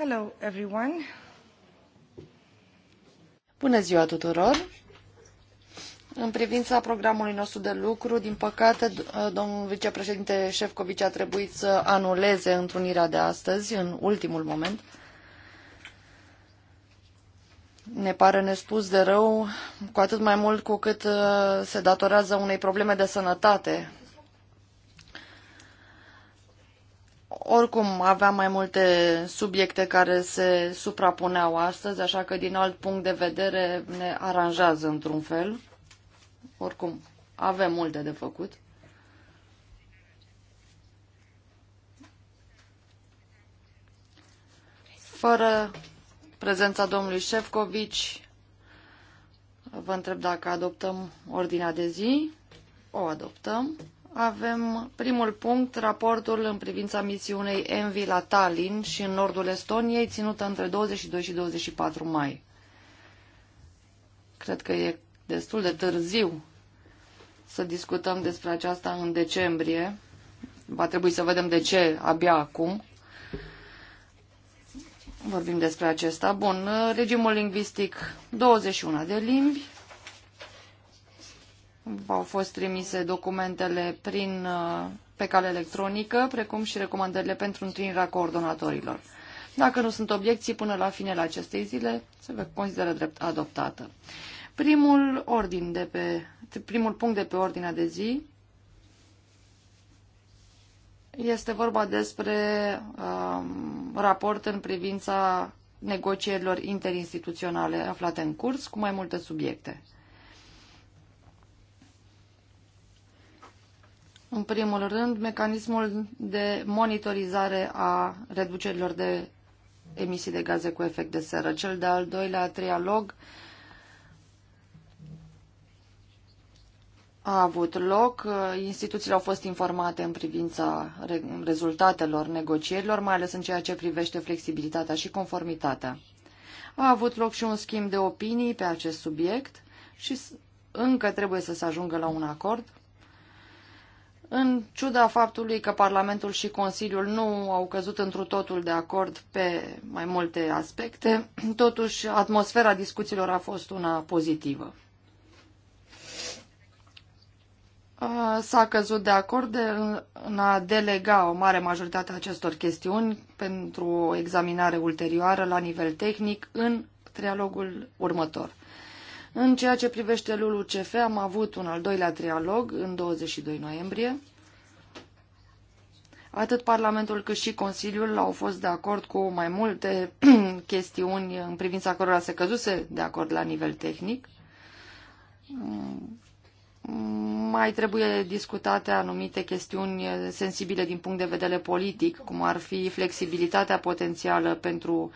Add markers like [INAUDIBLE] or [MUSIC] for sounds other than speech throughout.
Hello, everyone. Bună ziua tuturor! În privința programului nostru de lucru, din păcate, domnul vicepreședinte Șefcovici a trebuit să anuleze întrunirea de astăzi, în ultimul moment. Ne pare nespus de rău, cu atât mai mult cu cât uh, se datorează unei probleme de sănătate Oricum, aveam mai multe subiecte care se suprapuneau astăzi, așa că din alt punct de vedere ne aranjează într-un fel. Oricum, avem multe de făcut. Fără prezența domnului Șefcovici, vă întreb dacă adoptăm ordinea de zi. O adoptăm avem primul punct, raportul în privința misiunei Envi la Tallinn și în nordul Estoniei, ținută între 22 și 24 mai. Cred că e destul de târziu să discutăm despre aceasta în decembrie. Va trebui să vedem de ce abia acum. Vorbim despre acesta. Bun, regimul lingvistic 21 de limbi, au fost trimise documentele prin, uh, pe cale electronică, precum și recomandările pentru întâlnirea coordonatorilor. Dacă nu sunt obiecții, până la finele acestei zile se consideră drept adoptată. Primul, ordin de pe, primul punct de pe ordinea de zi este vorba despre um, raport în privința negocierilor interinstituționale aflate în curs cu mai multe subiecte. În primul rând, mecanismul de monitorizare a reducerilor de emisii de gaze cu efect de seră. Cel de-al doilea trialog a avut loc. Instituțiile au fost informate în privința rezultatelor negocierilor, mai ales în ceea ce privește flexibilitatea și conformitatea. A avut loc și un schimb de opinii pe acest subiect și încă trebuie să se ajungă la un acord în ciuda faptului că Parlamentul și Consiliul nu au căzut întru totul de acord pe mai multe aspecte, totuși atmosfera discuțiilor a fost una pozitivă. S-a căzut de acord în a delega o mare majoritate a acestor chestiuni pentru o examinare ulterioară la nivel tehnic în trialogul următor. În ceea ce privește LULUCF, am avut un al doilea trialog în 22 noiembrie. Atât Parlamentul cât și Consiliul au fost de acord cu mai multe [CLEARS THROAT] chestiuni în privința cărora se căzuse de acord la nivel tehnic. Mai trebuie discutate anumite chestiuni sensibile din punct de vedere politic, cum ar fi flexibilitatea potențială pentru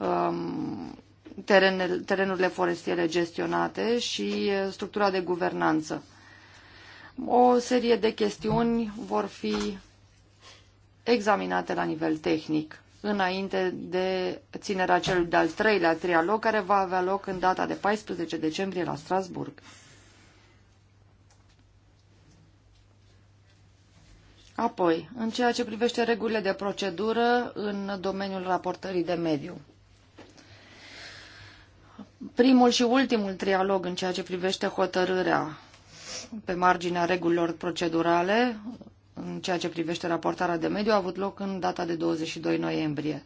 um, terenele, terenurile forestiere gestionate și structura de guvernanță. O serie de chestiuni vor fi examinate la nivel tehnic înainte de ținerea celui de-al treilea trialog care va avea loc în data de 14 decembrie la Strasburg. Apoi, în ceea ce privește regulile de procedură în domeniul raportării de mediu primul și ultimul trialog în ceea ce privește hotărârea pe marginea regulilor procedurale în ceea ce privește raportarea de mediu a avut loc în data de 22 noiembrie.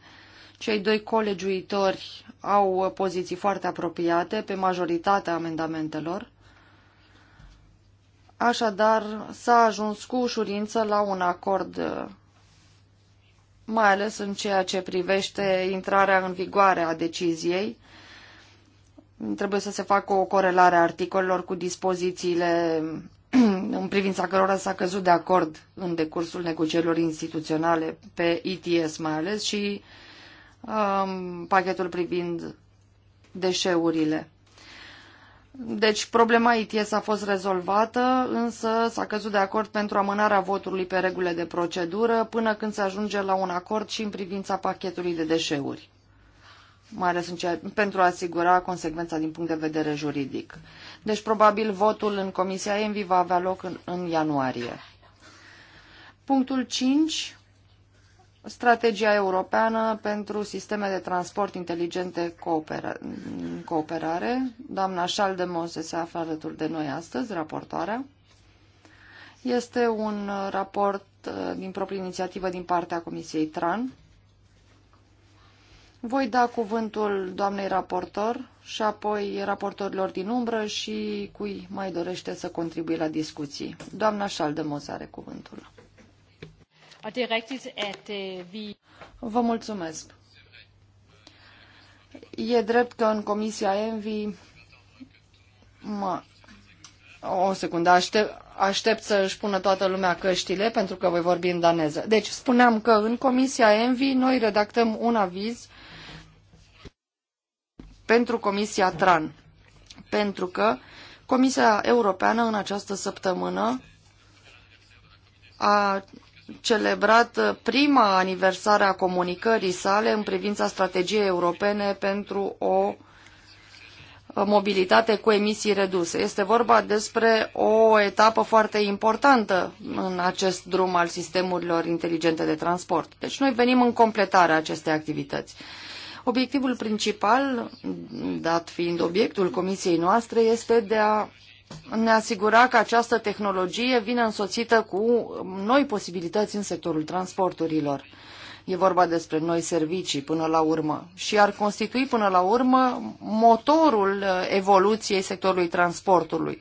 Cei doi colegiuitori au poziții foarte apropiate pe majoritatea amendamentelor. Așadar, s-a ajuns cu ușurință la un acord, mai ales în ceea ce privește intrarea în vigoare a deciziei, Trebuie să se facă o corelare a articolelor cu dispozițiile [CLEARS THROAT] în privința cărora s-a căzut de acord în decursul negocierilor instituționale pe ITS mai ales și um, pachetul privind deșeurile. Deci problema ITS a fost rezolvată, însă s-a căzut de acord pentru amânarea votului pe regulile de procedură până când se ajunge la un acord și în privința pachetului de deșeuri mai ales în pentru a asigura consecvența din punct de vedere juridic. Deci, probabil, votul în Comisia ENVI va avea loc în, în ianuarie. Punctul 5. Strategia europeană pentru sisteme de transport inteligente în cooperare. Doamna Schaldemose se află alături de noi astăzi, raportoarea. Este un raport uh, din proprie inițiativă din partea Comisiei TRAN voi da cuvântul doamnei raportor și apoi raportorilor din umbră și cui mai dorește să contribuie la discuții. Doamna Șaldemoz are cuvântul. Er øh, Vă mulțumesc. E drept că în Comisia Envi mă... O secundă, aștept, aștept să își pună toată lumea căștile pentru că voi vorbi în daneză. Deci spuneam că în Comisia Envi noi redactăm un aviz pentru Comisia TRAN, pentru că Comisia Europeană în această săptămână a celebrat prima aniversare a comunicării sale în privința strategiei europene pentru o mobilitate cu emisii reduse. Este vorba despre o etapă foarte importantă în acest drum al sistemurilor inteligente de transport. Deci noi venim în completarea acestei activități. Obiectivul principal, dat fiind obiectul comisiei noastre, este de a ne asigura că această tehnologie vine însoțită cu noi posibilități în sectorul transporturilor. E vorba despre noi servicii până la urmă și ar constitui până la urmă motorul evoluției sectorului transportului.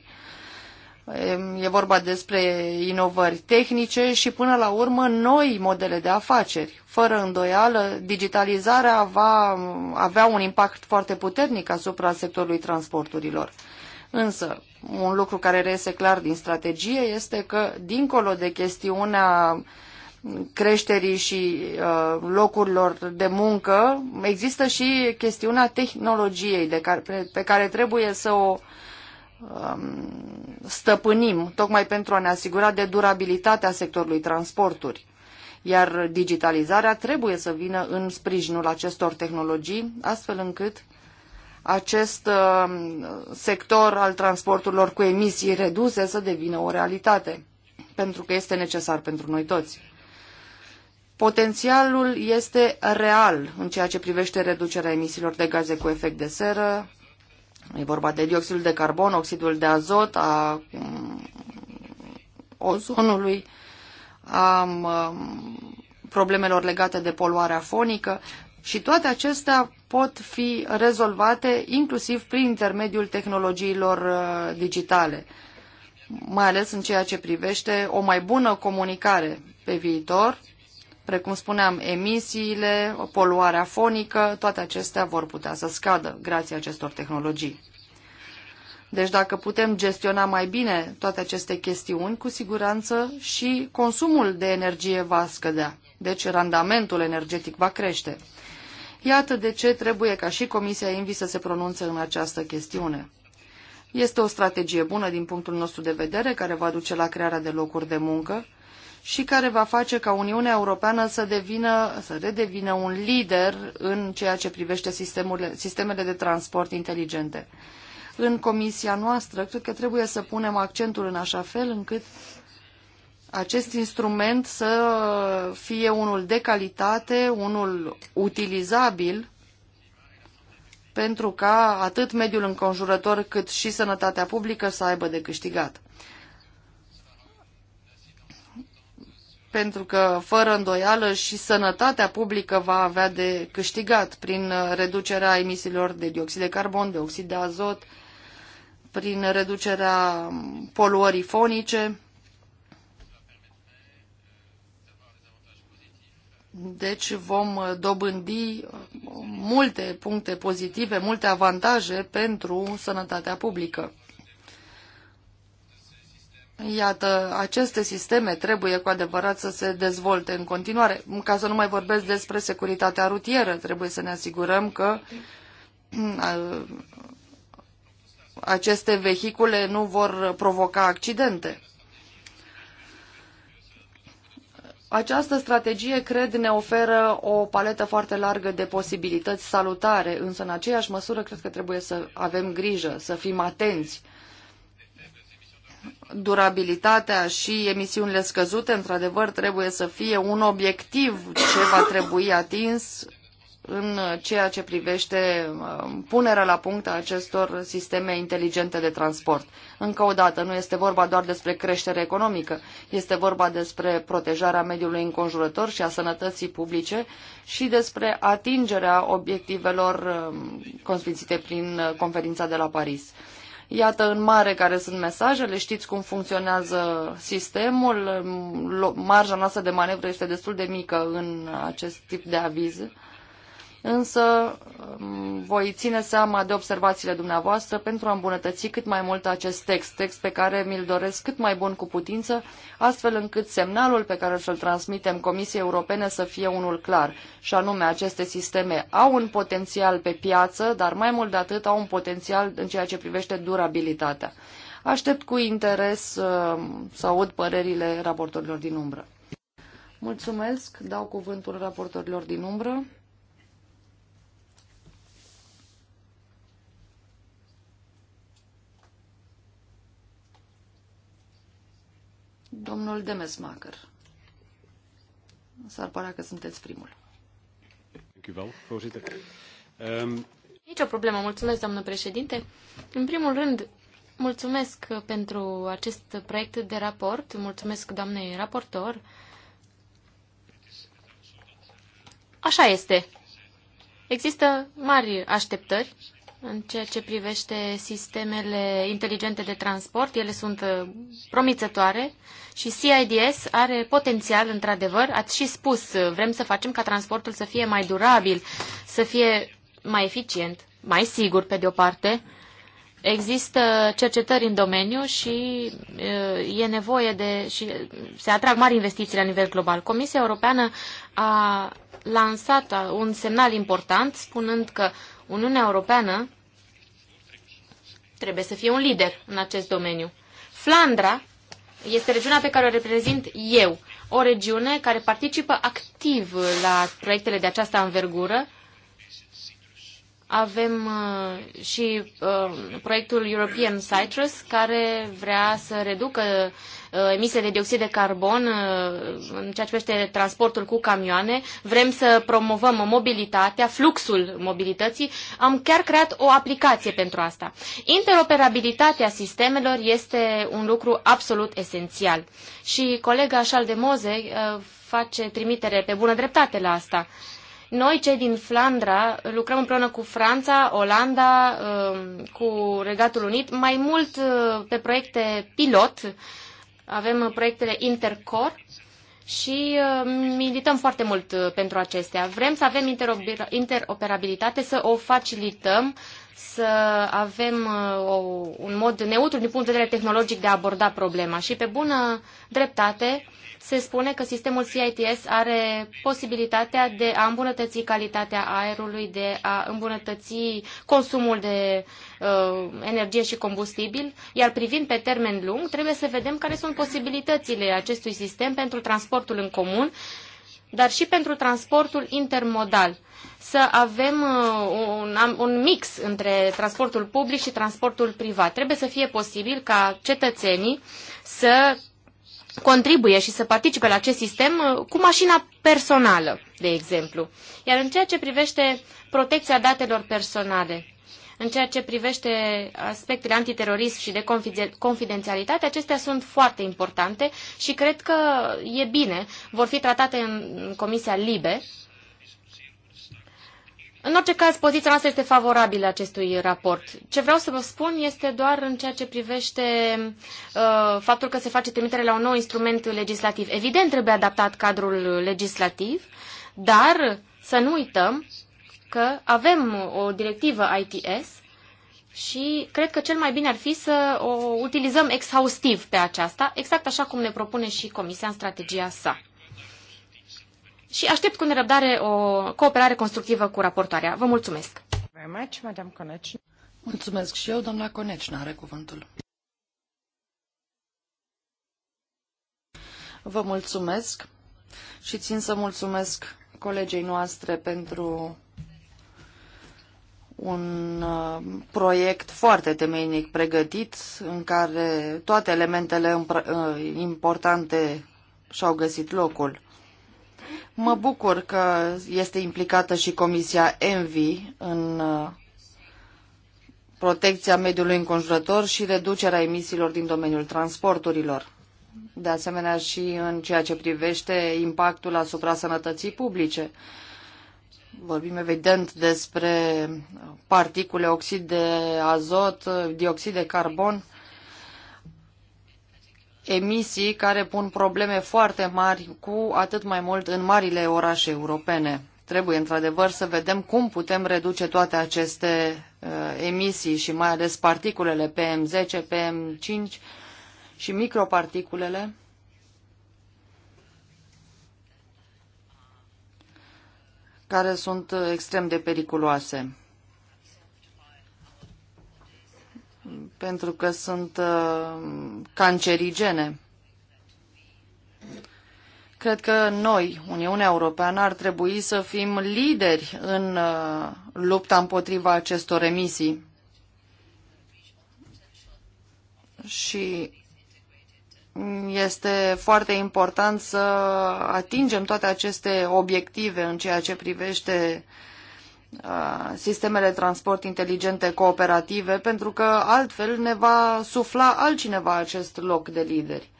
E vorba despre inovări tehnice și până la urmă noi modele de afaceri. Fără îndoială, digitalizarea va avea un impact foarte puternic asupra sectorului transporturilor. Însă, un lucru care reiese clar din strategie este că, dincolo de chestiunea creșterii și uh, locurilor de muncă, există și chestiunea tehnologiei de care, pe, pe care trebuie să o uh, Um, stăpânim, tocmai pentru a ne asigura de durabilitatea sectorului transporturi. Iar digitalizarea trebuie să vină în sprijinul acestor tehnologii, astfel încât acest um, sector al transporturilor cu emisii reduse să devină o realitate, pentru că este necesar pentru noi toți. Potențialul este real în ceea ce privește reducerea emisiilor de gaze cu efect de seră, E vorba de dioxidul de carbon, oxidul de azot, a mm, ozonului, a mm, problemelor legate de poluarea fonică și toate acestea pot fi rezolvate inclusiv prin intermediul tehnologiilor uh, digitale, mai ales în ceea ce privește o mai bună comunicare pe viitor Precum spuneam, emisiile, poluarea fonică, toate acestea vor putea să scadă grație acestor tehnologii. Deci dacă putem gestiona mai bine toate aceste chestiuni, cu siguranță și consumul de energie va scădea. Deci randamentul energetic va crește. Iată de ce trebuie ca și Comisia Invi să se pronunțe în această chestiune. Este o strategie bună din punctul nostru de vedere care va duce la crearea de locuri de muncă și care va face ca Uniunea Europeană să, devină, să redevină un lider în ceea ce privește sistemele de transport inteligente. În comisia noastră, cred că trebuie să punem accentul în așa fel încât acest instrument să fie unul de calitate, unul utilizabil, pentru ca atât mediul înconjurător cât și sănătatea publică să aibă de câștigat. pentru că, fără îndoială, și sănătatea publică va avea de câștigat prin uh, reducerea emisiilor de dioxid de carbon, de oxid de azot, prin reducerea poluării fonice. Deci vom uh, dobândi uh, multe puncte pozitive, multe avantaje pentru sănătatea publică. Iată, aceste sisteme trebuie cu adevărat să se dezvolte în continuare. Ca să nu mai vorbesc despre securitatea rutieră, trebuie să ne asigurăm că mm, aceste vehicule nu vor provoca accidente. Această strategie, cred, ne oferă o paletă foarte largă de posibilități salutare, însă în aceeași măsură cred că trebuie să avem grijă, să fim atenți durabilitatea și emisiunile scăzute, într-adevăr, trebuie să fie un obiectiv ce va trebui atins în ceea ce privește uh, punerea la punct a acestor sisteme inteligente de transport. Încă o dată, nu este vorba doar despre creștere economică, este vorba despre protejarea mediului înconjurător și a sănătății publice și despre atingerea obiectivelor uh, consfințite prin uh, conferința de la Paris. Iată în mare care sunt mesajele, știți cum funcționează sistemul, marja noastră de manevră este destul de mică în acest tip de avize însă um, voi ține seama de observațiile dumneavoastră pentru a îmbunătăți cât mai mult acest text, text pe care mi-l doresc cât mai bun cu putință, astfel încât semnalul pe care să-l transmitem Comisiei Europene să fie unul clar, și anume aceste sisteme au un potențial pe piață, dar mai mult de atât au un potențial în ceea ce privește durabilitatea. Aștept cu interes uh, să aud părerile raportorilor din umbră. Mulțumesc, dau cuvântul raportorilor din umbră. Domnul Demesmacher. S-ar părea că sunteți primul. Ehm, Nici o problemă. Mulțumesc, doamnă președinte. În primul rând, mulțumesc pentru acest proiect de raport. Mulțumesc, doamnei raportor. Așa este. Există mari așteptări în ceea ce privește sistemele inteligente de transport, ele sunt uh, promițătoare și CIDS are potențial, într-adevăr, ați și spus, uh, vrem să facem ca transportul să fie mai durabil, să fie mai eficient, mai sigur, pe de o parte. Există cercetări în domeniu și uh, e nevoie de și se atrag mari investiții la nivel global. Comisia Europeană a lansat un semnal important spunând că Uniunea Europeană trebuie să fie un lider în acest domeniu. Flandra este regiunea pe care o reprezint eu, o regiune care participă activ la proiectele de această anvergură. Avem uh, și uh, proiectul European Citrus, care vrea să reducă Uh, emisiile de dioxid de carbon uh, în ceea ce privește transportul cu camioane. Vrem să promovăm mobilitatea, fluxul mobilității. Am chiar creat o aplicație pentru asta. Interoperabilitatea sistemelor este un lucru absolut esențial. Și colega Moze uh, face trimitere pe bună dreptate la asta. Noi, cei din Flandra, lucrăm împreună cu Franța, Olanda, cu Regatul Unit, mai mult pe proiecte pilot avem uh, proiectele Intercor și uh, milităm foarte mult uh, pentru acestea. Vrem să avem interoperabilitate, să o facilităm, să avem o, un mod neutru din punct de vedere tehnologic de a aborda problema. Și pe bună dreptate, se spune că sistemul CITS are posibilitatea de a îmbunătăți calitatea aerului, de a îmbunătăți consumul de uh, energie și combustibil, iar privind pe termen lung, trebuie să vedem care sunt posibilitățile acestui sistem pentru transportul în comun, dar și pentru transportul intermodal. Să avem uh, un, un mix între transportul public și transportul privat. Trebuie să fie posibil ca cetățenii să contribuie și să participe la acest sistem uh, cu mașina personală, de exemplu. Iar în ceea ce privește protecția datelor personale, în ceea ce privește aspectele antiterorism și de confidențialitate, acestea sunt foarte importante și cred că e bine, vor fi tratate în Comisia Libe în orice caz, poziția noastră este favorabilă acestui raport. Ce vreau să vă spun este doar în ceea ce privește uh, faptul că se face trimitere la un nou instrument legislativ. Evident, trebuie adaptat cadrul legislativ, dar să nu uităm că avem o directivă ITS și cred că cel mai bine ar fi să o utilizăm exhaustiv pe aceasta, exact așa cum ne propune și Comisia în strategia sa și aștept cu nerăbdare o cooperare constructivă cu raportoarea. Vă mulțumesc! Mulțumesc și eu, doamna Conecina, are cuvântul. Vă mulțumesc și țin să mulțumesc colegei noastre pentru un uh, proiect foarte temeinic pregătit, în care toate elementele uh, importante și-au găsit locul. Mă bucur că este implicată și Comisia ENVI în uh, protecția mediului înconjurător și reducerea emisiilor din domeniul transporturilor. De asemenea și în ceea ce privește impactul asupra sănătății publice. Vorbim evident despre particule, oxid de azot, dioxid de carbon emisii care pun probleme foarte mari, cu atât mai mult în marile orașe europene. Trebuie într-adevăr să vedem cum putem reduce toate aceste uh, emisii și mai ales particulele PM10, PM5 și microparticulele. care sunt uh, extrem de periculoase. pentru că sunt uh, cancerigene. Cred că noi, Uniunea Europeană, ar trebui să fim lideri în uh, lupta împotriva acestor emisii. Și este foarte important să atingem toate aceste obiective în ceea ce privește uh, Uh, sistemele de transport inteligente cooperative, pentru că altfel ne va sufla altcineva acest loc de lideri.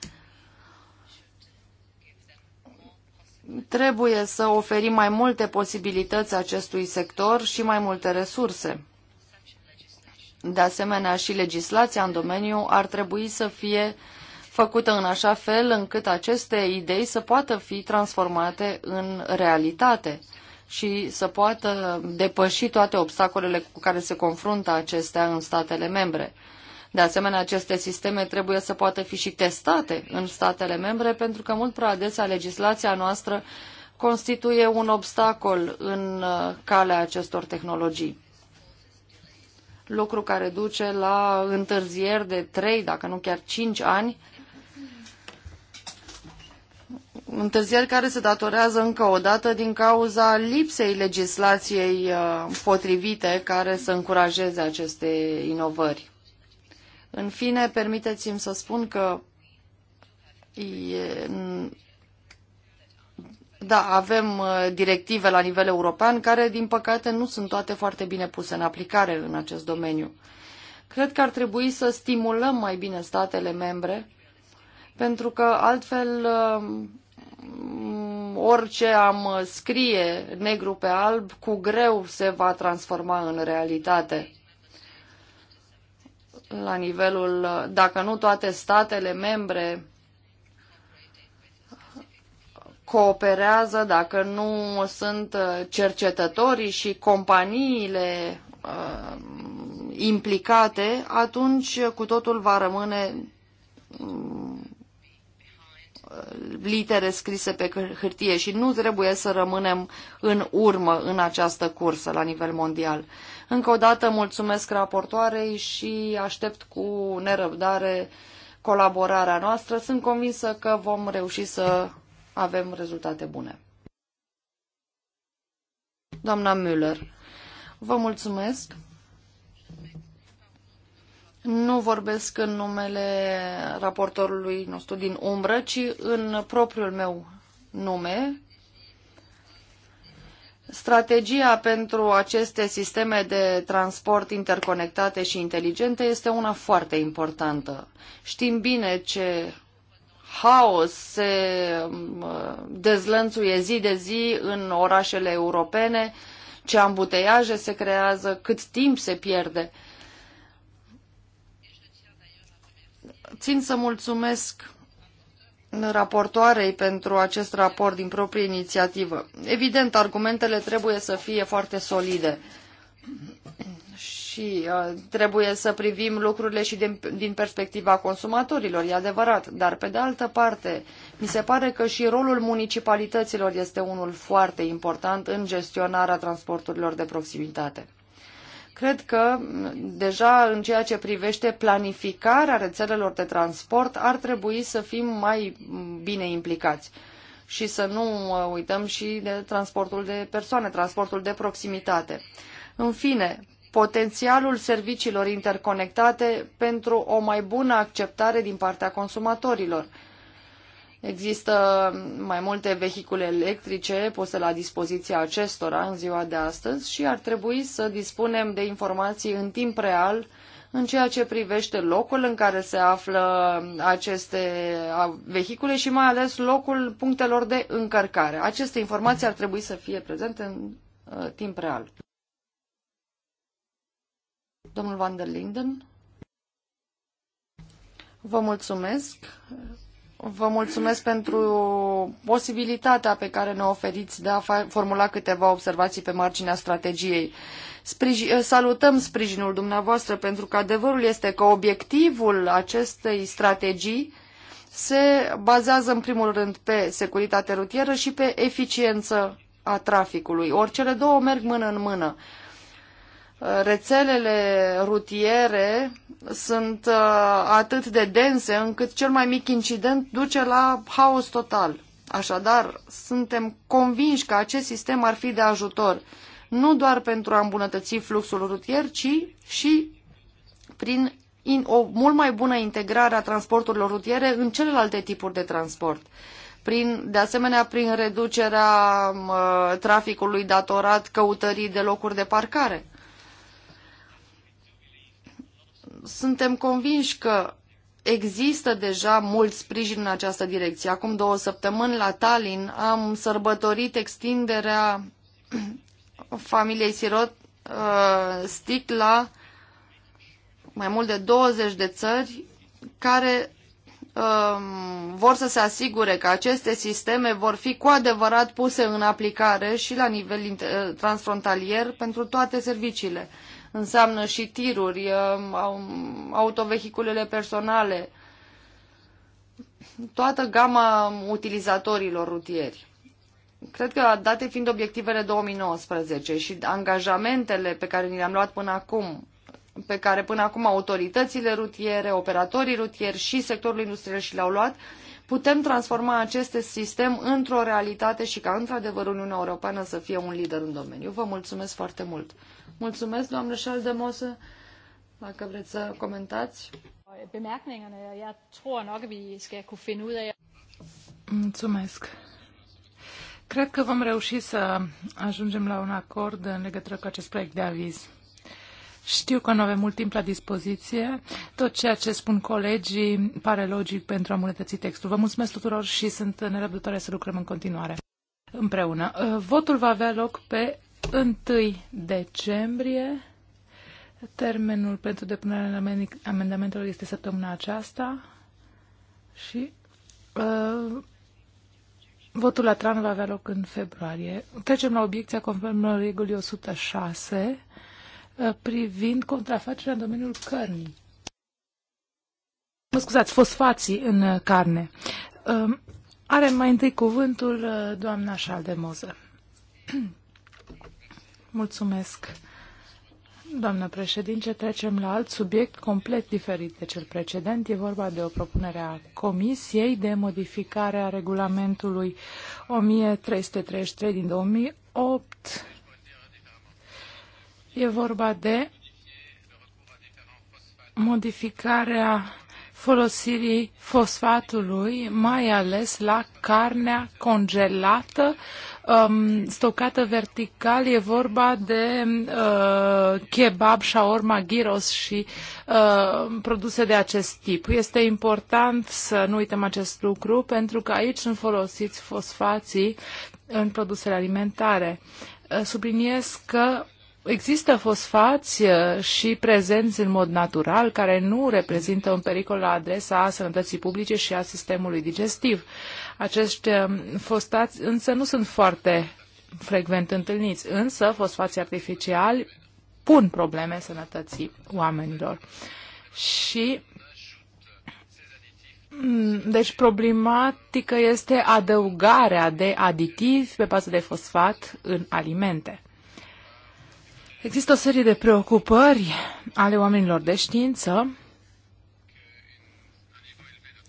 Trebuie să oferim mai multe posibilități acestui sector și mai multe resurse. De asemenea, și legislația în domeniu ar trebui să fie făcută în așa fel încât aceste idei să poată fi transformate în realitate și să poată depăși toate obstacolele cu care se confruntă acestea în statele membre. De asemenea, aceste sisteme trebuie să poată fi și testate în statele membre, pentru că mult prea adesea legislația noastră constituie un obstacol în uh, calea acestor tehnologii. Lucru care duce la întârzieri de 3, dacă nu chiar 5 ani, întârzieri care se datorează încă o dată din cauza lipsei legislației uh, potrivite care să încurajeze aceste inovări. În fine, permiteți-mi să spun că e, da, avem uh, directive la nivel european care, din păcate, nu sunt toate foarte bine puse în aplicare în acest domeniu. Cred că ar trebui să stimulăm mai bine statele membre, pentru că altfel uh, Mm, orice am uh, scrie negru pe alb, cu greu se va transforma în realitate. La nivelul, uh, dacă nu toate statele membre cooperează, dacă nu sunt uh, cercetătorii și companiile uh, implicate, atunci cu totul va rămâne mm, litere scrise pe hârtie și nu trebuie să rămânem în urmă în această cursă la nivel mondial. Încă o dată mulțumesc raportoarei și aștept cu nerăbdare colaborarea noastră. Sunt convinsă că vom reuși să avem rezultate bune. Doamna Müller, vă mulțumesc. Nu vorbesc în numele raportorului nostru din umbră, ci în propriul meu nume. Strategia pentru aceste sisteme de transport interconectate și inteligente este una foarte importantă. Știm bine ce haos se dezlănțuie zi de zi în orașele europene, ce ambuteiaje se creează, cât timp se pierde. Uh, Țin să mulțumesc raportoarei pentru acest raport din proprie inițiativă. Evident, argumentele trebuie să fie foarte solide și uh, trebuie să privim lucrurile și din, din perspectiva consumatorilor, e adevărat, dar pe de altă parte, mi se pare că și rolul municipalităților este unul foarte important în gestionarea transporturilor de proximitate. Cred că mm, deja în ceea ce privește planificarea rețelelor de transport ar trebui să fim mai mm, bine implicați și să nu uh, uităm și de transportul de persoane, transportul de proximitate. În fine, potențialul serviciilor interconectate pentru o mai bună acceptare din partea consumatorilor. Există mai multe vehicule electrice puse la dispoziția acestora în ziua de astăzi și ar trebui să dispunem de informații în timp real în ceea ce privește locul în care se află aceste vehicule și mai ales locul punctelor de încărcare. Aceste informații ar trebui să fie prezente în timp real. Domnul Van der Linden. Vă mulțumesc. Vă mulțumesc pentru posibilitatea pe care ne oferiți de a formula câteva observații pe marginea strategiei. Eh, salutăm sprijinul dumneavoastră pentru că adevărul este că obiectivul acestei strategii se bazează în primul rând pe securitate rutieră și pe eficiență a traficului. Ori cele două merg mână în mână rețelele rutiere sunt uh, atât de dense încât cel mai mic incident duce la haos total. Așadar, suntem convinși că acest sistem ar fi de ajutor nu doar pentru a îmbunătăți fluxul rutier, ci și prin o mult mai bună integrare a transporturilor rutiere în celelalte tipuri de transport. Prin, de asemenea, prin reducerea uh, traficului datorat căutării de locuri de parcare. suntem convinși că există deja mult sprijin în această direcție. Acum două săptămâni la Tallinn am sărbătorit extinderea [CLEARS THROAT] familiei Sirot uh, Stic la mai mult de 20 de țări care uh, vor să se asigure că aceste sisteme vor fi cu adevărat puse în aplicare și la nivel transfrontalier pentru toate serviciile înseamnă și tiruri, autovehiculele personale, toată gama utilizatorilor rutieri. Cred că, date fiind obiectivele 2019 și angajamentele pe care ni le-am luat până acum, pe care până acum autoritățile rutiere, operatorii rutieri și sectorul industrial și le-au luat, putem transforma acest sistem într-o realitate și ca într-adevăr Uniunea Europeană să fie un lider în domeniu. Vă mulțumesc foarte mult! Mulțumesc, doamnă Șaldemose, dacă vreți să comentați. Mulțumesc. Cred că vom reuși să ajungem la un acord în legătură cu acest proiect de aviz. Știu că nu avem mult timp la dispoziție. Tot ceea ce spun colegii pare logic pentru a îmbunătăți textul. Vă mulțumesc tuturor și sunt nerăbdătoare să lucrăm în continuare împreună. Votul va avea loc pe 1 decembrie. Termenul pentru depunerea amendamentelor este săptămâna aceasta și uh, votul la tran va avea loc în februarie. Trecem la obiecția conform regulii 106 uh, privind contrafacerea în domeniul cărnii. Mă scuzați, fosfații în uh, carne. Uh, are mai întâi cuvântul uh, doamna Șaldemoză. [CLEARS THROAT] Mulțumesc. Doamnă președinte, trecem la alt subiect complet diferit de cel precedent. E vorba de o propunere a Comisiei de modificare a regulamentului 1333 din 2008. E vorba de modificarea folosirii fosfatului, mai ales la carnea congelată um, stocată vertical, e vorba de uh, kebab, shaorma, gyros și uh, produse de acest tip. Este important să nu uităm acest lucru pentru că aici sunt folosiți fosfații în produsele alimentare. Uh, subliniez că Există fosfați uh, și prezenți în mod natural care nu reprezintă un pericol la adresa sănătății publice și a sistemului digestiv. Acești um, fosfați însă nu sunt foarte frecvent întâlniți, însă fosfații artificiali pun probleme sănătății oamenilor. Și mm, deci problematică este adăugarea de aditivi pe bază de fosfat în alimente. Există o serie de preocupări ale oamenilor de știință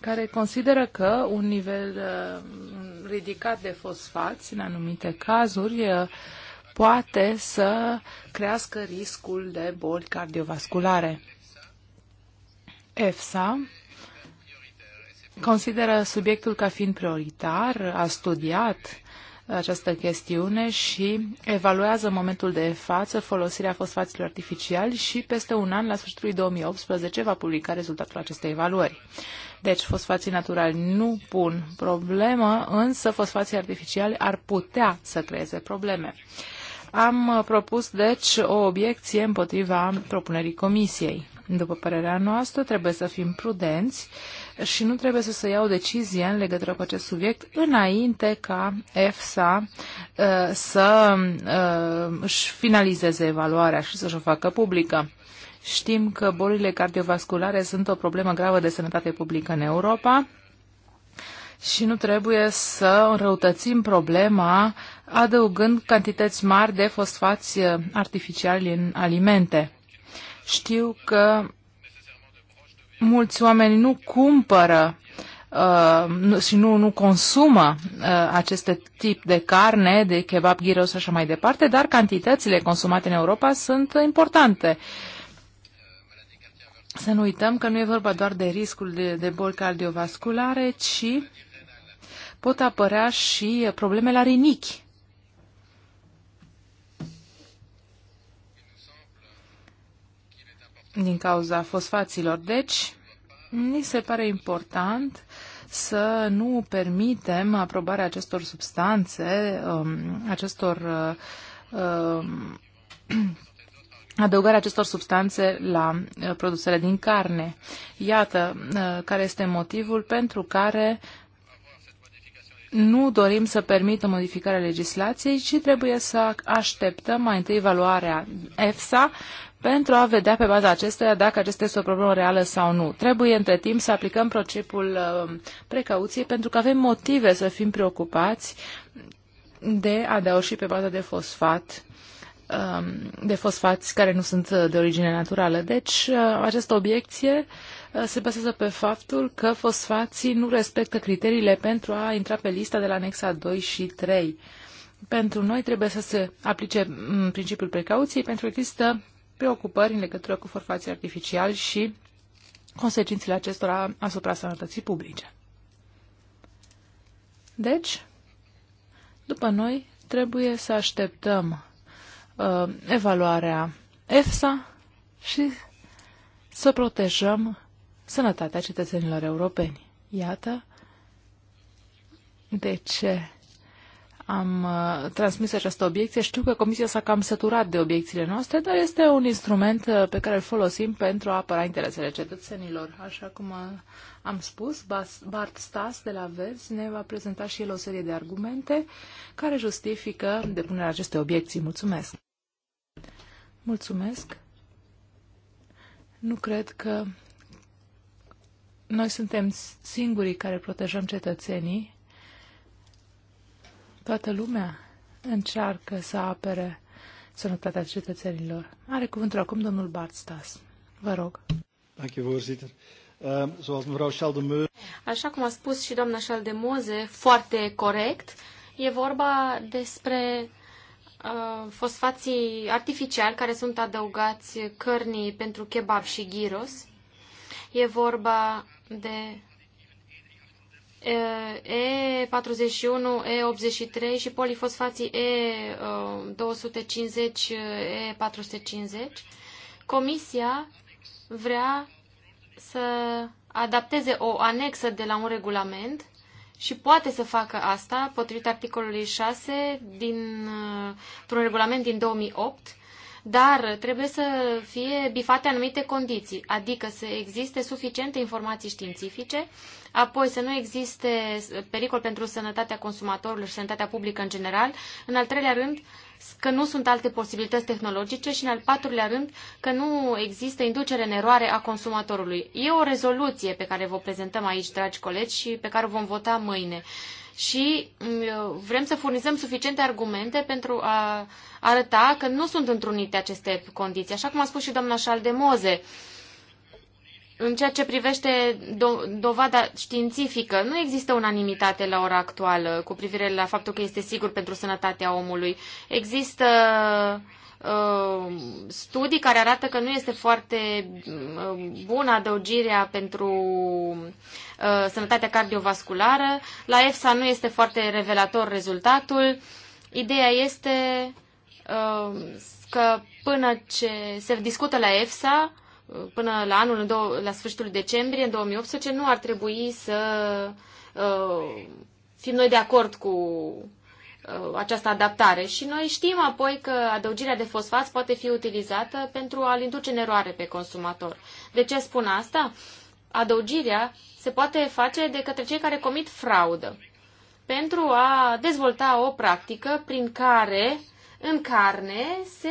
care consideră că un nivel uh, ridicat de fosfați, în anumite cazuri, uh, poate să crească riscul de boli cardiovasculare. EFSA consideră subiectul ca fiind prioritar, a studiat această chestiune și evaluează în momentul de față folosirea fosfaților artificiali și peste un an, la sfârșitul 2018, va publica rezultatul acestei evaluări. Deci fosfații naturali nu pun problemă, însă fosfații artificiali ar putea să creeze probleme. Am propus, deci, o obiecție împotriva propunerii comisiei. După părerea noastră, trebuie să fim prudenți uh, și nu trebuie să se ia o decizie în legătură cu acest subiect înainte ca EFSA uh, să uh, își finalizeze evaluarea și să-și o facă publică. Știm că bolile cardiovasculare sunt o problemă gravă de sănătate publică în Europa și nu trebuie să înrăutățim problema adăugând cantități mari de fosfați uh, artificiali în alimente. Știu că mulți oameni nu cumpără uh, și nu, nu consumă uh, aceste tip de carne, de kebab, gyros și așa mai departe, dar cantitățile consumate în Europa sunt importante. Să nu uităm că nu e vorba doar de riscul de, de boli cardiovasculare, ci pot apărea și probleme la rinichi. din cauza fosfaților. Deci, mi se pare important să nu permitem aprobarea acestor substanțe, um, acestor uh, um, [CLEARS THROAT] adăugarea acestor substanțe la uh, produsele din carne. Iată uh, care este motivul pentru care nu dorim să permită modificarea legislației, ci trebuie să așteptăm mai întâi evaluarea EFSA pentru a vedea pe baza acestea dacă acesta este o problemă reală sau nu. Trebuie între timp să aplicăm principiul uh, precauției pentru că avem motive să fim preocupați de adăușii da pe baza de fosfat um, de fosfați care nu sunt de origine naturală. Deci, uh, această obiecție uh, se bazează pe faptul că fosfații nu respectă criteriile pentru a intra pe lista de la anexa 2 și 3. Pentru noi trebuie să se aplice mm, principiul precauției, pentru că există preocupări în legătură cu forfații artificiali și consecințele acestora asupra sănătății publice. Deci, după noi, trebuie să așteptăm uh, evaluarea EFSA și să protejăm sănătatea cetățenilor europeni. Iată de ce am uh, transmis această obiecție. Știu că Comisia s-a cam săturat de obiecțiile noastre, dar este un instrument uh, pe care îl folosim pentru a apăra interesele cetățenilor. Așa cum uh, am spus, Bart Stas de la Vez ne va prezenta și el o serie de argumente care justifică depunerea acestei obiecții. Mulțumesc! Mulțumesc! Nu cred că noi suntem singurii care protejăm cetățenii Toată lumea încearcă să apere sănătatea cetățenilor. Are cuvântul acum domnul Bart Stas. Vă rog. Ehm, Așa cum a spus și doamna Schaldemose, foarte corect, e vorba despre uh, fosfații artificiali care sunt adăugați cărnii pentru kebab și gyros. E vorba de E41, E83 și polifosfații E250, ă, E450. Comisia vrea să adapteze o anexă de la un regulament și poate să facă asta potrivit articolului 6 din un regulament din 2008 dar trebuie să fie bifate anumite condiții, adică să existe suficiente informații științifice, apoi să nu existe pericol pentru sănătatea consumatorului, și sănătatea publică în general, în al treilea rând că nu sunt alte posibilități tehnologice și, în al patrulea rând, că nu există inducere în eroare a consumatorului. E o rezoluție pe care vă prezentăm aici, dragi colegi, și pe care o vom vota mâine și mm, vrem să furnizăm suficiente argumente pentru a arăta că nu sunt întrunite aceste condiții. Așa cum a spus și doamna Șaldemoze, în ceea ce privește do- dovada științifică, nu există unanimitate la ora actuală cu privire la faptul că este sigur pentru sănătatea omului. Există uh, Uh, studii care arată că nu este foarte uh, bună adăugirea pentru uh, sănătatea cardiovasculară. La EFSA nu este foarte revelator rezultatul. Ideea este că până ce se discută la EFSA, până la anul, la sfârșitul decembrie, în 2018, nu ar trebui să fim noi de acord cu Uh, această adaptare și noi știm apoi că adăugirea de fosfați poate fi utilizată pentru a-l induce în eroare pe consumator. De ce spun asta? Adăugirea se poate face de către cei care comit fraudă pentru a dezvolta o practică prin care în carne se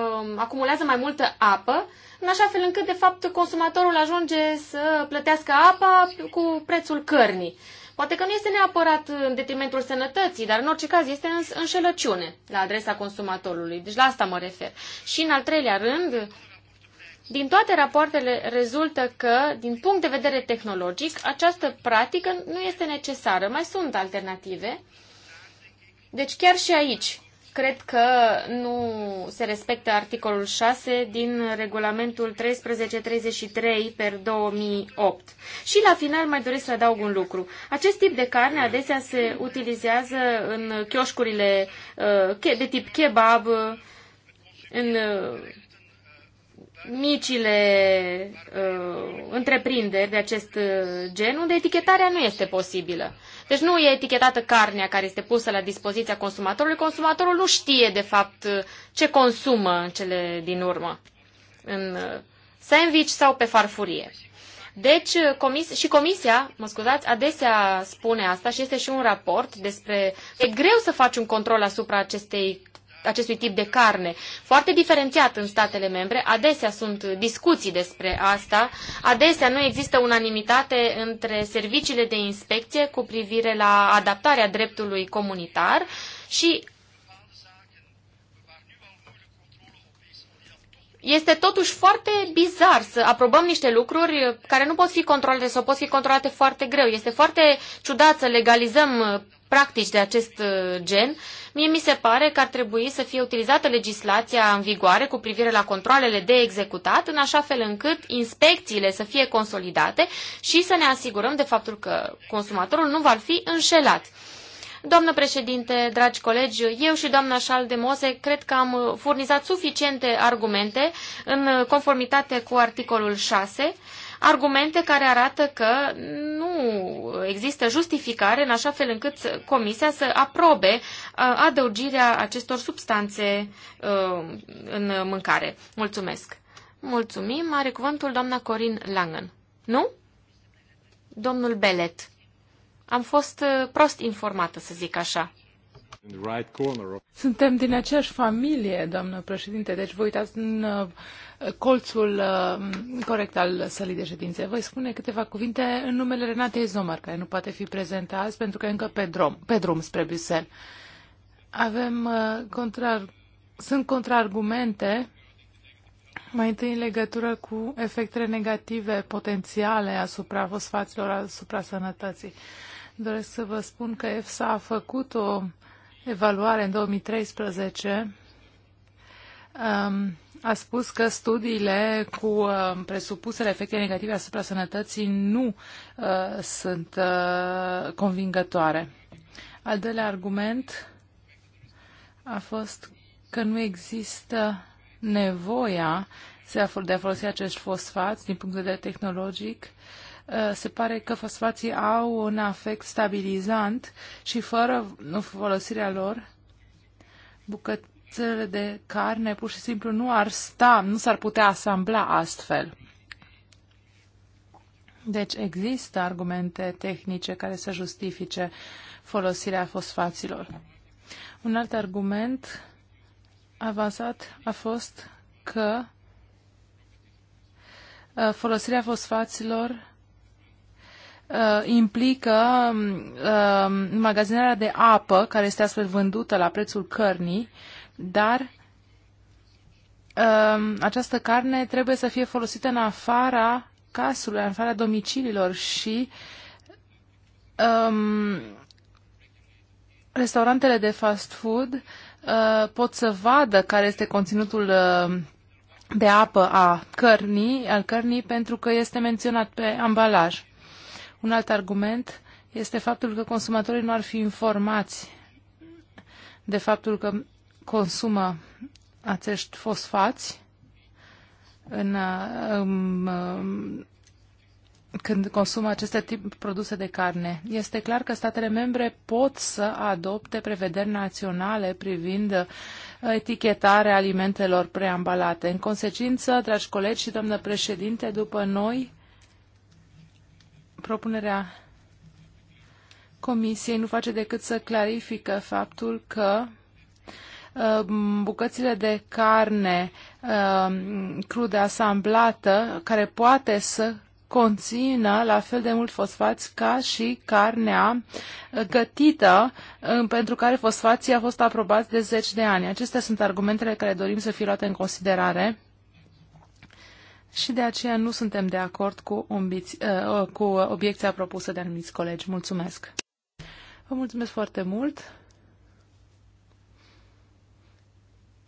um, acumulează mai multă apă, în așa fel încât, de fapt, consumatorul ajunge să plătească apa cu prețul cărnii. Poate că nu este neapărat în detrimentul sănătății, dar în orice caz este înșelăciune la adresa consumatorului. Deci la asta mă refer. Și în al treilea rând, din toate rapoartele rezultă că, din punct de vedere tehnologic, această practică nu este necesară. Mai sunt alternative. Deci chiar și aici cred că nu se respectă articolul 6 din regulamentul 1333 per 2008. Și la final mai doresc să adaug un lucru. Acest tip de carne adesea se utilizează în chioșcurile uh, de tip kebab, în uh, micile uh, întreprinderi de acest uh, gen, unde etichetarea nu este posibilă. Deci nu e etichetată carnea care este pusă la dispoziția consumatorului. Consumatorul nu știe, de fapt, uh, ce consumă în cele din urmă, în uh, sandwich sau pe farfurie. Deci, comis- și comisia, mă scuzați, adesea spune asta și este și un raport despre... E greu să faci un control asupra acestei acestui tip de carne. Foarte diferențiat în statele membre, adesea sunt discuții despre asta, adesea nu există unanimitate între serviciile de inspecție cu privire la adaptarea dreptului comunitar și este totuși foarte bizar să aprobăm niște lucruri care nu pot fi controlate sau pot fi controlate foarte greu. Este foarte ciudat să legalizăm practici de acest uh, gen, mie mi se pare că ar trebui să fie utilizată legislația în vigoare cu privire la controlele de executat, în așa fel încât inspecțiile să fie consolidate și să ne asigurăm de faptul că consumatorul nu va fi înșelat. Doamnă președinte, dragi colegi, eu și doamna Șal de Mose cred că am furnizat suficiente argumente în conformitate cu articolul 6 argumente care arată că nu există justificare în așa fel încât Comisia să aprobe uh, adăugirea acestor substanțe uh, în mâncare. Mulțumesc! Mulțumim! Are cuvântul doamna Corin Langen. Nu? Domnul Belet. Am fost uh, prost informată, să zic așa. Suntem din aceeași familie, doamnă președinte, deci vă uitați în uh, colțul uh, corect al sălii de ședințe. Voi spune câteva cuvinte în numele Renatei Zomar, care nu poate fi prezentă azi pentru că e încă pe drum, pe drum spre Bruxelles. Avem uh, contrar, sunt contraargumente mai întâi în legătură cu efectele negative potențiale asupra fosfaților, asupra sănătății. Doresc să vă spun că EFSA a făcut o evaluare în 2013 um, a spus că studiile cu um, presupusele efecte negative asupra sănătății nu uh, sunt uh, convingătoare. Al doilea argument a fost că nu există nevoia de a folosi acești fosfați din punct de vedere tehnologic uh, Eh, se pare că fosfații au un efect stabilizant și fără folosirea lor, bucățele de carne pur și simplu nu ar sta, nu s-ar putea asambla astfel. Deci există argumente tehnice care să justifice folosirea fosfaților. Un alt argument avansat a fost că eh, folosirea fosfaților uh, implică um, uh, magazinarea de apă, care este astfel vândută la prețul cărnii, dar uh, această carne trebuie să fie folosită în afara casului, în afara domiciliilor și um, restaurantele de fast food uh, pot să vadă care este conținutul uh, de apă a cărnii, al cărnii, pentru că este menționat pe ambalaj. Un alt argument este faptul că consumatorii nu ar fi informați de faptul că consumă acești fosfați în, în, când consumă aceste tip produse de carne. Este clar că statele membre pot să adopte prevederi naționale privind uh, etichetarea alimentelor preambalate. În consecință, dragi colegi și doamnă președinte, după noi propunerea Comisiei nu face decât să clarifică faptul că uh, bucățile de carne uh, crudă asamblată, care poate să conțină la fel de mult fosfați ca și carnea uh, gătită, pentru care fosfații a fost aprobați de zeci de ani. Acestea sunt argumentele care dorim să fie luate în considerare și de aceea nu suntem de acord cu, umbiți, uh, uh, cu obiecția propusă de anumiți colegi. Mulțumesc! Vă mulțumesc foarte mult!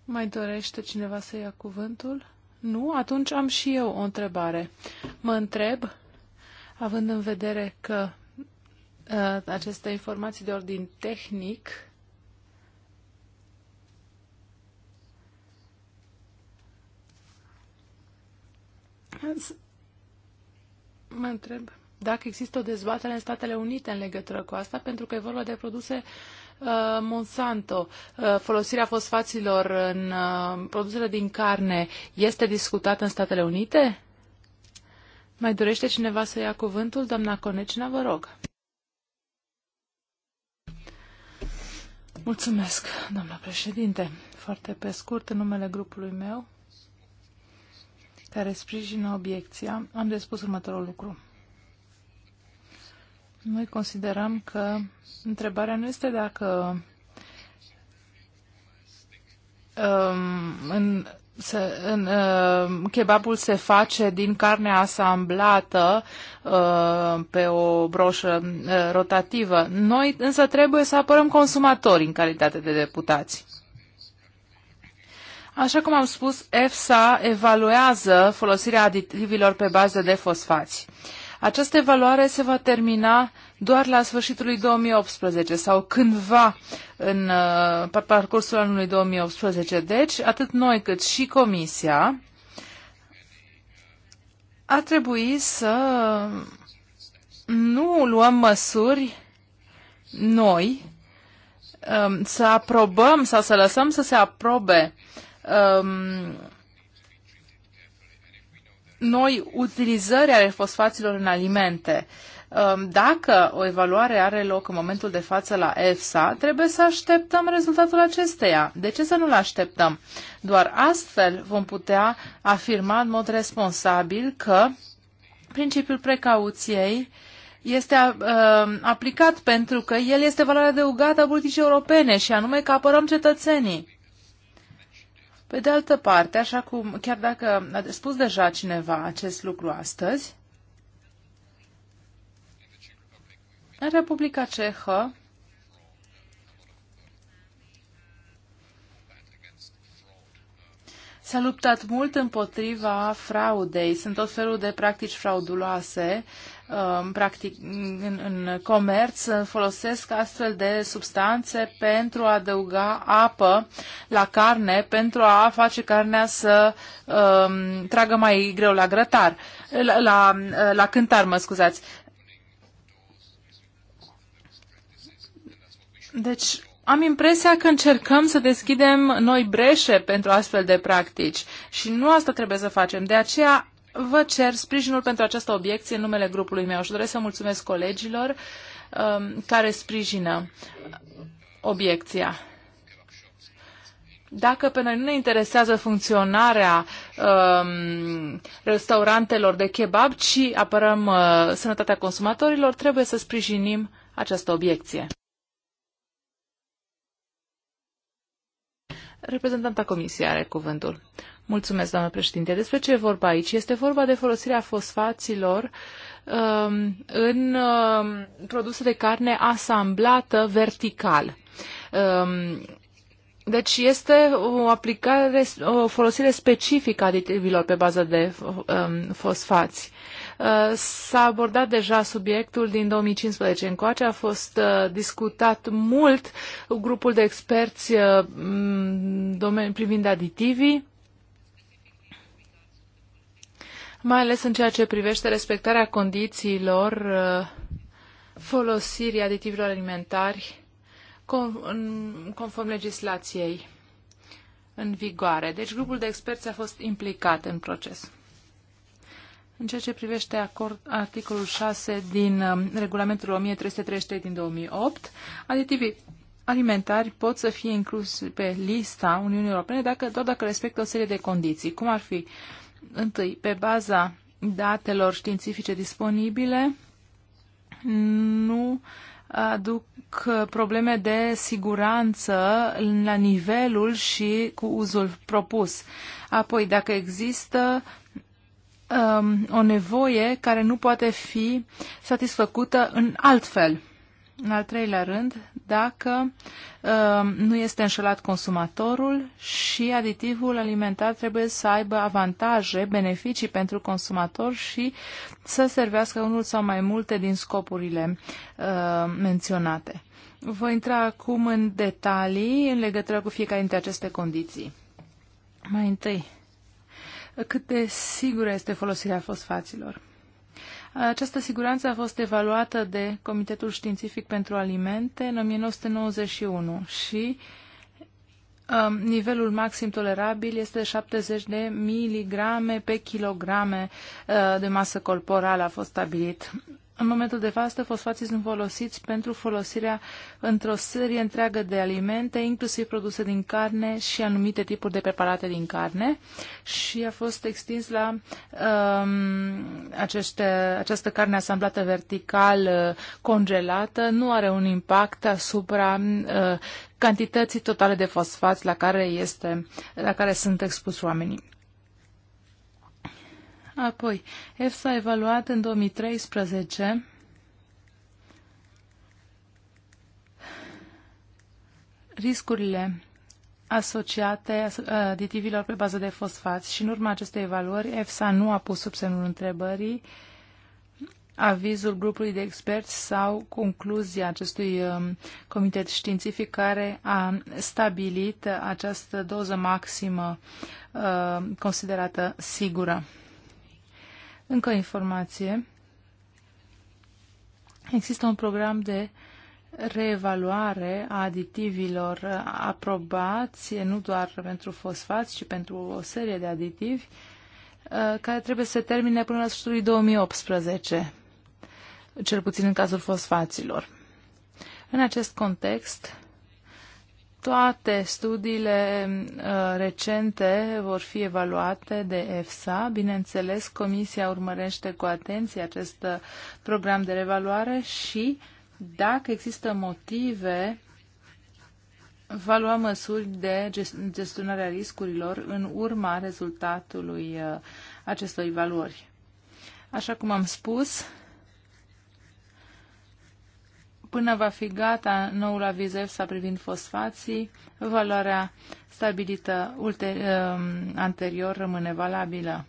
Mai dorește cineva să ia cuvântul? Nu? Atunci am și eu o întrebare. Mă întreb, având în vedere că uh, aceste informații de ordin tehnic uh, mă întreb dacă există o dezbatere în Statele Unite în legătură cu asta, pentru că e vorba de produse uh, Monsanto. Uh, folosirea fosfaților în uh, produsele din carne este discutată în Statele Unite? Mai dorește cineva să ia cuvântul? Doamna Conecina, vă rog. Mulțumesc, doamna președinte. Foarte pe scurt, în numele grupului meu, care sprijină obiecția, am de spus următorul lucru. Noi considerăm că întrebarea nu este dacă um, în, se, în, uh, kebabul se face din carne asamblată uh, pe o broșă uh, rotativă. Noi însă trebuie să apărăm consumatorii în calitate de deputați. Așa cum am spus, EFSA evaluează folosirea aditivilor pe bază de fosfați. Această evaluare se va termina doar la sfârșitul lui 2018 sau cândva în uh, parcursul anului 2018. Deci, atât noi cât și Comisia ar trebui să nu luăm măsuri noi, um, să aprobăm sau să lăsăm să se aprobe uh, um, noi utilizări ale fosfaților în alimente. Um, dacă o evaluare are loc în momentul de față la EFSA, trebuie să așteptăm rezultatul acesteia. De ce să nu-l așteptăm? Doar astfel vom putea afirma în mod responsabil că principiul precauției este uh, aplicat pentru că el este valoarea adăugată a politicii europene și anume că apărăm cetățenii. Pe de altă parte, așa cum, chiar dacă a spus deja cineva acest lucru astăzi, în Republica Cehă S-a luptat mult împotriva fraudei. Sunt tot felul de practici frauduloase în, um, practic, în, în comerț uh, folosesc astfel de substanțe pentru a adăuga apă la carne, pentru a face carnea să um, tragă mai greu la grătar, la, la, uh, la cântar, mă scuzați. Deci, am impresia că încercăm să deschidem noi breșe pentru astfel de practici și nu asta trebuie să facem. De aceea vă cer sprijinul pentru această obiecție în numele grupului meu și doresc să mulțumesc colegilor um, care sprijină obiecția. Dacă pe noi nu ne interesează funcționarea um, restaurantelor de kebab, ci apărăm uh, sănătatea consumatorilor, trebuie să sprijinim această obiecție. Reprezentanta Comisiei are cuvântul. Mulțumesc, doamnă președinte. Despre ce e vorba aici? Este vorba de folosirea fosfaților um, în um, produse de carne asamblată vertical. Um, deci este o aplicare, o folosire specifică a aditivilor pe bază de um, fosfați. Uh, s-a abordat deja subiectul din 2015 încoace, a fost uh, discutat mult grupul de experți uh, privind aditivii mai ales în ceea ce privește respectarea condițiilor uh, folosirii aditivilor alimentari conform legislației în vigoare. Deci grupul de experți a fost implicat în proces. În ceea ce privește acord, articolul 6 din um, regulamentul 1333 din 2008, aditivii alimentari pot să fie inclus pe lista Uniunii Europene dacă, doar dacă respectă o serie de condiții, cum ar fi Întâi, pe baza datelor științifice disponibile, nu aduc probleme de siguranță la nivelul și cu uzul propus. Apoi, dacă există um, o nevoie care nu poate fi satisfăcută în alt fel. În al treilea rând, dacă uh, nu este înșelat consumatorul și aditivul alimentar trebuie să aibă avantaje, beneficii pentru consumator și să servească unul sau mai multe din scopurile uh, menționate. Voi intra acum în detalii în legătură cu fiecare dintre aceste condiții. Mai întâi, cât de sigură este folosirea fosfaților? Această siguranță a fost evaluată de Comitetul Științific pentru Alimente în 1991 și um, nivelul maxim tolerabil este 70 de miligrame pe kilograme uh, de masă corporală a fost stabilit. În momentul de față, fosfații sunt folosiți pentru folosirea într-o serie întreagă de alimente, inclusiv produse din carne și anumite tipuri de preparate din carne și a fost extins la um, aceste, această carne asamblată vertical uh, congelată. Nu are un impact asupra uh, cantității totale de fosfați la care, este, la care sunt expuși oamenii. Apoi, EFSA a evaluat în 2013 riscurile asociate aditivilor pe bază de fosfați și în urma acestei evaluări EFSA nu a pus sub semnul întrebării avizul grupului de experți sau concluzia acestui um, comitet științific care a stabilit această doză maximă uh, considerată sigură. Încă o informație. Există un program de reevaluare a aditivilor aprobați, nu doar pentru fosfați, ci pentru o serie de aditivi, uh, care trebuie să termine până la sfârșitul 2018, cel puțin în cazul fosfaților. În acest context, toate studiile uh, recente vor fi evaluate de EFSA. Bineînțeles, Comisia urmărește cu atenție acest uh, program de revaluare și, dacă există motive, va lua măsuri de gestionare a riscurilor în urma rezultatului uh, acestor evaluări. Așa cum am spus, până va fi gata noul aviz EFSA privind fosfații, valoarea stabilită um, anterior rămâne valabilă.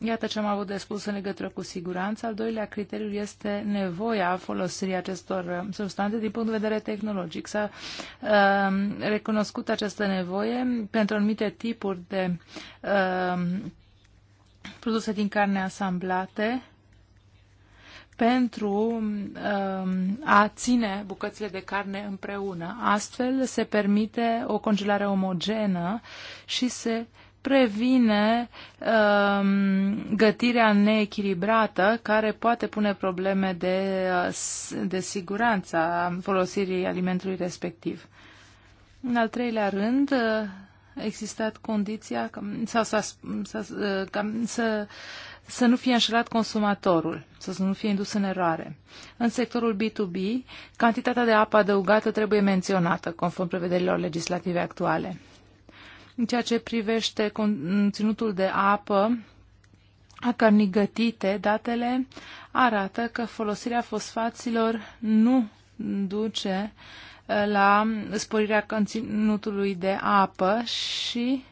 Iată ce am avut de spus în legătură cu siguranța. Al doilea criteriu este nevoia folosirii acestor um, substanțe din punct de vedere tehnologic. S-a uh, recunoscut această nevoie pentru anumite tipuri de uh, produse din carne asamblate, pentru um, a ține bucățile de carne împreună. Astfel se permite o congelare omogenă și se previne um, gătirea neechilibrată care poate pune probleme de, uh, de siguranță a folosirii alimentului respectiv. În al treilea rând, uh, a existat condiția ca, sau s-a, s-a, uh, ca, să să nu fie înșelat consumatorul, să nu fie indus în eroare. În sectorul B2B, cantitatea de apă adăugată trebuie menționată, conform prevederilor legislative actuale. În ceea ce privește conținutul de apă a cărnii gătite, datele arată că folosirea fosfaților nu duce eh, la sporirea conținutului de apă și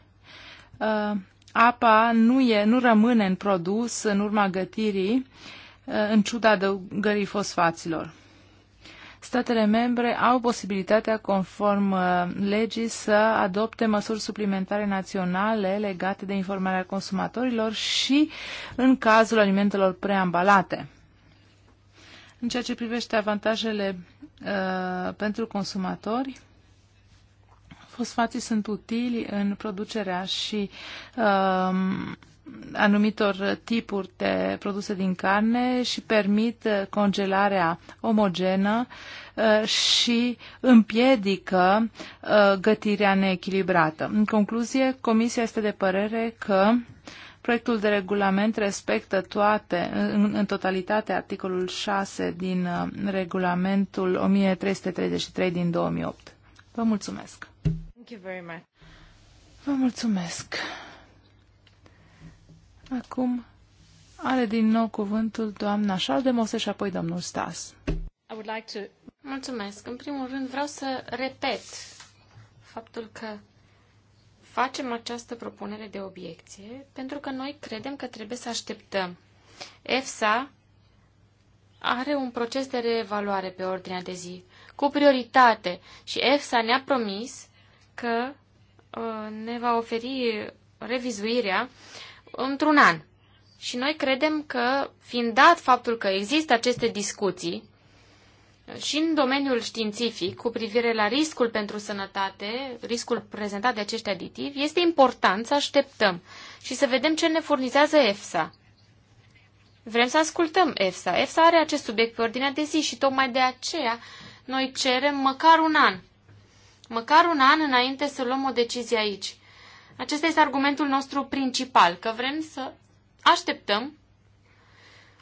eh, apa nu, e, nu rămâne în produs în urma gătirii, uh, în ciuda adăugării fosfaților. Statele membre au posibilitatea, conform uh, legii, să adopte măsuri suplimentare naționale legate de informarea consumatorilor și în cazul alimentelor preambalate. În ceea ce privește avantajele uh, pentru consumatori, fosfații sunt utili în producerea și um, anumitor tipuri de produse din carne și permit uh, congelarea omogenă uh, și împiedică uh, gătirea neechilibrată. În concluzie, Comisia este de părere că proiectul de regulament respectă toate, în, în totalitate, articolul 6 din regulamentul 1333 din 2008. Vă mulțumesc! Thank you very much. Vă mulțumesc! Acum are din nou cuvântul doamna Șaldemose și apoi domnul Stas. I would like to... Mulțumesc. În primul rând vreau să repet faptul că facem această propunere de obiecție pentru că noi credem că trebuie să așteptăm. EFSA are un proces de reevaluare pe ordinea de zi cu prioritate și EFSA ne-a promis că uh, ne va oferi revizuirea într-un an. Și noi credem că, fiind dat faptul că există aceste discuții uh, și în domeniul științific cu privire la riscul pentru sănătate, riscul prezentat de acești aditivi, este important să așteptăm și să vedem ce ne furnizează EFSA. Vrem să ascultăm EFSA. EFSA are acest subiect pe ordinea de zi și tocmai de aceea noi cerem măcar un an. Măcar un an înainte să luăm o decizie aici. Acesta este argumentul nostru principal, că vrem să așteptăm,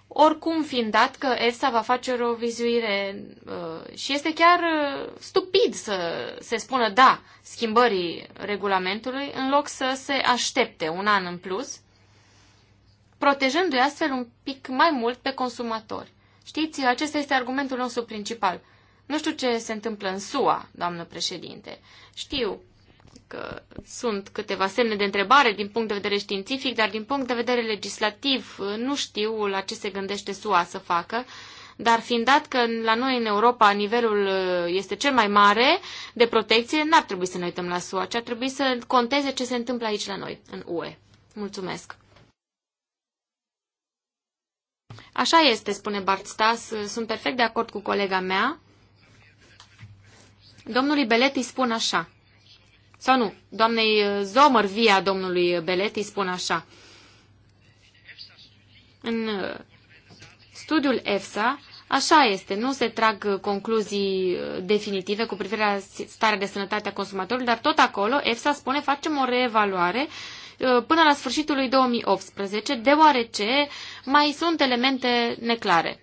oricum fiind dat că ESA va face o vizuire uh, și este chiar uh, stupid să se spună da schimbării regulamentului în loc să se aștepte un an în plus, protejându-i astfel un pic mai mult pe consumatori. Știți, acesta este argumentul nostru principal. Nu știu ce se întâmplă în SUA, doamnă președinte. Știu că sunt câteva semne de întrebare din punct de vedere științific, dar din punct de vedere legislativ nu știu la ce se gândește SUA să facă. Dar fiind dat că la noi în Europa nivelul uh, este cel mai mare de protecție, n-ar trebui să ne uităm la SUA, ci ar trebui să conteze ce se întâmplă aici la noi, în UE. Mulțumesc! Așa este, spune Bart Stas, sunt perfect de acord cu colega mea. Domnului Beleti spun așa. Sau nu, doamnei uh, Zomăr via domnului Beleti spun așa. În uh, studiul EFSA, așa este, nu se trag uh, concluzii definitive cu privire la starea de sănătate a consumatorului, dar tot acolo EFSA spune facem o reevaluare până la sfârșitul lui 2018, deoarece mai sunt elemente neclare.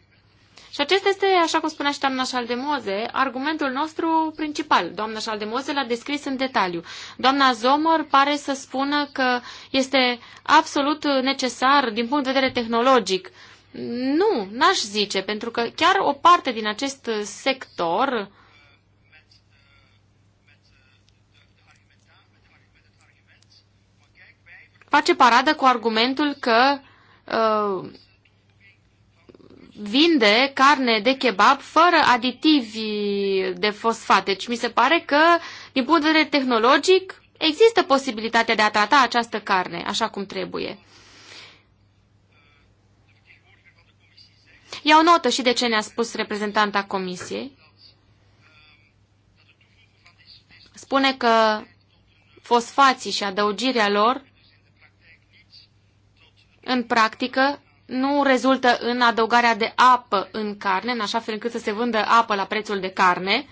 Și acesta este, așa cum spunea și doamna Șaldemoze, argumentul nostru principal. Doamna Șaldemoze l-a descris în detaliu. Doamna Zomor pare să spună că este absolut necesar din punct de vedere tehnologic. Nu, n-aș zice, pentru că chiar o parte din acest sector face paradă cu argumentul că uh, vinde carne de kebab fără aditivi de fosfat. Deci mi se pare că, din punct de vedere tehnologic, există posibilitatea de a trata această carne așa cum trebuie. Iau notă și de ce ne-a spus reprezentanta comisiei. Spune că fosfații și adăugirea lor în practică nu rezultă în adăugarea de apă în carne, în așa fel încât să se vândă apă la prețul de carne,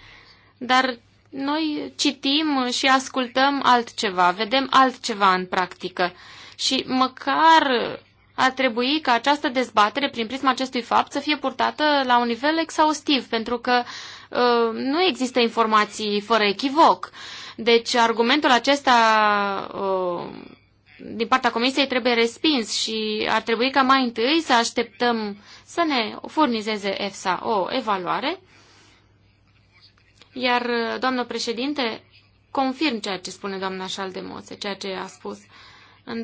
dar noi citim și ascultăm altceva, vedem altceva în practică. Și măcar ar trebui ca această dezbatere, prin prisma acestui fapt, să fie purtată la un nivel exhaustiv, pentru că uh, nu există informații fără echivoc. Deci argumentul acesta uh, din partea Comisiei trebuie respins și ar trebui ca mai întâi să așteptăm să ne furnizeze EFSA o evaluare. Iar, doamnă președinte, confirm ceea ce spune doamna Șaldemoțe, ceea ce a spus. În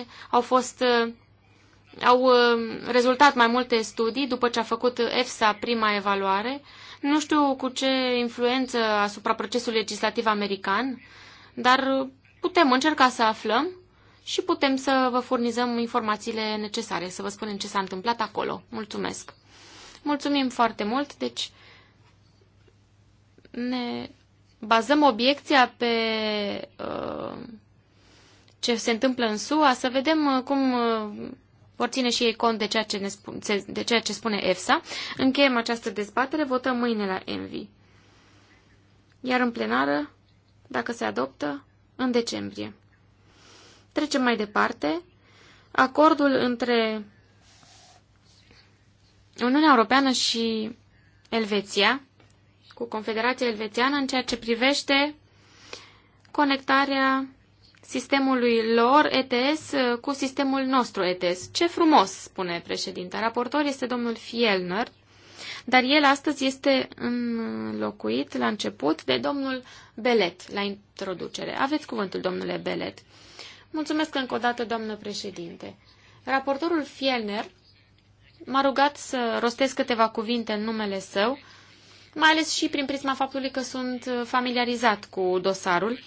2013-2014 au fost uh, au uh, rezultat mai multe studii după ce a făcut EFSA prima evaluare. Nu știu cu ce influență asupra procesului legislativ american, dar putem încerca să aflăm și putem să vă furnizăm informațiile necesare, să vă spunem ce s-a întâmplat acolo. Mulțumesc! Mulțumim foarte mult! Deci ne bazăm obiecția pe uh, ce se întâmplă în SUA, să vedem uh, cum uh, vor ține și ei cont de ceea ce, ne spun, de ceea ce spune EFSA. Încheiem această dezbatere, votăm mâine la Envi. Iar în plenară, dacă se adoptă, în decembrie. Trecem mai departe. Acordul între Uniunea Europeană și Elveția, cu Confederația Elvețiană, în ceea ce privește conectarea sistemului lor ETS uh, cu sistemul nostru ETS. Ce frumos, spune președinta. Raportor este domnul Fielner dar el astăzi este înlocuit la început de domnul Belet, la introducere. Aveți cuvântul, domnule Belet. Mulțumesc încă o dată, doamnă președinte. Raportorul Fielner m-a rugat să rostesc câteva cuvinte în numele său, mai ales și prin prisma faptului că sunt familiarizat cu dosarul,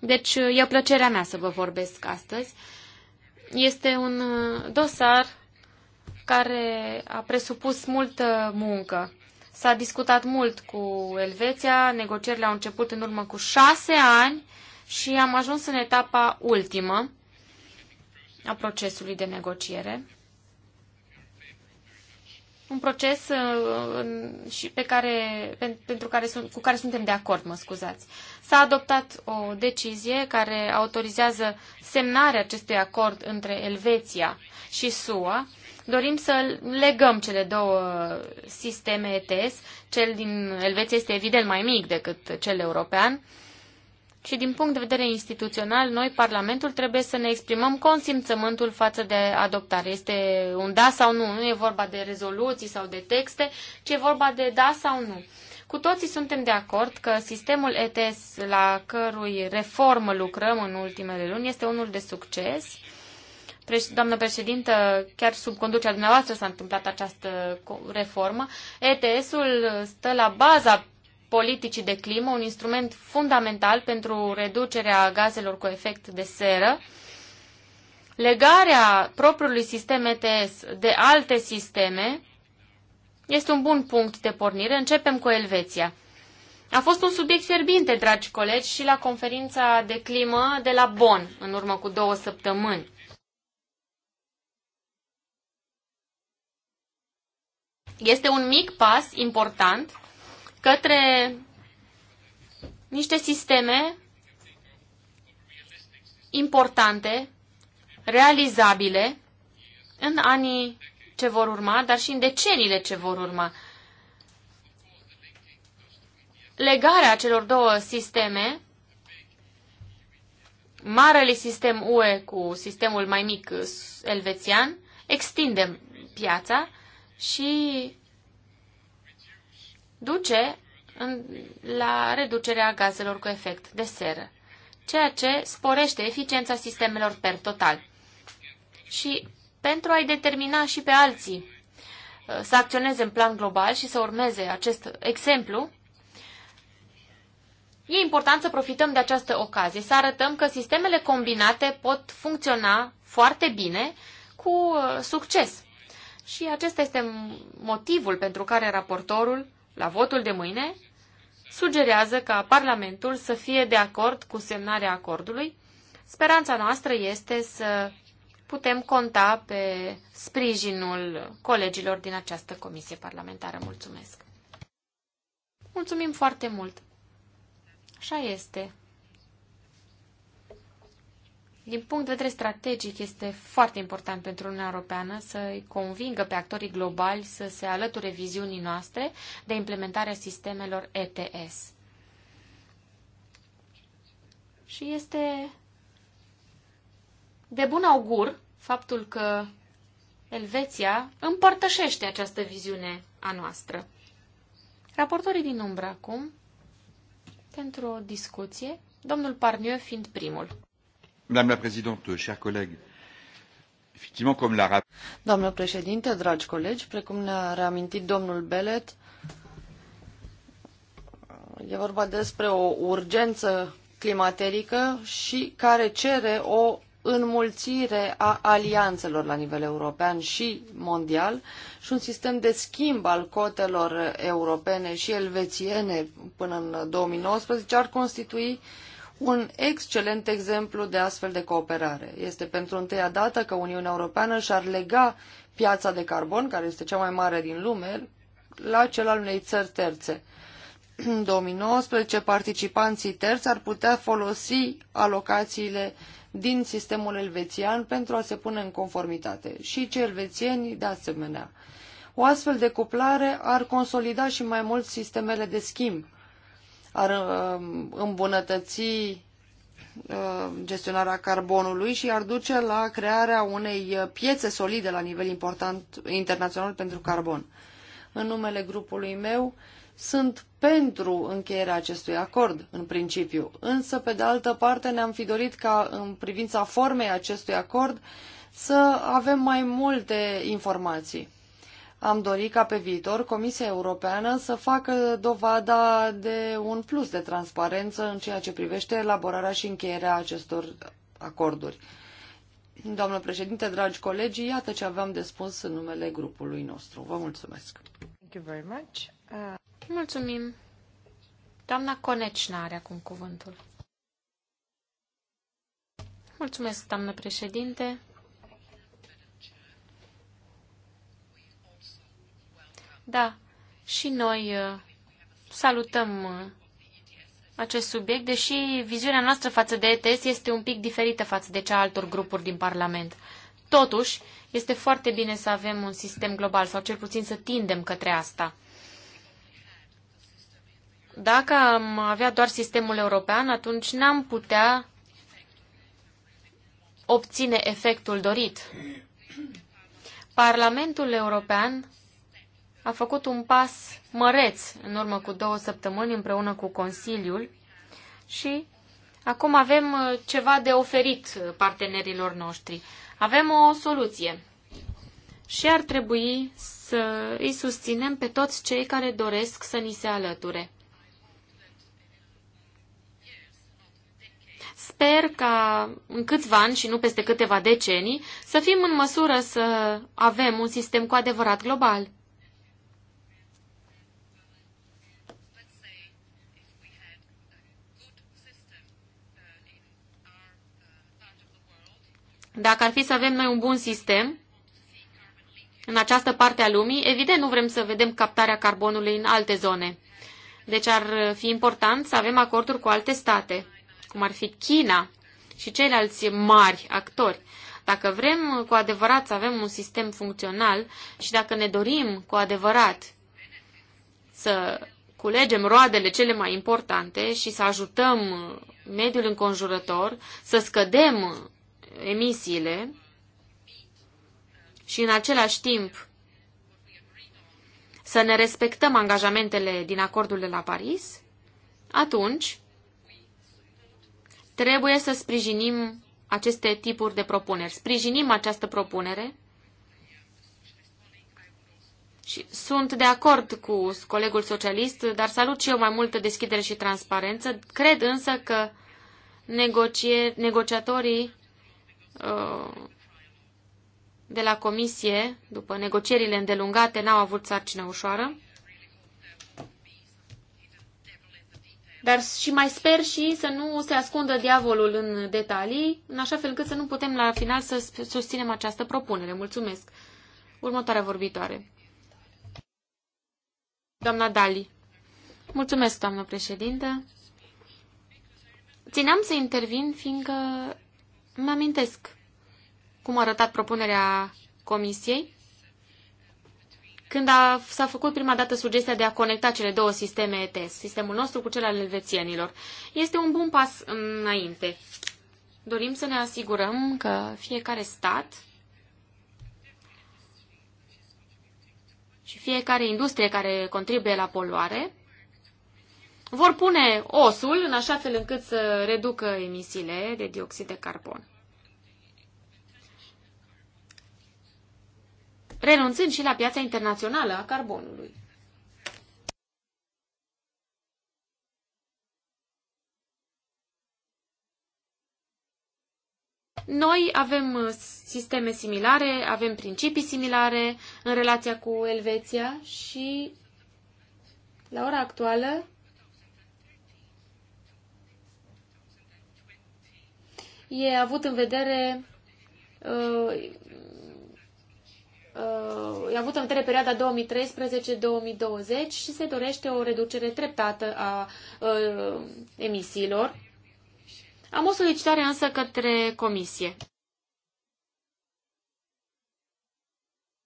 deci e plăcerea mea să vă vorbesc astăzi. Este un dosar care a presupus multă muncă. S-a discutat mult cu Elveția, negocierile au început în urmă cu șase ani și am ajuns în etapa ultimă a procesului de negociere. Un proces uh, și pe care, pentru care sunt, cu care suntem de acord, mă scuzați. S-a adoptat o decizie care autorizează semnarea acestui acord între Elveția și SUA, dorim să legăm cele două sisteme ETS. Cel din Elveția este evident mai mic decât cel european. Și din punct de vedere instituțional, noi, Parlamentul, trebuie să ne exprimăm consimțământul față de adoptare. Este un da sau nu, nu e vorba de rezoluții sau de texte, ci e vorba de da sau nu. Cu toții suntem de acord că sistemul ETS la cărui reformă lucrăm în ultimele luni este unul de succes doamnă președintă, chiar sub conducerea dumneavoastră s-a întâmplat această reformă. ETS-ul stă la baza politicii de climă, un instrument fundamental pentru reducerea gazelor cu efect de seră. Legarea propriului sistem ETS de alte sisteme este un bun punct de pornire. Începem cu Elveția. A fost un subiect fierbinte, dragi colegi, și la conferința de climă de la Bonn, în urmă cu două săptămâni. Este un mic pas important către niște sisteme importante, realizabile în anii ce vor urma, dar și în deceniile ce vor urma. Legarea celor două sisteme, marele sistem UE cu sistemul mai mic elvețian, extinde piața și duce în, la reducerea gazelor cu efect de seră, ceea ce sporește eficiența sistemelor per total. Și pentru a-i determina și pe alții uh, să acționeze în plan global și să urmeze acest exemplu, e important să profităm de această ocazie, să arătăm că sistemele combinate pot funcționa foarte bine cu uh, succes. Și acesta este motivul pentru care raportorul, la votul de mâine, sugerează ca Parlamentul să fie de acord cu semnarea acordului. Speranța noastră este să putem conta pe sprijinul colegilor din această comisie parlamentară. Mulțumesc! Mulțumim foarte mult! Așa este. Din punct de vedere strategic, este foarte important pentru Uniunea Europeană să-i convingă pe actorii globali să se alăture viziunii noastre de implementarea sistemelor ETS. Și este de bun augur faptul că Elveția împărtășește această viziune a noastră. Raportorii din umbră acum, pentru o discuție, domnul Parniu fiind primul. Madame la Présidente, chers collègues, effectivement, comme l'a rappelé... Doamnă președinte, dragi colegi, precum ne-a reamintit domnul Bellet, e vorba despre o urgență climaterică și care cere o înmulțire a alianțelor la nivel european și mondial și un sistem de schimb al cotelor europene și elvețiene până în 2019 ar constitui uh, un excelent exemplu de astfel de cooperare. Este pentru întâia dată că Uniunea Europeană și-ar lega piața de carbon, care este cea mai mare din lume, la cel al unei țări terțe. În 2019, participanții terți ar putea folosi alocațiile din sistemul elvețian pentru a se pune în conformitate și cei elvețieni de asemenea. O astfel de cuplare ar consolida și mai mult sistemele de schimb ar uh, îmbunătăți uh, gestionarea carbonului și ar duce la crearea unei uh, piețe solide la nivel important internațional pentru carbon. În numele grupului meu sunt pentru încheierea acestui acord, în principiu, însă, pe de altă parte, ne-am fi dorit ca, în privința formei acestui acord, să avem mai multe informații. Am dorit ca pe viitor Comisia Europeană să facă dovada de un plus de transparență în ceea ce privește elaborarea și încheierea acestor acorduri. Doamnă președinte, dragi colegi, iată ce aveam de spus în numele grupului nostru. Vă mulțumesc. Thank you very much. Uh... Mulțumim. Doamna Conecna are acum cuvântul. Mulțumesc, doamnă președinte. Da, și noi uh, salutăm uh, acest subiect, deși viziunea noastră față de ETS este un pic diferită față de cea altor grupuri din Parlament. Totuși, este foarte bine să avem un sistem global, sau cel puțin să tindem către asta. Dacă am avea doar sistemul european, atunci n-am putea obține efectul dorit. Parlamentul European a făcut un pas măreț în urmă cu două săptămâni împreună cu Consiliul și acum avem uh, ceva de oferit uh, partenerilor noștri. Avem o soluție și ar trebui să îi susținem pe toți cei care doresc să ni se alăture. Sper ca în câțiva ani și nu peste câteva decenii să fim în măsură să avem un sistem cu adevărat global. Dacă ar fi să avem noi un bun sistem în această parte a lumii, evident nu vrem să vedem captarea carbonului în alte zone. Deci ar fi important să avem acorduri cu alte state, cum ar fi China și ceilalți mari actori. Dacă vrem cu adevărat să avem un sistem funcțional și dacă ne dorim cu adevărat să culegem roadele cele mai importante și să ajutăm mediul înconjurător, să scădem emisiile și în același timp să ne respectăm angajamentele din acordul de la Paris, atunci trebuie să sprijinim aceste tipuri de propuneri. Sprijinim această propunere și sunt de acord cu colegul socialist, dar salut și eu mai multă deschidere și transparență. Cred însă că negocie, negociatorii de la comisie, după negocierile îndelungate, n-au avut sarcină ușoară. Dar și mai sper și să nu se ascundă diavolul în detalii, în așa fel încât să nu putem la final să susținem această propunere. Mulțumesc. Următoarea vorbitoare. Doamna Dali. Mulțumesc, doamnă președinte. Țineam să intervin, fiindcă Mă amintesc cum a arătat propunerea comisiei când s-a făcut prima dată sugestia de a conecta cele două sisteme ETS, sistemul nostru cu cel al elvețienilor. Este un bun pas înainte. Dorim să ne asigurăm că fiecare stat și fiecare industrie care contribuie la poluare vor pune osul în așa fel încât să reducă emisiile de dioxid de carbon. renunțând și la piața internațională a carbonului. Noi avem sisteme similare, avem principii similare în relația cu Elveția și la ora actuală e avut în vedere uh, uh, e avut în vedere perioada 2013-2020 și se dorește o reducere treptată a uh, emisiilor. Am o solicitare însă către comisie.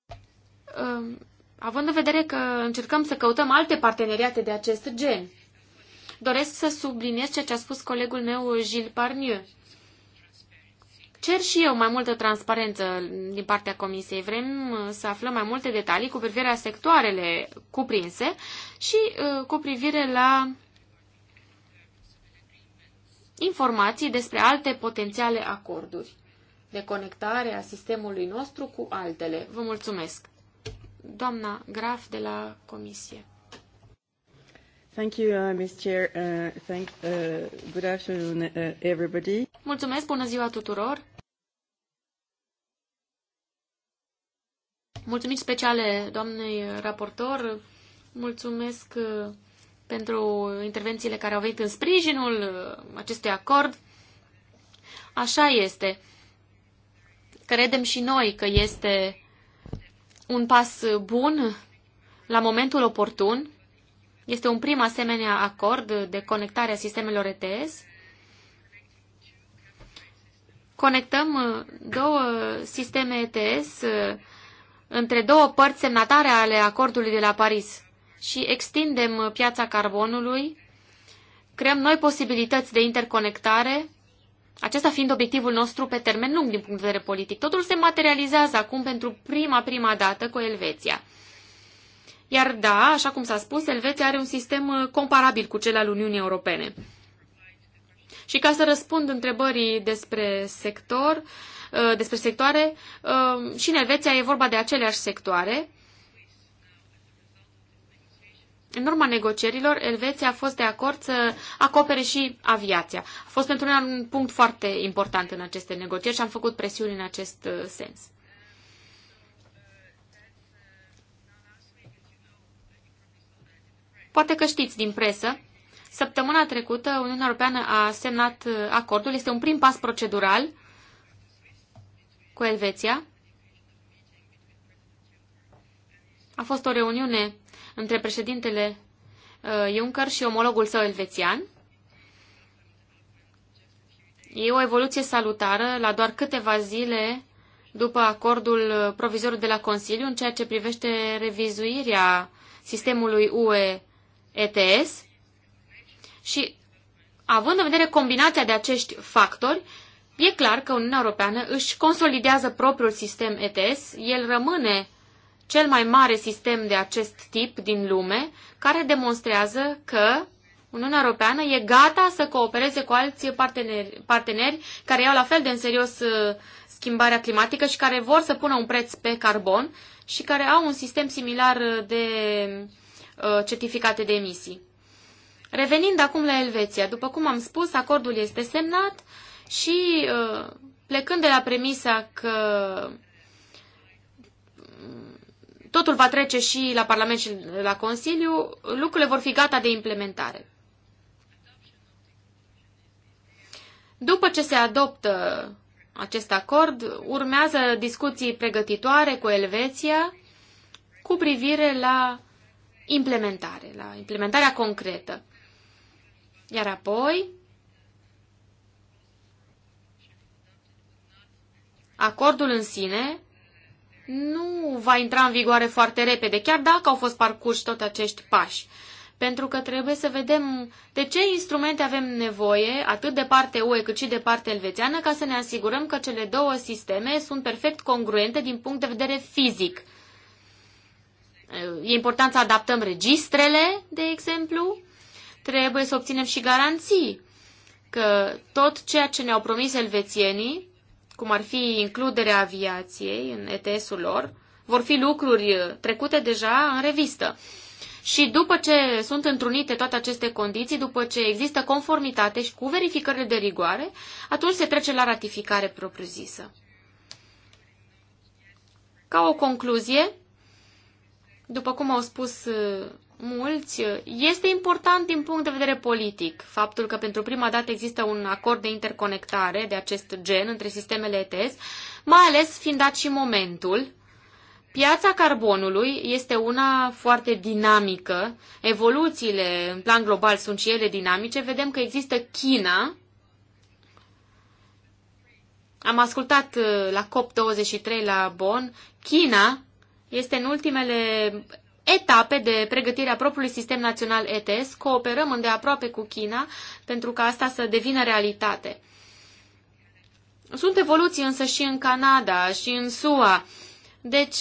Uh, având în vedere că încercăm să căutăm alte parteneriate de acest gen, doresc să subliniez ceea ce a spus colegul meu Gilles Parnieu Cer și eu mai multă transparență din partea Comisiei. Vrem uh, să aflăm mai multe detalii cu privire la sectoarele cuprinse și uh, cu privire la informații despre alte potențiale acorduri de conectare a sistemului nostru cu altele. Vă mulțumesc! Doamna Graf de la Comisie. Thank you, uh, Ms. Chair. Uh, thank, uh, good afternoon, uh, everybody. Mulțumesc, bună ziua tuturor. Mulțumiri speciale doamnei raportor. Mulțumesc uh, pentru intervențiile care au venit în sprijinul uh, acestui acord. Așa este. Credem și noi că este un pas bun la momentul oportun este un prim asemenea acord de conectare a sistemelor ETS. Conectăm uh, două sisteme ETS uh, între două părți semnatare ale acordului de la Paris și extindem uh, piața carbonului, creăm noi posibilități de interconectare, acesta fiind obiectivul nostru pe termen lung din punct de vedere politic. Totul se materializează acum pentru prima, prima dată cu Elveția. Iar da, așa cum s-a spus, Elveția are un sistem uh, comparabil cu cel al Uniunii Europene. Și ca să răspund întrebării despre sector, uh, despre sectoare, uh, și în Elveția e vorba de aceleași sectoare. În urma negocierilor, Elveția a fost de acord să acopere și aviația. A fost pentru noi un punct foarte important în aceste negocieri și am făcut presiuni în acest sens. Poate că știți din presă, săptămâna trecută Uniunea Europeană a semnat uh, acordul, este un prim pas procedural cu Elveția. A fost o reuniune între președintele uh, Juncker și omologul său elvețian. E o evoluție salutară la doar câteva zile după acordul uh, provizorului de la Consiliu în ceea ce privește revizuirea sistemului UE ETS și având în vedere combinația de acești factori, e clar că Uniunea Europeană își consolidează propriul sistem ETS, el rămâne cel mai mare sistem de acest tip din lume, care demonstrează că Uniunea Europeană e gata să coopereze cu alți parteneri, parteneri care iau la fel de în serios uh, schimbarea climatică și care vor să pună un preț pe carbon și care au un sistem similar de Uh, certificate de emisii. Revenind acum la Elveția, după cum am spus, acordul este semnat și uh, plecând de la premisa că totul va trece și la Parlament și la Consiliu, lucrurile vor fi gata de implementare. După ce se adoptă acest acord, urmează discuții pregătitoare cu Elveția cu privire la implementare, la implementarea concretă. Iar apoi, acordul în sine nu va intra în vigoare foarte repede, chiar dacă au fost parcurși tot acești pași. Pentru că trebuie să vedem de ce instrumente avem nevoie, atât de parte UE cât și de parte elvețeană, ca să ne asigurăm că cele două sisteme sunt perfect congruente din punct de vedere fizic. E important să adaptăm registrele, de exemplu. Trebuie să obținem și garanții că tot ceea ce ne-au promis elvețienii, cum ar fi includerea aviației în ETS-ul lor, vor fi lucruri trecute deja în revistă. Și după ce sunt întrunite toate aceste condiții, după ce există conformitate și cu verificările de rigoare, atunci se trece la ratificare propriu-zisă. Ca o concluzie, după cum au spus uh, mulți, uh, este important din punct de vedere politic faptul că pentru prima dată există un acord de interconectare de acest gen între sistemele ETS, mai ales fiind dat și momentul. Piața carbonului este una foarte dinamică, evoluțiile în plan global sunt și ele dinamice, vedem că există China, am ascultat uh, la COP23 la Bonn, China este în ultimele etape de pregătire a propriului sistem național ETS. Cooperăm îndeaproape cu China pentru ca asta să devină realitate. Sunt evoluții însă și în Canada și în SUA. Deci,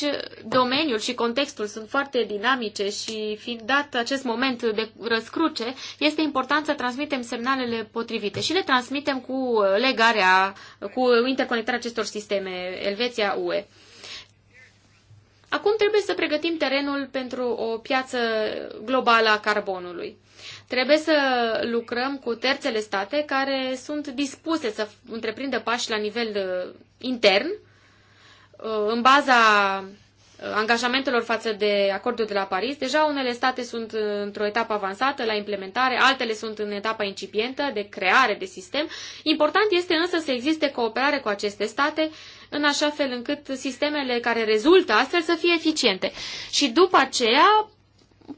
domeniul și contextul sunt foarte dinamice și fiind dat acest moment de răscruce, este important să transmitem semnalele potrivite și le transmitem cu legarea, cu interconectarea acestor sisteme Elveția-UE. Acum trebuie să pregătim terenul pentru o piață globală a carbonului. Trebuie să lucrăm cu terțele state care sunt dispuse să întreprindă pași la nivel uh, intern, uh, în baza uh, angajamentelor față de acordul de la Paris. Deja unele state sunt într-o etapă avansată la implementare, altele sunt în etapa incipientă de creare de sistem. Important este însă să existe cooperare cu aceste state în așa fel încât sistemele care rezultă astfel să fie eficiente. Și după aceea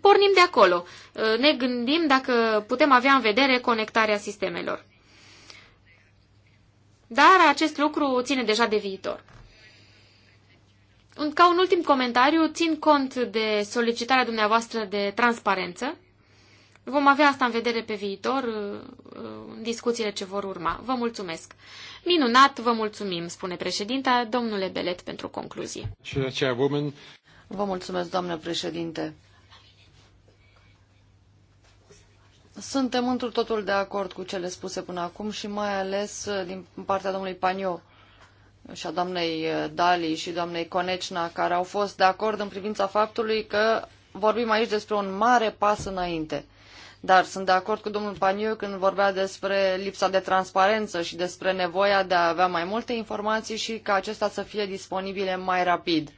pornim de acolo. Uh, ne gândim dacă putem avea în vedere conectarea sistemelor. Dar acest lucru ține deja de viitor. Ca un ultim comentariu, țin cont de solicitarea dumneavoastră de transparență. Vom avea asta în vedere pe viitor, uh, în discuțiile ce vor urma. Vă mulțumesc! Minunat, vă mulțumim, spune președinta, domnule Belet, pentru concluzie. Vă mulțumesc, doamnă președinte. Suntem într totul de acord cu cele spuse până acum și mai ales uh, din partea domnului Paniu și a doamnei uh, Dali și doamnei Conecna, care au fost de acord în privința faptului că vorbim aici despre un mare pas înainte. Dar sunt de acord cu domnul Paniu când vorbea despre lipsa de transparență și despre nevoia de a avea mai multe informații și ca acestea să fie disponibile mai rapid.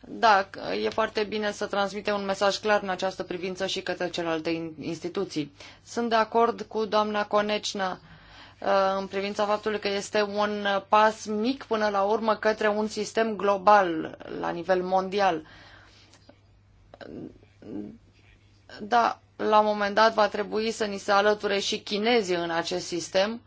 Da, e foarte bine să transmite un mesaj clar în această privință și către celelalte instituții. Sunt de acord cu doamna Conecna uh, în privința faptului că este un pas mic până la urmă către un sistem global la nivel mondial. Da, la un moment dat va trebui să ni se alăture și chinezii în acest sistem.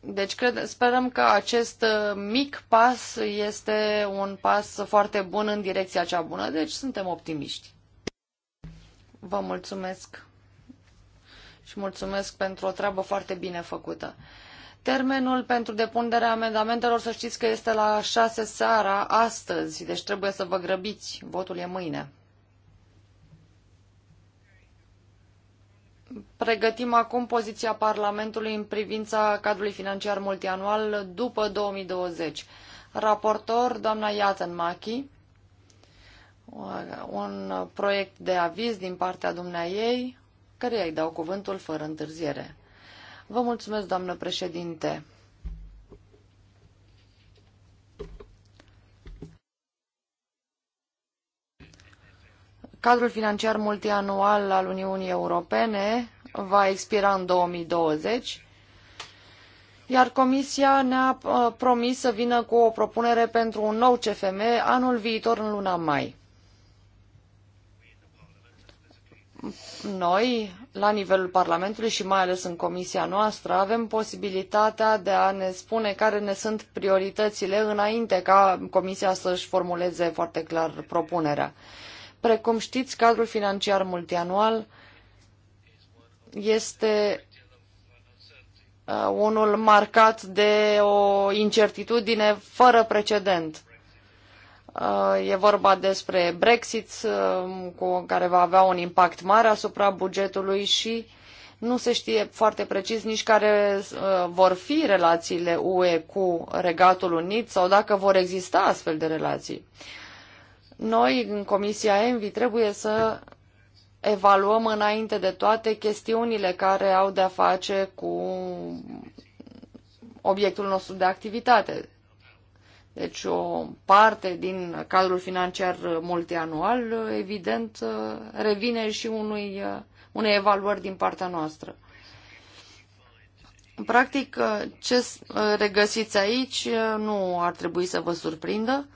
Deci cred, sperăm că acest uh, mic pas este un pas foarte bun în direcția cea bună, deci suntem optimiști. Vă mulțumesc și mulțumesc pentru o treabă foarte bine făcută. Termenul pentru depunerea amendamentelor, să știți că este la 6 seara astăzi, deci trebuie să vă grăbiți. Votul e mâine. pregătim acum poziția Parlamentului în privința cadrului financiar multianual după 2020. Raportor, doamna Iaten Machi, un proiect de aviz din partea dumneaei, ei, care îi dau cuvântul fără întârziere. Vă mulțumesc, doamnă președinte. Cadrul financiar multianual al Uniunii Europene va expira în 2020, iar Comisia ne-a uh, promis să vină cu o propunere pentru un nou CFM anul viitor în luna mai. Noi, la nivelul Parlamentului și mai ales în comisia noastră, avem posibilitatea de a ne spune care ne sunt prioritățile înainte ca comisia să-și formuleze foarte clar propunerea. Precum știți, cadrul financiar multianual este uh, unul marcat de o incertitudine fără precedent. Uh, e vorba despre Brexit, uh, cu care va avea un impact mare asupra bugetului și nu se știe foarte precis nici care vor fi relațiile UE cu Regatul Unit sau dacă vor exista astfel de relații. Noi, în Comisia ENVI, trebuie să evaluăm înainte de toate chestiunile care au de-a face cu obiectul nostru de activitate. Deci o parte din cadrul financiar multianual, evident, revine și unui, unei evaluări din partea noastră. Practic, ce regăsiți aici nu ar trebui să vă surprindă.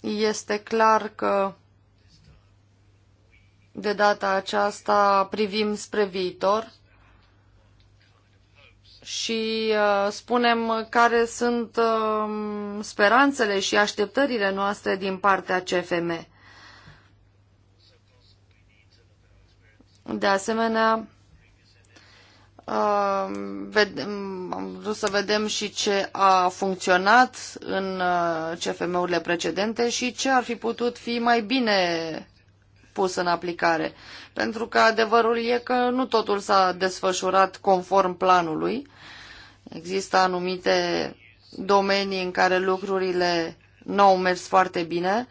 Este clar că de data aceasta privim spre viitor și uh, spunem care sunt uh, speranțele și așteptările noastre din partea CFM. De asemenea, uh, am vrut să vedem și ce a funcționat în uh, CFM-urile precedente și ce ar fi putut fi mai bine pus în aplicare. Pentru că adevărul e că nu totul s-a desfășurat conform planului. Există anumite domenii în care lucrurile nu au mers foarte bine.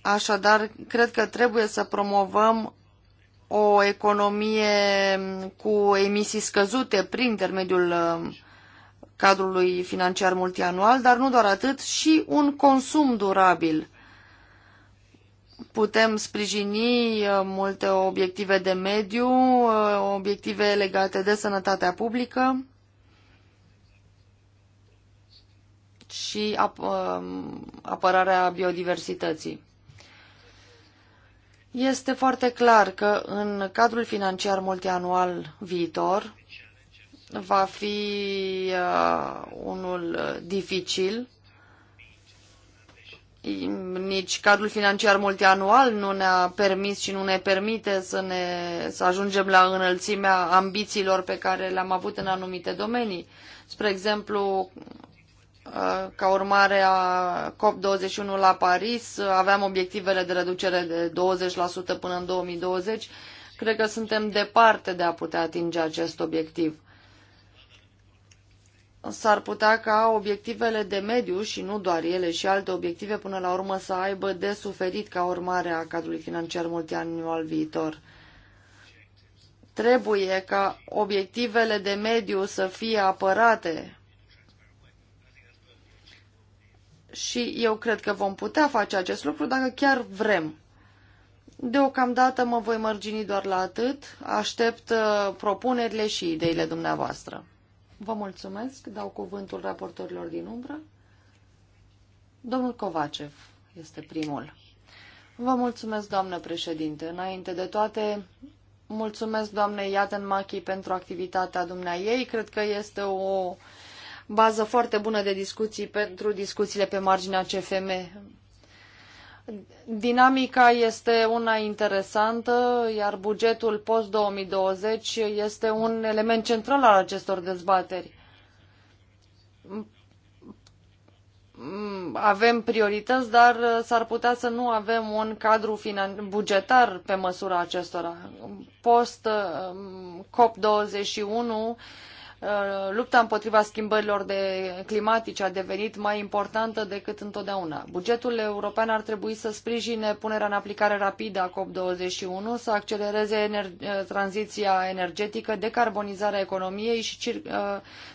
Așadar, cred că trebuie să promovăm o economie cu emisii scăzute prin intermediul cadrului financiar multianual, dar nu doar atât, și un consum durabil. Putem sprijini uh, multe obiective de mediu, uh, obiective legate de sănătatea publică și ap uh, apărarea biodiversității. Este foarte clar că în cadrul financiar multianual viitor, va fi uh, unul uh, dificil. Nici cadrul financiar multianual nu ne-a permis și nu ne permite să, ne, să ajungem la înălțimea ambițiilor pe care le-am avut în anumite domenii. Spre exemplu, uh, ca urmare a COP21 la Paris, aveam obiectivele de reducere de 20% până în 2020. Cred că suntem departe de a putea atinge acest obiectiv s-ar putea ca obiectivele de mediu și nu doar ele și alte obiective până la urmă să aibă de suferit ca urmare a cadrului financiar multianual viitor. Trebuie ca obiectivele de mediu să fie apărate și eu cred că vom putea face acest lucru dacă chiar vrem. Deocamdată mă voi mărgini doar la atât, aștept uh, propunerile și ideile dumneavoastră. Vă mulțumesc. Dau cuvântul raportorilor din umbră. Domnul Covacev este primul. Vă mulțumesc, doamnă președinte. Înainte de toate, mulțumesc doamnei Iaten Machi pentru activitatea ei. Cred că este o bază foarte bună de discuții pentru discuțiile pe marginea CFM Dinamica este una interesantă, iar bugetul post-2020 este un element central al acestor dezbateri. Avem priorități, dar s-ar putea să nu avem un cadru bugetar pe măsura acestora. Post-COP21 um, Uh, lupta împotriva schimbărilor de climatice a devenit mai importantă decât întotdeauna. Bugetul european ar trebui să sprijine punerea în aplicare rapidă a COP21, să accelereze ener- uh, tranziția energetică, decarbonizarea economiei și uh,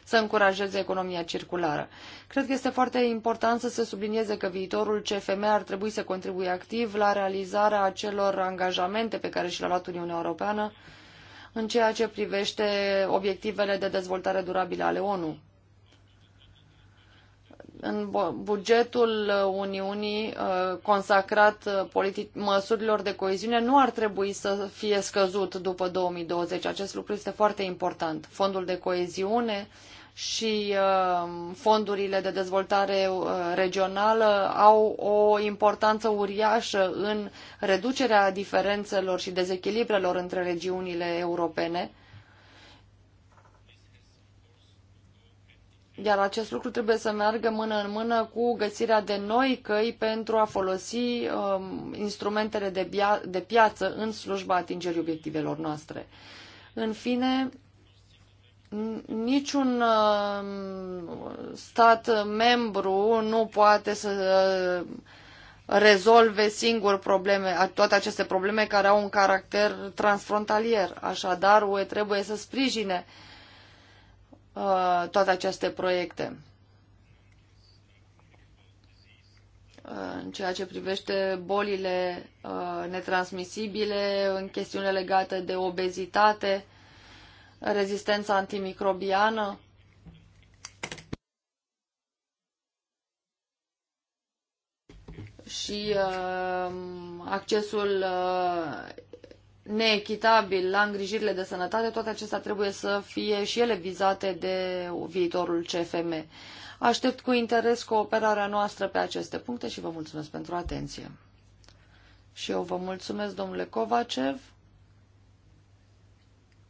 să încurajeze economia circulară. Cred că este foarte important să se sublinieze că viitorul CFM ar trebui să contribuie activ la realizarea acelor angajamente pe care și le-a luat Uniunea Europeană în ceea ce privește obiectivele de dezvoltare durabilă ale ONU. În bugetul Uniunii uh, consacrat uh, politic, măsurilor de coeziune nu ar trebui să fie scăzut după 2020. Acest lucru este foarte important. Fondul de coeziune uh, și uh, fondurile de dezvoltare uh, regională au o importanță uriașă în reducerea diferențelor și dezechilibrelor între regiunile europene. Iar acest lucru trebuie să meargă mână în mână cu găsirea de noi căi pentru a folosi um, instrumentele de, de piață în slujba atingerii obiectivelor noastre. În fine, niciun uh, stat membru nu poate să uh, rezolve singur probleme, toate aceste probleme care au un caracter transfrontalier. Așadar, UE trebuie să sprijine uh, toate aceste proiecte. în ceea ce privește bolile netransmisibile, în chestiune legate de obezitate, rezistența antimicrobiană. și uh, accesul uh, neechitabil la îngrijirile de sănătate, toate acestea trebuie să fie și ele vizate de viitorul CFM. Aștept cu interes cooperarea noastră pe aceste puncte și vă mulțumesc pentru atenție. Și eu vă mulțumesc, domnule Covacev.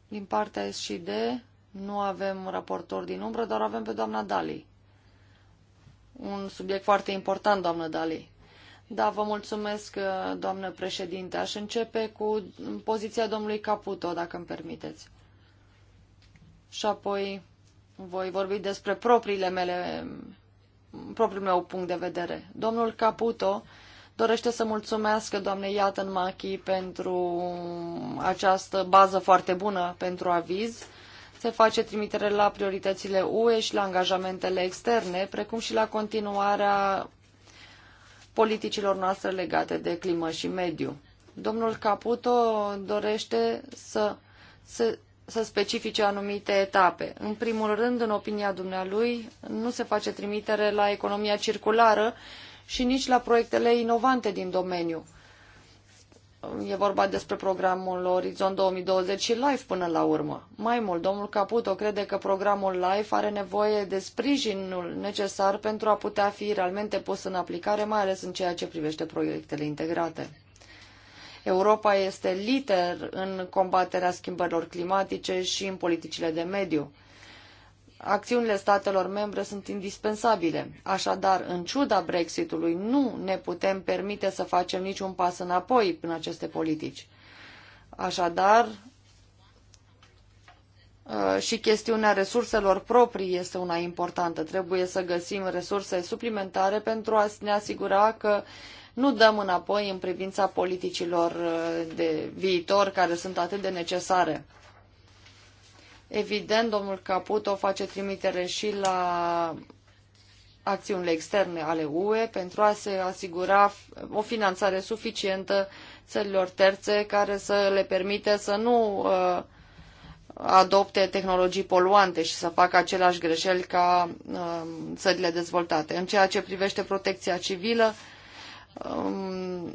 Din partea S și D nu avem raportor din umbră, dar avem pe doamna Dali. Un subiect foarte important, doamnă Dali. Da, vă mulțumesc, uh, doamnă președinte. Aș începe cu poziția domnului Caputo, dacă îmi permiteți. Și apoi voi vorbi despre propriile mele, propriul meu punct de vedere. Domnul Caputo dorește să mulțumească doamnei Iatan Machi pentru această bază foarte bună pentru aviz. Se face trimitere la prioritățile UE și la angajamentele externe, precum și la continuarea politicilor noastre legate de climă și mediu. Domnul Caputo dorește să, să, să specifice anumite etape. În primul rând, în opinia dumnealui, nu se face trimitere la economia circulară, și nici la proiectele inovante din domeniu. E vorba despre programul Orizont 2020 și LIFE până la urmă. Mai mult, domnul Caputo crede că programul LIFE are nevoie de sprijinul necesar pentru a putea fi realmente pus în aplicare, mai ales în ceea ce privește proiectele integrate. Europa este lider în combaterea schimbărilor climatice și în politicile de mediu. Acțiunile statelor membre sunt indispensabile. Așadar, în ciuda Brexitului, nu ne putem permite să facem niciun pas înapoi în aceste politici. Așadar, uh, și chestiunea resurselor proprii este una importantă. Trebuie să găsim resurse suplimentare pentru a ne asigura că nu dăm înapoi în privința politicilor uh, de viitor care sunt atât de necesare. Evident, domnul Caputo face trimitere și la acțiunile externe ale UE pentru a se asigura o finanțare suficientă țărilor terțe care să le permite să nu uh, adopte tehnologii poluante și să facă aceleași greșeli ca uh, țările dezvoltate. În ceea ce privește protecția civilă, um,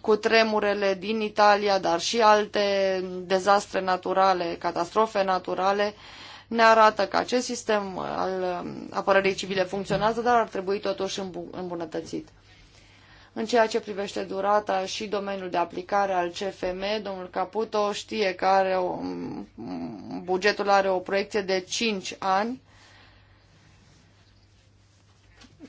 cu tremurele din Italia, dar și alte dezastre naturale, catastrofe naturale, ne arată că acest sistem al um, apărării civile funcționează, dar ar trebui totuși îmbunătățit. În ceea ce privește durata și domeniul de aplicare al CFM, domnul Caputo știe că are o, um, bugetul are o proiecție de 5 ani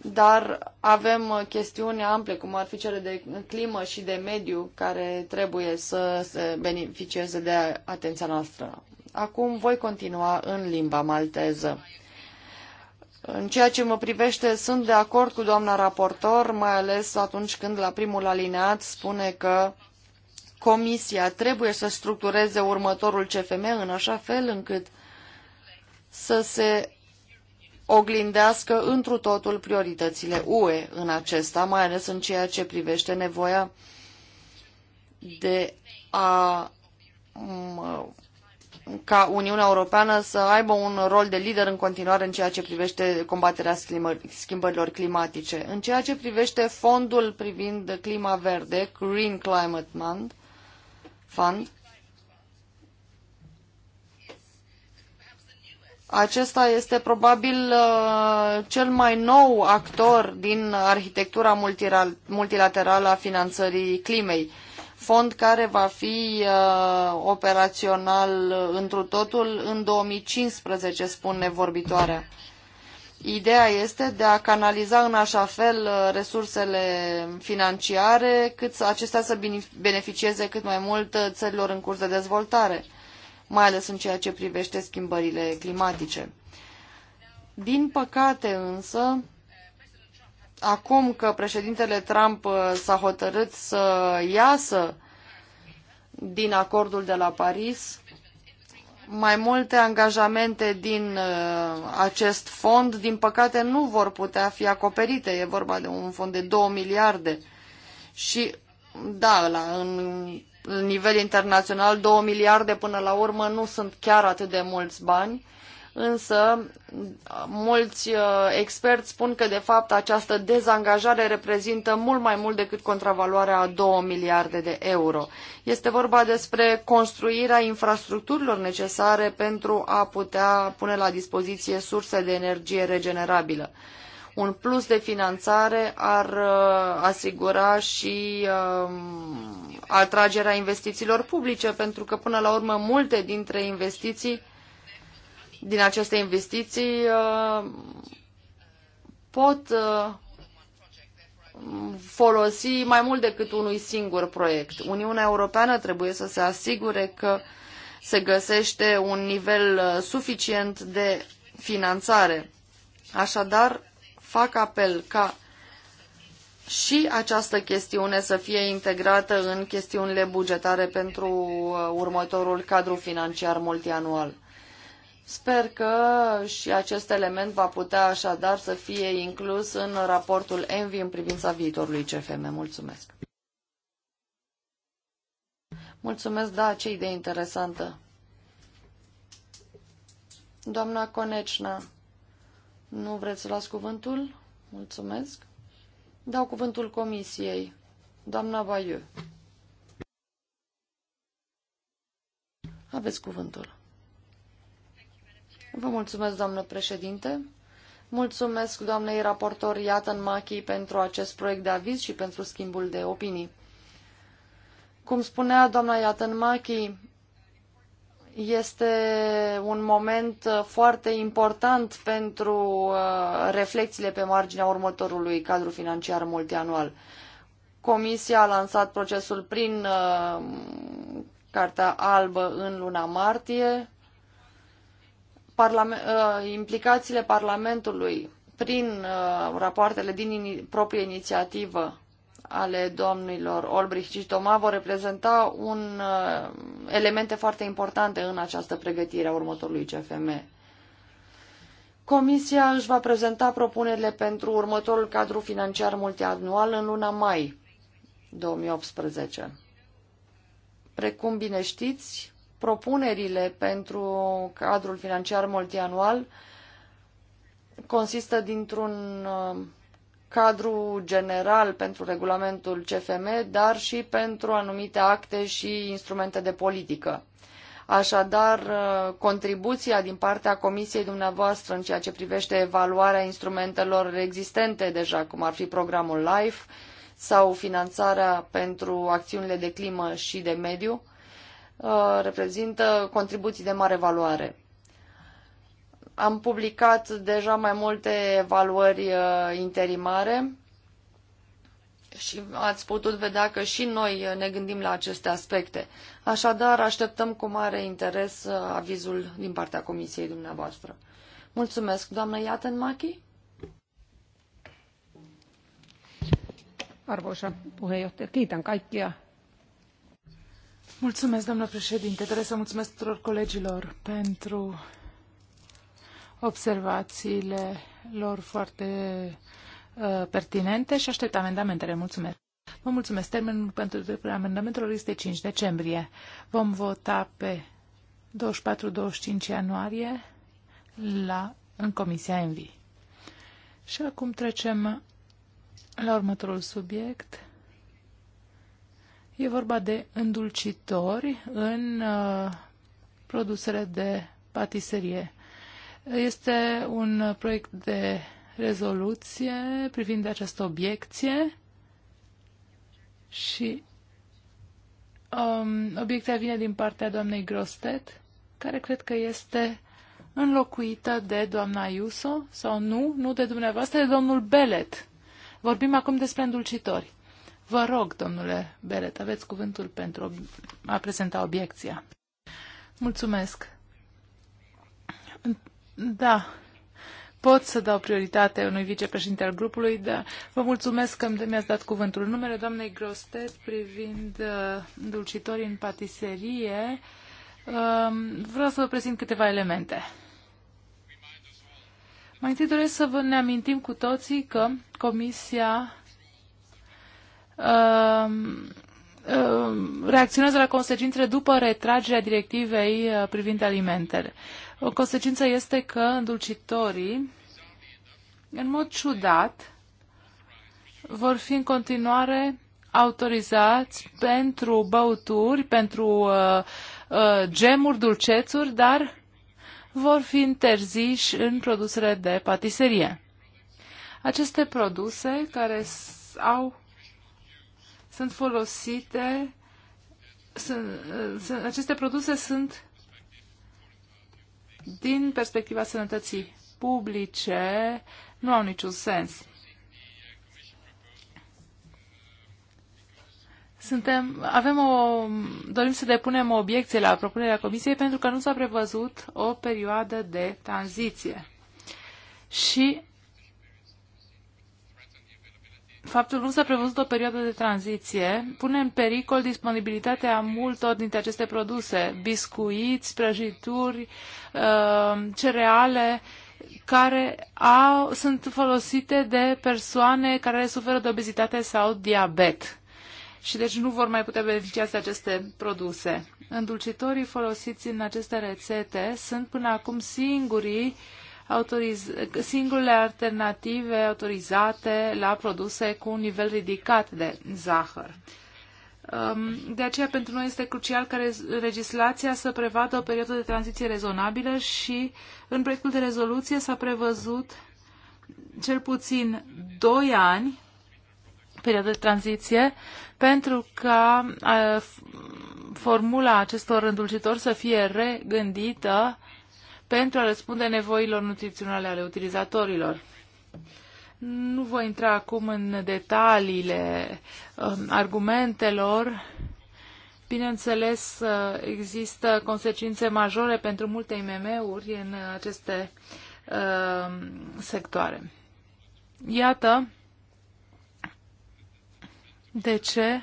dar avem chestiuni ample, cum ar fi cele de climă și de mediu, care trebuie să se beneficieze de atenția noastră. Acum voi continua în limba malteză. În ceea ce mă privește, sunt de acord cu doamna raportor, mai ales atunci când la primul alineat spune că Comisia trebuie să structureze următorul CFM în așa fel încât să se oglindească întru totul prioritățile UE în acesta, mai ales în ceea ce privește nevoia de a ca Uniunea Europeană să aibă un rol de lider în continuare în ceea ce privește combaterea schimbărilor climatice. În ceea ce privește fondul privind clima verde, Green Climate Fund, Acesta este probabil uh, cel mai nou actor din arhitectura multilaterală a finanțării climei, fond care va fi uh, operațional întru totul în 2015, spune vorbitoarea. Ideea este de a canaliza în așa fel uh, resursele financiare, cât acestea să beneficieze cât mai mult țărilor în curs de dezvoltare mai ales în ceea ce privește schimbările climatice. Din păcate însă, acum că președintele Trump uh, s-a hotărât să iasă din acordul de la Paris, mai multe angajamente din uh, acest fond, din păcate, nu vor putea fi acoperite. E vorba de un fond de 2 miliarde. Și, da, la, în nivel internațional, 2 miliarde până la urmă nu sunt chiar atât de mulți bani, însă mulți uh, experți spun că de fapt această dezangajare reprezintă mult mai mult decât contravaloarea a 2 miliarde de euro. Este vorba despre construirea infrastructurilor necesare pentru a putea pune la dispoziție surse de energie regenerabilă. Un plus de finanțare ar uh, asigura și um, atragerea investițiilor publice, pentru că până la urmă multe dintre investiții, din aceste investiții, uh, pot uh, folosi mai mult decât unui singur proiect. Uniunea Europeană trebuie să se asigure că se găsește un nivel suficient de finanțare. Așadar, fac apel ca și această chestiune să fie integrată în chestiunile bugetare pentru uh, următorul cadru financiar multianual. Sper că și acest element va putea așadar să fie inclus în raportul ENVI în privința viitorului CFM. Mulțumesc! Mulțumesc, da, ce idee interesantă! Doamna Conecna, nu vreți să las cuvântul? Mulțumesc. Dau cuvântul comisiei. Doamna Baiu. Aveți cuvântul. Vă mulțumesc, doamnă președinte. Mulțumesc doamnei raportor Iatan Machi pentru acest proiect de aviz și pentru schimbul de opinii. Cum spunea doamna Iatan Machi, este un moment uh, foarte important pentru uh, reflexiile pe marginea următorului cadru financiar multianual. Comisia a lansat procesul prin uh, Cartea Albă în luna martie. Parlament, implicațiile Parlamentului prin rapoartele din proprie inițiativă ale domnilor Olbrich și Toma vor reprezenta un uh, elemente foarte importante în această pregătire a următorului CFM. Comisia își va prezenta propunerile pentru următorul cadru financiar multianual în luna mai 2018. Precum bine știți, propunerile pentru cadrul financiar multianual consistă dintr-un uh, cadru general pentru regulamentul CFM, dar și pentru anumite acte și instrumente de politică. Așadar, uh, contribuția din partea Comisiei dumneavoastră în ceea ce privește evaluarea instrumentelor existente deja, cum ar fi programul LIFE sau finanțarea pentru acțiunile de climă și de mediu, uh, reprezintă contribuții de mare valoare. Am publicat deja mai multe evaluări uh, interimare și ați putut vedea că și noi uh, ne gândim la aceste aspecte. Așadar, așteptăm cu mare interes uh, avizul din partea comisiei dumneavoastră. Mulțumesc, doamnă Iatenmachi. Arvoisa puheenjohtaja, kiitän kaikkia. Mulțumesc, doamnă președinte. Trebuie să mulțumesc tuturor colegilor pentru observațiile lor foarte uh, pertinente și aștept amendamentele. Mulțumesc! Vă mulțumesc! Termenul pentru dreptul amendamentelor este 5 decembrie. Vom vota pe 24-25 ianuarie la, în Comisia Envi. Și acum trecem la următorul subiect. E vorba de îndulcitori în uh, produsele de patiserie. Este un proiect de rezoluție privind această obiecție și um, obiecția vine din partea doamnei Grostet, care cred că este înlocuită de doamna Iuso sau nu, nu de dumneavoastră, de domnul Belet. Vorbim acum despre îndulcitori. Vă rog, domnule Beret, aveți cuvântul pentru a prezenta obiecția. Mulțumesc. Da, pot să dau prioritate unui vicepreședinte al grupului, dar vă mulțumesc că mi-ați dat cuvântul. Numele doamnei Grostet privind uh, dulcitorii în patiserie, uh, vreau să vă prezint câteva elemente. Mai întâi doresc să vă ne amintim cu toții că Comisia um, Uh, reacționează la consecințele după retragerea directivei uh, privind alimentele. O consecință este că îndulcitorii, în mod ciudat, vor fi în continuare autorizați pentru băuturi, pentru uh, uh, gemuri, dulcețuri, dar vor fi interziși în produsele de patiserie. Aceste produse care au sunt folosite, sunt, sunt, aceste produse sunt din perspectiva sănătății publice, nu au niciun sens. Suntem, avem o, dorim să depunem o obiecție la propunerea Comisiei pentru că nu s-a prevăzut o perioadă de tranziție. Și faptul că nu s-a prevăzut o perioadă de tranziție pune în pericol disponibilitatea multor dintre aceste produse, biscuiți, prăjituri, uh, cereale, care au, sunt folosite de persoane care suferă de obezitate sau diabet și deci nu vor mai putea beneficia de aceste produse. Îndulcitorii folosiți în aceste rețete sunt până acum singurii uh, autoriz- singurele alternative autorizate la produse cu un nivel ridicat de zahăr. Um, de aceea, pentru noi este crucial ca legislația să prevadă o perioadă de tranziție rezonabilă și în proiectul de rezoluție s-a prevăzut cel puțin 2 ani perioadă de tranziție pentru ca uh, formula acestor îndulcitori să fie regândită pentru a răspunde nevoilor nutriționale ale utilizatorilor. Nu voi intra acum în detaliile um, argumentelor. Bineînțeles, uh, există consecințe majore pentru multe IMM-uri în aceste uh, sectoare. Iată de ce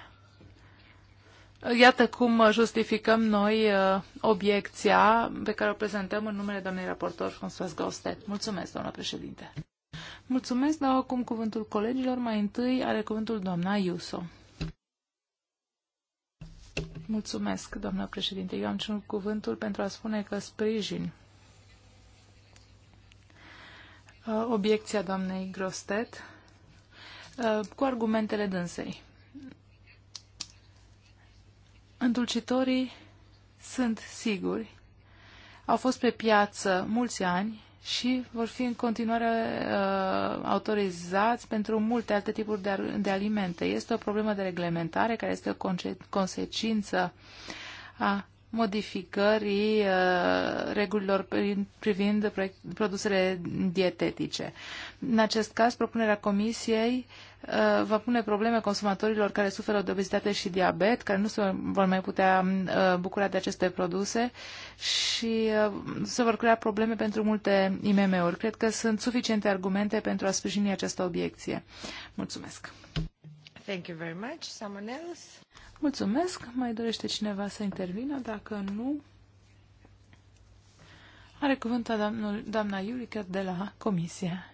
Iată cum uh, justificăm noi uh, obiecția pe care o prezentăm în numele doamnei raportor François Gostet. Mulțumesc, doamna președinte. Mulțumesc, dau acum cuvântul colegilor. Mai întâi are cuvântul doamna Iuso. Mulțumesc, doamna președinte. Eu am cerut cuvântul pentru a spune că sprijin uh, obiecția doamnei Grostet cu argumentele dânsei. Îndulcitorii sunt siguri. Au fost pe piață mulți ani și vor fi în continuare uh, autorizați pentru multe alte tipuri de, de alimente. Este o problemă de reglementare care este o consecință a modificării uh, regulilor privind produsele dietetice. În acest caz, propunerea Comisiei uh, va pune probleme consumatorilor care suferă de obezitate și diabet, care nu se vor mai putea uh, bucura de aceste produse și uh, se vor crea probleme pentru multe IMM-uri. Cred că sunt suficiente argumente pentru a sprijini această obiecție. Mulțumesc! Thank you very much. Someone else? Mulțumesc! Mai dorește cineva să intervină? Dacă nu, are cuvântul doamna Iurica de la Comisie.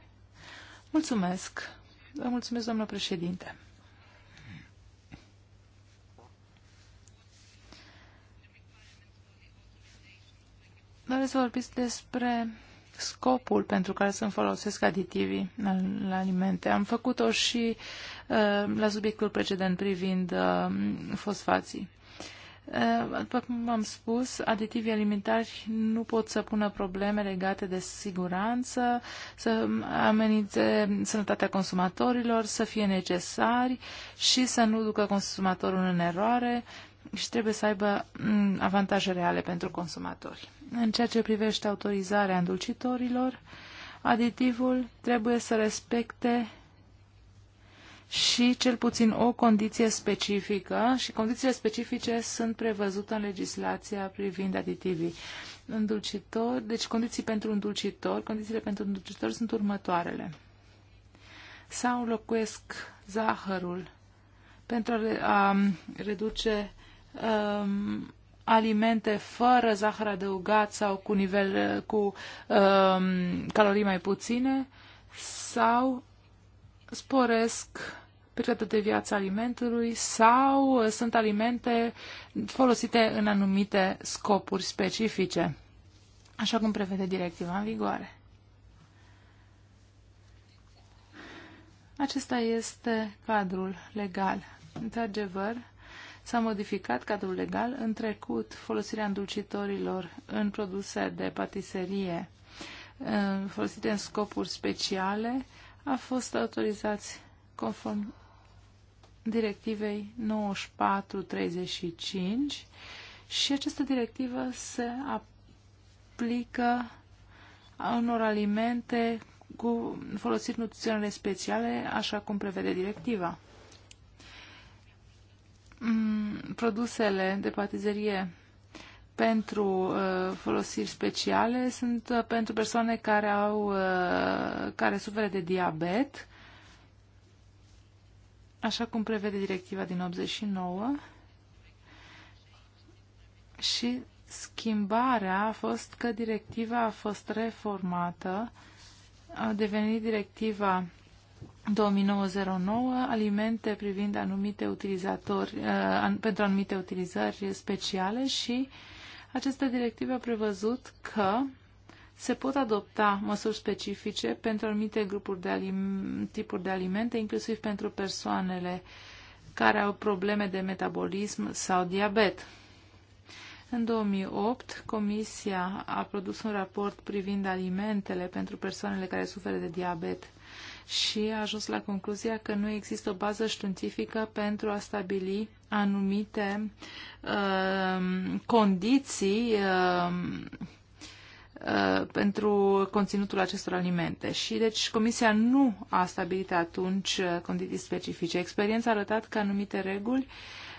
Mulțumesc. Vă mulțumesc, doamnă președinte. Doresc să vorbiți despre scopul pentru care să-mi folosesc aditivii la alimente. Am făcut-o și uh, la subiectul precedent privind uh, fosfații. Eh, după cum am spus, aditivii alimentari nu pot să pună probleme legate de siguranță, să amenințe sănătatea consumatorilor, să fie necesari și să nu ducă consumatorul în eroare și trebuie să aibă mm, avantaje reale pentru consumatori. În ceea ce privește autorizarea îndulcitorilor, aditivul trebuie să respecte și cel puțin o condiție specifică și condițiile specifice sunt prevăzute în legislația privind aditivii Îndulcitor, deci condiții pentru îndulcitor, condițiile pentru îndulcitor sunt următoarele. Sau locuiesc zahărul pentru a reduce um, alimente fără zahăr adăugat sau cu nivel cu um, calorii mai puține sau sporesc perioadă de viață alimentului sau uh, sunt alimente folosite în anumite scopuri specifice, așa cum prevede directiva în vigoare. Acesta este cadrul legal. Într-adevăr, s-a modificat cadrul legal în trecut folosirea îndulcitorilor în produse de patiserie uh, folosite în scopuri speciale a fost autorizați conform directivei 9435 și această directivă se aplică unor alimente cu folosiri nutriționale speciale, așa cum prevede directiva. Mm, produsele de patiserie pentru uh, folosiri speciale sunt uh, pentru persoane care au uh, care suferă de diabet așa cum prevede directiva din 89 și schimbarea a fost că directiva a fost reformată, a devenit directiva 2909, alimente privind anumite utilizatori, uh, pentru anumite utilizări speciale și această directivă a prevăzut că se pot adopta măsuri specifice pentru anumite grupuri de alim, tipuri de alimente, inclusiv pentru persoanele care au probleme de metabolism sau diabet. În 2008, Comisia a produs un raport privind alimentele pentru persoanele care suferă de diabet și a ajuns la concluzia că nu există o bază științifică pentru a stabili anumite uh, condiții uh, Uh, pentru conținutul acestor alimente. Și deci Comisia nu a stabilit atunci uh, condiții specifice. Experiența a arătat că anumite reguli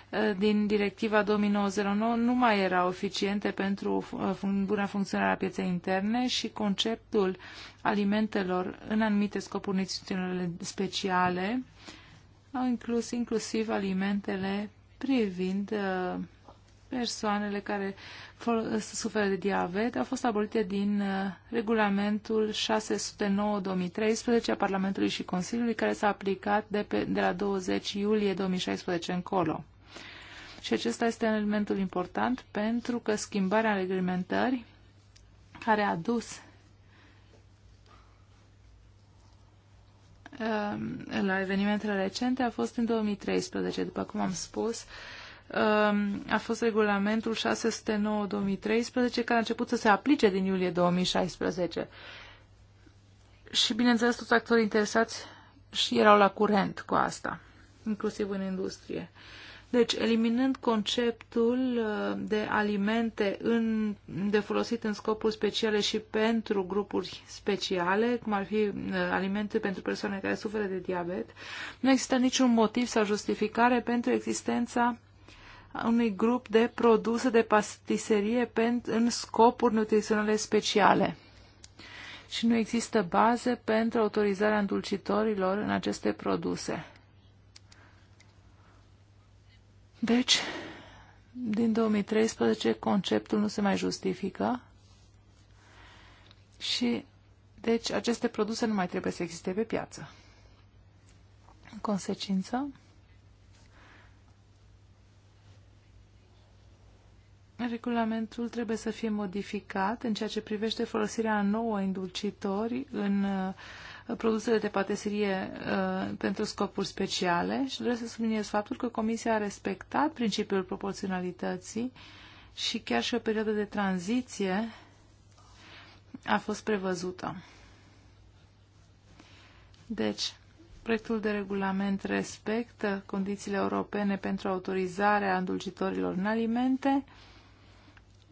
uh, din directiva 2009 nu mai erau eficiente pentru buna funcționare a pieței interne și conceptul alimentelor în anumite scopuri nutriționale speciale au inclus inclusiv alimentele privind persoanele care suferă de diabet au fost abolite din uh, regulamentul 609-2013 a Parlamentului și Consiliului, care s-a aplicat de, pe, de la 20 iulie 2016 încolo. Și acesta este un elementul important pentru că schimbarea reglementării care a dus uh, la evenimentele recente a fost în 2013, după cum am spus, uh, Um, a fost regulamentul 609-2013, care a început să se aplice din iulie 2016. Și, bineînțeles, toți actorii interesați și erau la curent cu asta, inclusiv în industrie. Deci, eliminând conceptul uh, de alimente în, de folosit în scopuri speciale și pentru grupuri speciale, cum ar fi uh, alimente pentru persoane care suferă de diabet, nu există niciun motiv sau justificare pentru existența unui grup de produse de pastiserie în scopuri nutriționale speciale. Și nu există baze pentru autorizarea îndulcitorilor în aceste produse. Deci, din 2013 conceptul nu se mai justifică și deci aceste produse nu mai trebuie să existe pe piață. În consecință, regulamentul trebuie să fie modificat în ceea ce privește folosirea nouă indulcitori în uh, produsele de patiserie uh, pentru scopuri speciale și doresc să subliniez faptul că Comisia a respectat principiul proporționalității și chiar și o perioadă de tranziție a fost prevăzută. Deci, proiectul de regulament respectă condițiile europene pentru autorizarea îndulcitorilor în alimente,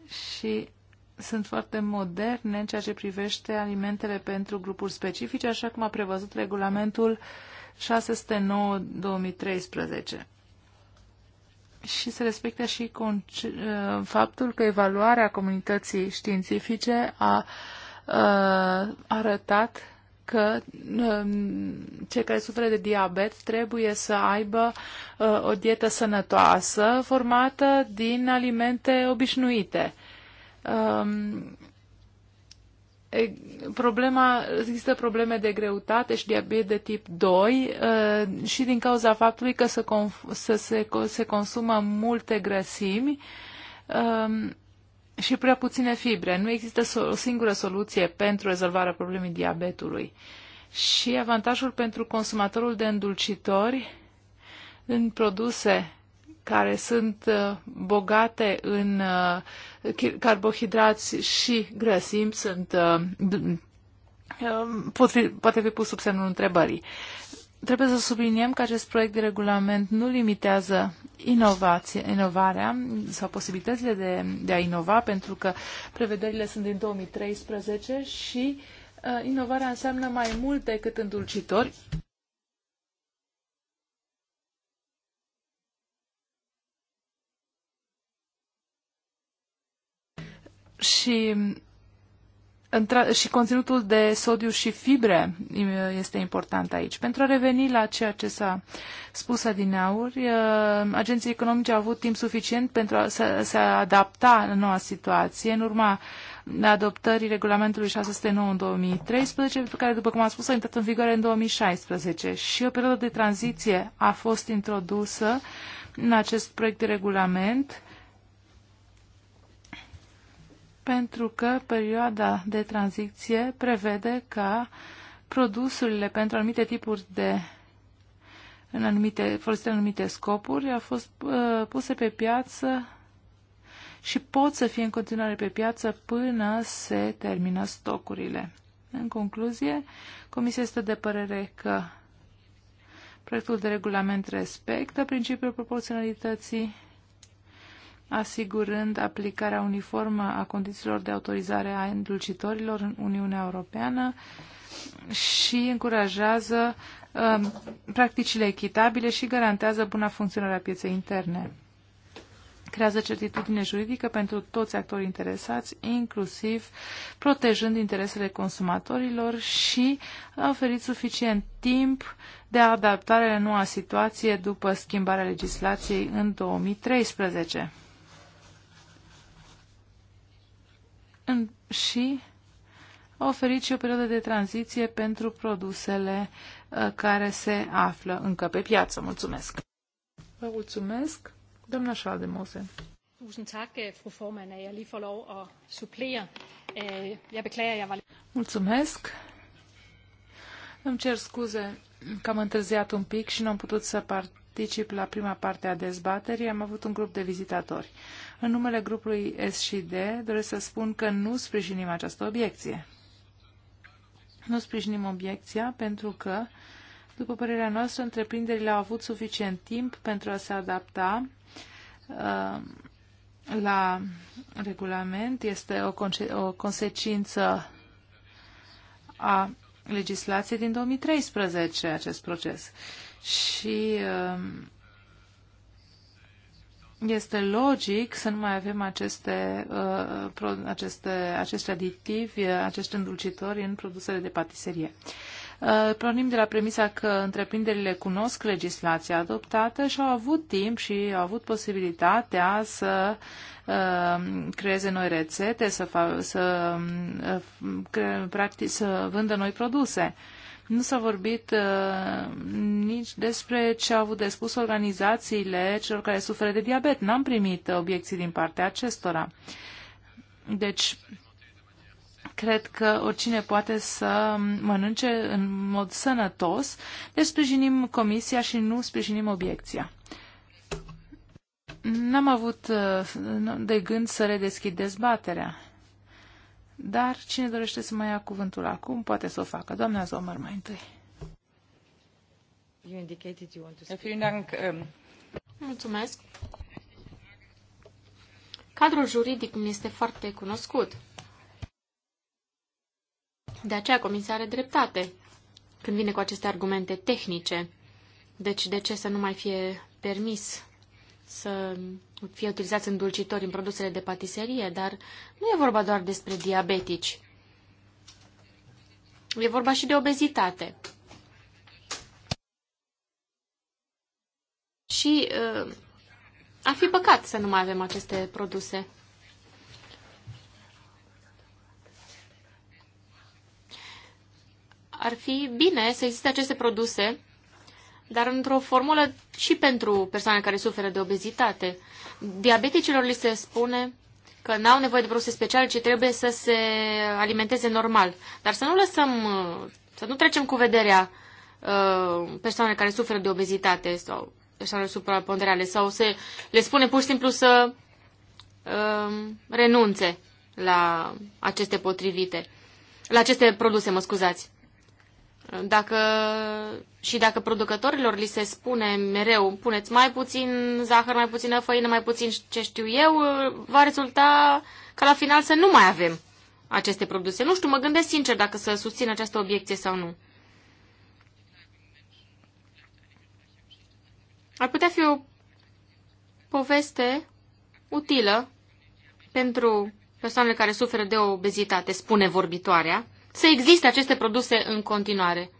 și sunt foarte moderne în ceea ce privește alimentele pentru grupuri specifice, așa cum a prevăzut regulamentul 609-2013. Și se respectă și uh, faptul că evaluarea comunității științifice a uh, arătat că um, cei care suferă de diabet trebuie să aibă uh, o dietă sănătoasă formată din alimente obișnuite. Um, problema, există probleme de greutate și diabet de tip 2 uh, și din cauza faptului că se, se, se consumă multe grăsimi um, și prea puține fibre. Nu există o singură soluție pentru rezolvarea problemei diabetului. Și avantajul pentru consumatorul de îndulcitori în produse care sunt uh, bogate în uh, carbohidrați și grăsimi sunt uh, pot fi, poate fi pus sub semnul întrebării. Trebuie să subliniem că acest proiect de regulament nu limitează inovație, inovarea sau posibilitățile de, de a inova, pentru că prevederile sunt din 2013 și uh, inovarea înseamnă mai mult decât îndulcitori. Și și conținutul de sodiu și fibre este important aici. Pentru a reveni la ceea ce s-a spus adineauri, uh, agenții economice au avut timp suficient pentru a se adapta în noua situație în urma adoptării regulamentului 609 în 2013, pentru care, după cum am spus, a intrat în vigoare în 2016 și o perioadă de tranziție a fost introdusă în acest proiect de regulament pentru că perioada de tranziție prevede ca produsurile pentru anumite tipuri de în anumite, folosite în anumite scopuri, au fost uh, puse pe piață și pot să fie în continuare pe piață până se termină stocurile. În concluzie, Comisia este de părere că proiectul de regulament respectă principiul proporționalității asigurând aplicarea uniformă a condițiilor de autorizare a îndulcitorilor în Uniunea Europeană și încurajează uh, practicile echitabile și garantează buna funcționare a pieței interne. Creează certitudine juridică pentru toți actorii interesați, inclusiv protejând interesele consumatorilor și a oferit suficient timp de adaptare la noua situație după schimbarea legislației în 2013. și oferit și o perioadă de tranziție pentru produsele uh, care se află încă pe piață. Mulțumesc! Vă mulțumesc, doamna Schaldemose. Tusind eh, eh, Mulțumesc. Îmi cer scuze că am întârziat un pic și nu am putut să particip la prima parte a dezbaterii. Am avut un grup de vizitatori. În numele grupului S și D doresc să spun că nu sprijinim această obiecție. Nu sprijinim obiecția pentru că, după părerea noastră, întreprinderile au avut suficient timp pentru a se adapta uh, la regulament. Este o, conse o consecință a legislației din 2013 acest proces. Și uh, este logic să nu mai avem aceste, uh, aceste, acești aditivi, uh, acești îndulcitori în produsele de patiserie. Uh, pornim de la premisa că întreprinderile cunosc legislația adoptată și au avut timp și au avut posibilitatea să uh, creeze noi rețete, să, să, uh, practic, să vândă noi produse. Uh, nu s-a vorbit uh, nici despre ce au avut de spus organizațiile celor care suferă de diabet. N-am primit obiecții din partea acestora. Deci, cred că oricine poate să mănânce în mod sănătos, deci sprijinim comisia și nu sprijinim obiecția. N-am avut uh, de gând să redeschid dezbaterea. Dar cine dorește să mai ia cuvântul acum, poate să o facă. Doamna Zomăr mai întâi. You indicated you want to speak. Um, Mulțumesc. Cadrul juridic mi este foarte cunoscut. De aceea comisia are dreptate când vine cu aceste argumente tehnice. Deci de ce să nu mai fie permis să fie utilizați îndulcitori în produsele de patiserie, dar nu e vorba doar despre diabetici. E vorba și de obezitate. Și uh, ar fi păcat să nu mai avem aceste produse. Ar fi bine să existe aceste produse dar într-o formulă și pentru persoane care suferă de obezitate. Diabeticilor li se spune că n-au nevoie de produse speciale, ci trebuie să se alimenteze normal. Dar să nu lăsăm, să nu trecem cu vederea uh, persoanele care suferă de obezitate sau persoanele supraponderale sau se le spune pur și simplu să uh, renunțe la aceste potrivite, la aceste produse, mă scuzați. Dacă, și dacă producătorilor li se spune mereu, puneți mai puțin zahăr, mai puțină făină, mai puțin ce știu eu, va rezulta ca la final să nu mai avem aceste produse. Nu știu, mă gândesc sincer dacă să susțin această obiecție sau nu. Ar putea fi o poveste utilă pentru persoanele care suferă de obezitate, spune vorbitoarea, să existe aceste produse în continuare.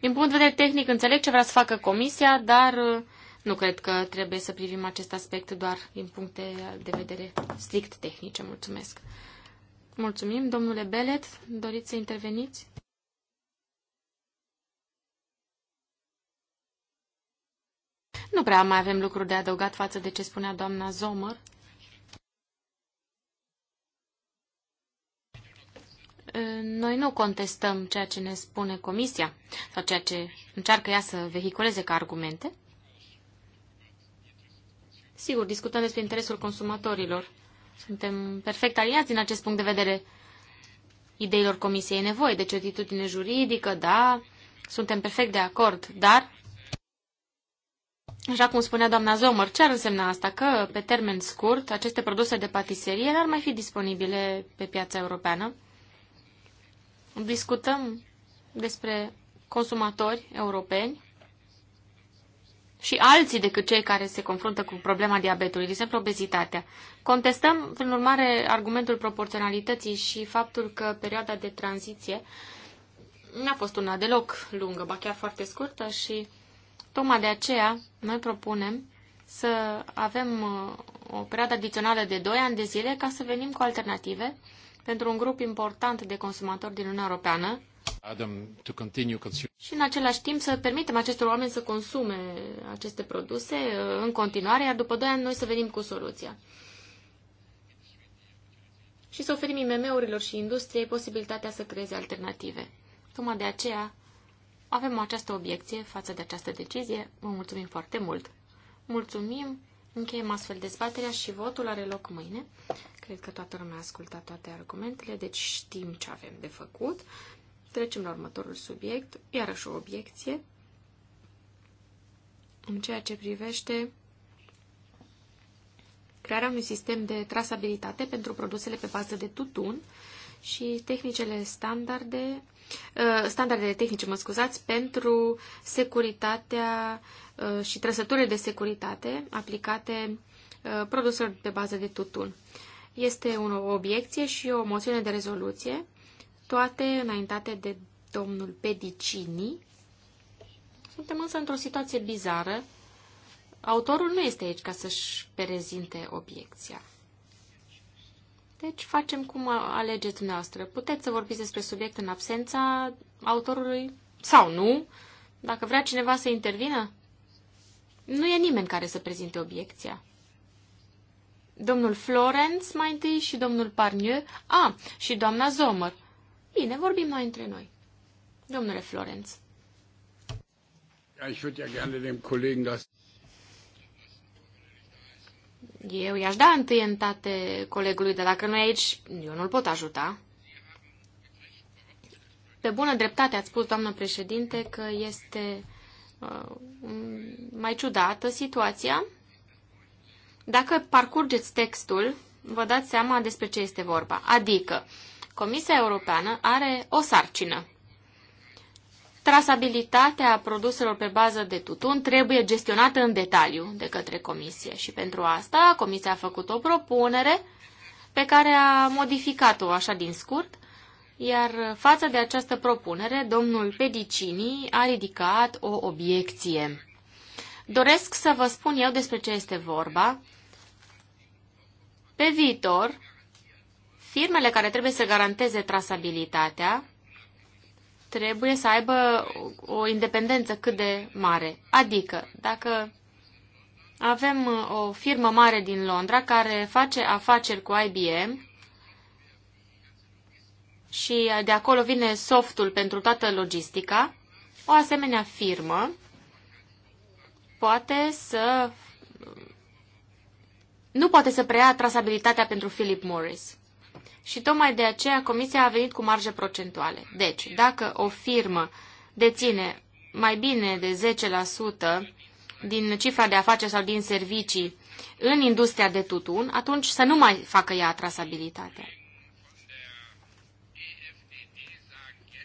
Din punct de vedere tehnic, înțeleg ce vrea să facă comisia, dar uh, nu cred că trebuie să privim acest aspect doar din puncte de vedere strict tehnice. Mulțumesc! Mulțumim. Domnule Belet, doriți să interveniți? Nu prea mai avem lucruri de adăugat față de ce spunea doamna Zomăr. Noi nu contestăm ceea ce ne spune Comisia sau ceea ce încearcă ea să vehiculeze ca argumente. Sigur, discutăm despre interesul consumatorilor. Suntem perfect aliați din acest punct de vedere ideilor Comisiei. E nevoie de deci certitudine juridică, da, suntem perfect de acord, dar, așa cum spunea doamna Zomăr, ce ar însemna asta? Că, pe termen scurt, aceste produse de patiserie n-ar mai fi disponibile pe piața europeană? discutăm despre consumatori europeni și alții decât cei care se confruntă cu problema diabetului, de exemplu obezitatea. Contestăm, prin urmare, argumentul proporționalității și faptul că perioada de tranziție n-a fost una deloc lungă, ba chiar foarte scurtă și tocmai de aceea noi propunem să avem uh, o perioadă adițională de 2 ani de zile ca să venim cu alternative pentru un grup important de consumatori din Uniunea Europeană și în același timp să permitem acestor oameni să consume aceste produse uh, în continuare, iar după 2 ani noi să venim cu soluția. Și să oferim IMM-urilor și industriei posibilitatea să creeze alternative. Tocmai de aceea avem această obiecție față de această decizie. Vă mulțumim foarte mult! Mulțumim! Încheiem astfel dezbaterea și votul are loc mâine. Cred că toată lumea a ascultat toate argumentele, deci știm ce avem de făcut. Trecem la următorul subiect, iarăși o obiecție. În ceea ce privește crearea unui sistem de trasabilitate pentru produsele pe bază de tutun și tehnicele standarde, uh, standardele tehnice, mă scuzați, pentru securitatea uh, și trăsăturile de securitate aplicate uh, produselor pe bază de tutun. Este o obiecție și o moțiune de rezoluție, toate înaintate de domnul Pedicini. Suntem însă într-o situație bizară. Autorul nu este aici ca să-și prezinte obiecția. Deci facem cum alegeți dumneavoastră. Puteți să vorbiți despre subiect în absența autorului sau nu, dacă vrea cineva să intervină. Nu e nimeni care să prezinte obiecția domnul Florence mai întâi și domnul Parnieu, a, și doamna Zomer. Bine, vorbim noi între noi. Domnule Florence. Eu i-aș da întâi întate colegului, dar dacă nu e aici, eu nu-l pot ajuta. Pe bună dreptate ați spus, doamnă președinte, că este uh, mai ciudată situația dacă parcurgeți textul, vă dați seama despre ce este vorba. Adică, Comisia Europeană are o sarcină. Trasabilitatea produselor pe bază de tutun trebuie gestionată în detaliu de către Comisie și pentru asta Comisia a făcut o propunere pe care a modificat-o așa din scurt, iar față de această propunere, domnul Pedicini a ridicat o obiecție. Doresc să vă spun eu despre ce este vorba pe viitor, firmele care trebuie să garanteze trasabilitatea trebuie să aibă o independență cât de mare. Adică, dacă avem uh, o firmă mare din Londra care face afaceri cu IBM și uh, de acolo vine softul pentru toată logistica, o asemenea firmă poate să nu poate să preia trasabilitatea pentru Philip Morris. Și tocmai de aceea comisia a venit cu marje procentuale. Deci, dacă o firmă deține mai bine de 10% din cifra de afaceri sau din servicii în industria de tutun, atunci să nu mai facă ea trasabilitatea.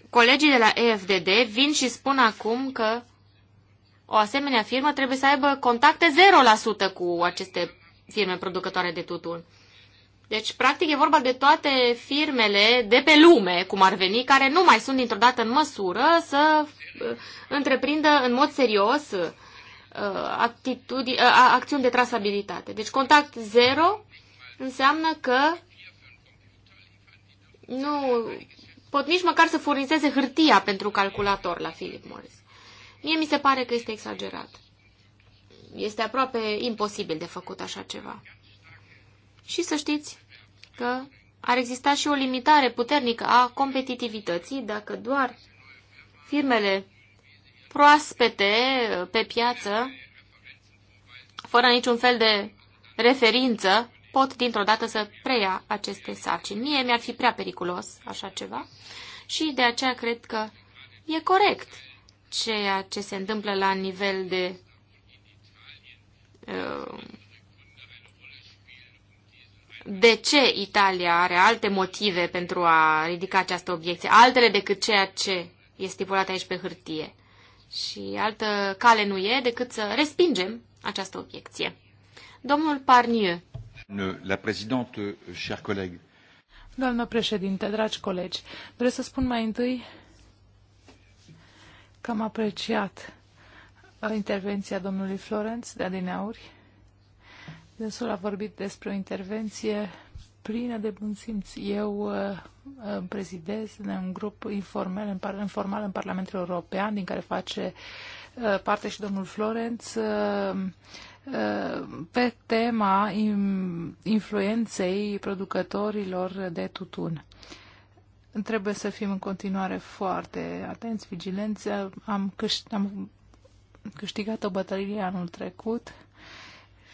Colegii de la EFDD vin și spun acum că o asemenea firmă trebuie să aibă contacte 0% cu aceste firme producătoare de tutun. Deci, practic, e vorba de toate firmele de pe lume, cum ar veni, care nu mai sunt dintr-o dată în măsură să uh, întreprindă în mod serios uh, uh, acțiuni de trasabilitate. Deci, contact zero înseamnă că nu pot nici măcar să furnizeze hârtia pentru calculator la Philip Morris. Mie mi se pare că este exagerat este aproape imposibil de făcut așa ceva. Și să știți că ar exista și o limitare puternică a competitivității dacă doar firmele proaspete uh, pe piață, fără niciun fel de referință, pot dintr-o dată să preia aceste sarcini. Mie mi-ar fi prea periculos așa ceva și de aceea cred că e corect ceea ce se întâmplă la nivel de Ehm, de ce Italia are alte motive pentru a ridica această obiecție, altele decât ceea ce e stipulat aici pe hârtie. Și altă cale nu e decât să respingem această obiecție. Domnul Parnieu. La președinte, cher colegi. Doamnă președinte, dragi colegi, vreau să spun mai întâi că am apreciat intervenția domnului Florenț de Adineauri. Dânsul a vorbit despre o intervenție plină de bun simț. Eu uh, uh prezidez un grup informal în, par- informal în Parlamentul European, din care face uh, parte și domnul Florenț, uh, uh pe tema influenței producătorilor de tutun. Trebuie să fim în continuare foarte atenți, vigilenți. Am, câș- am câștigat o bătălie anul trecut.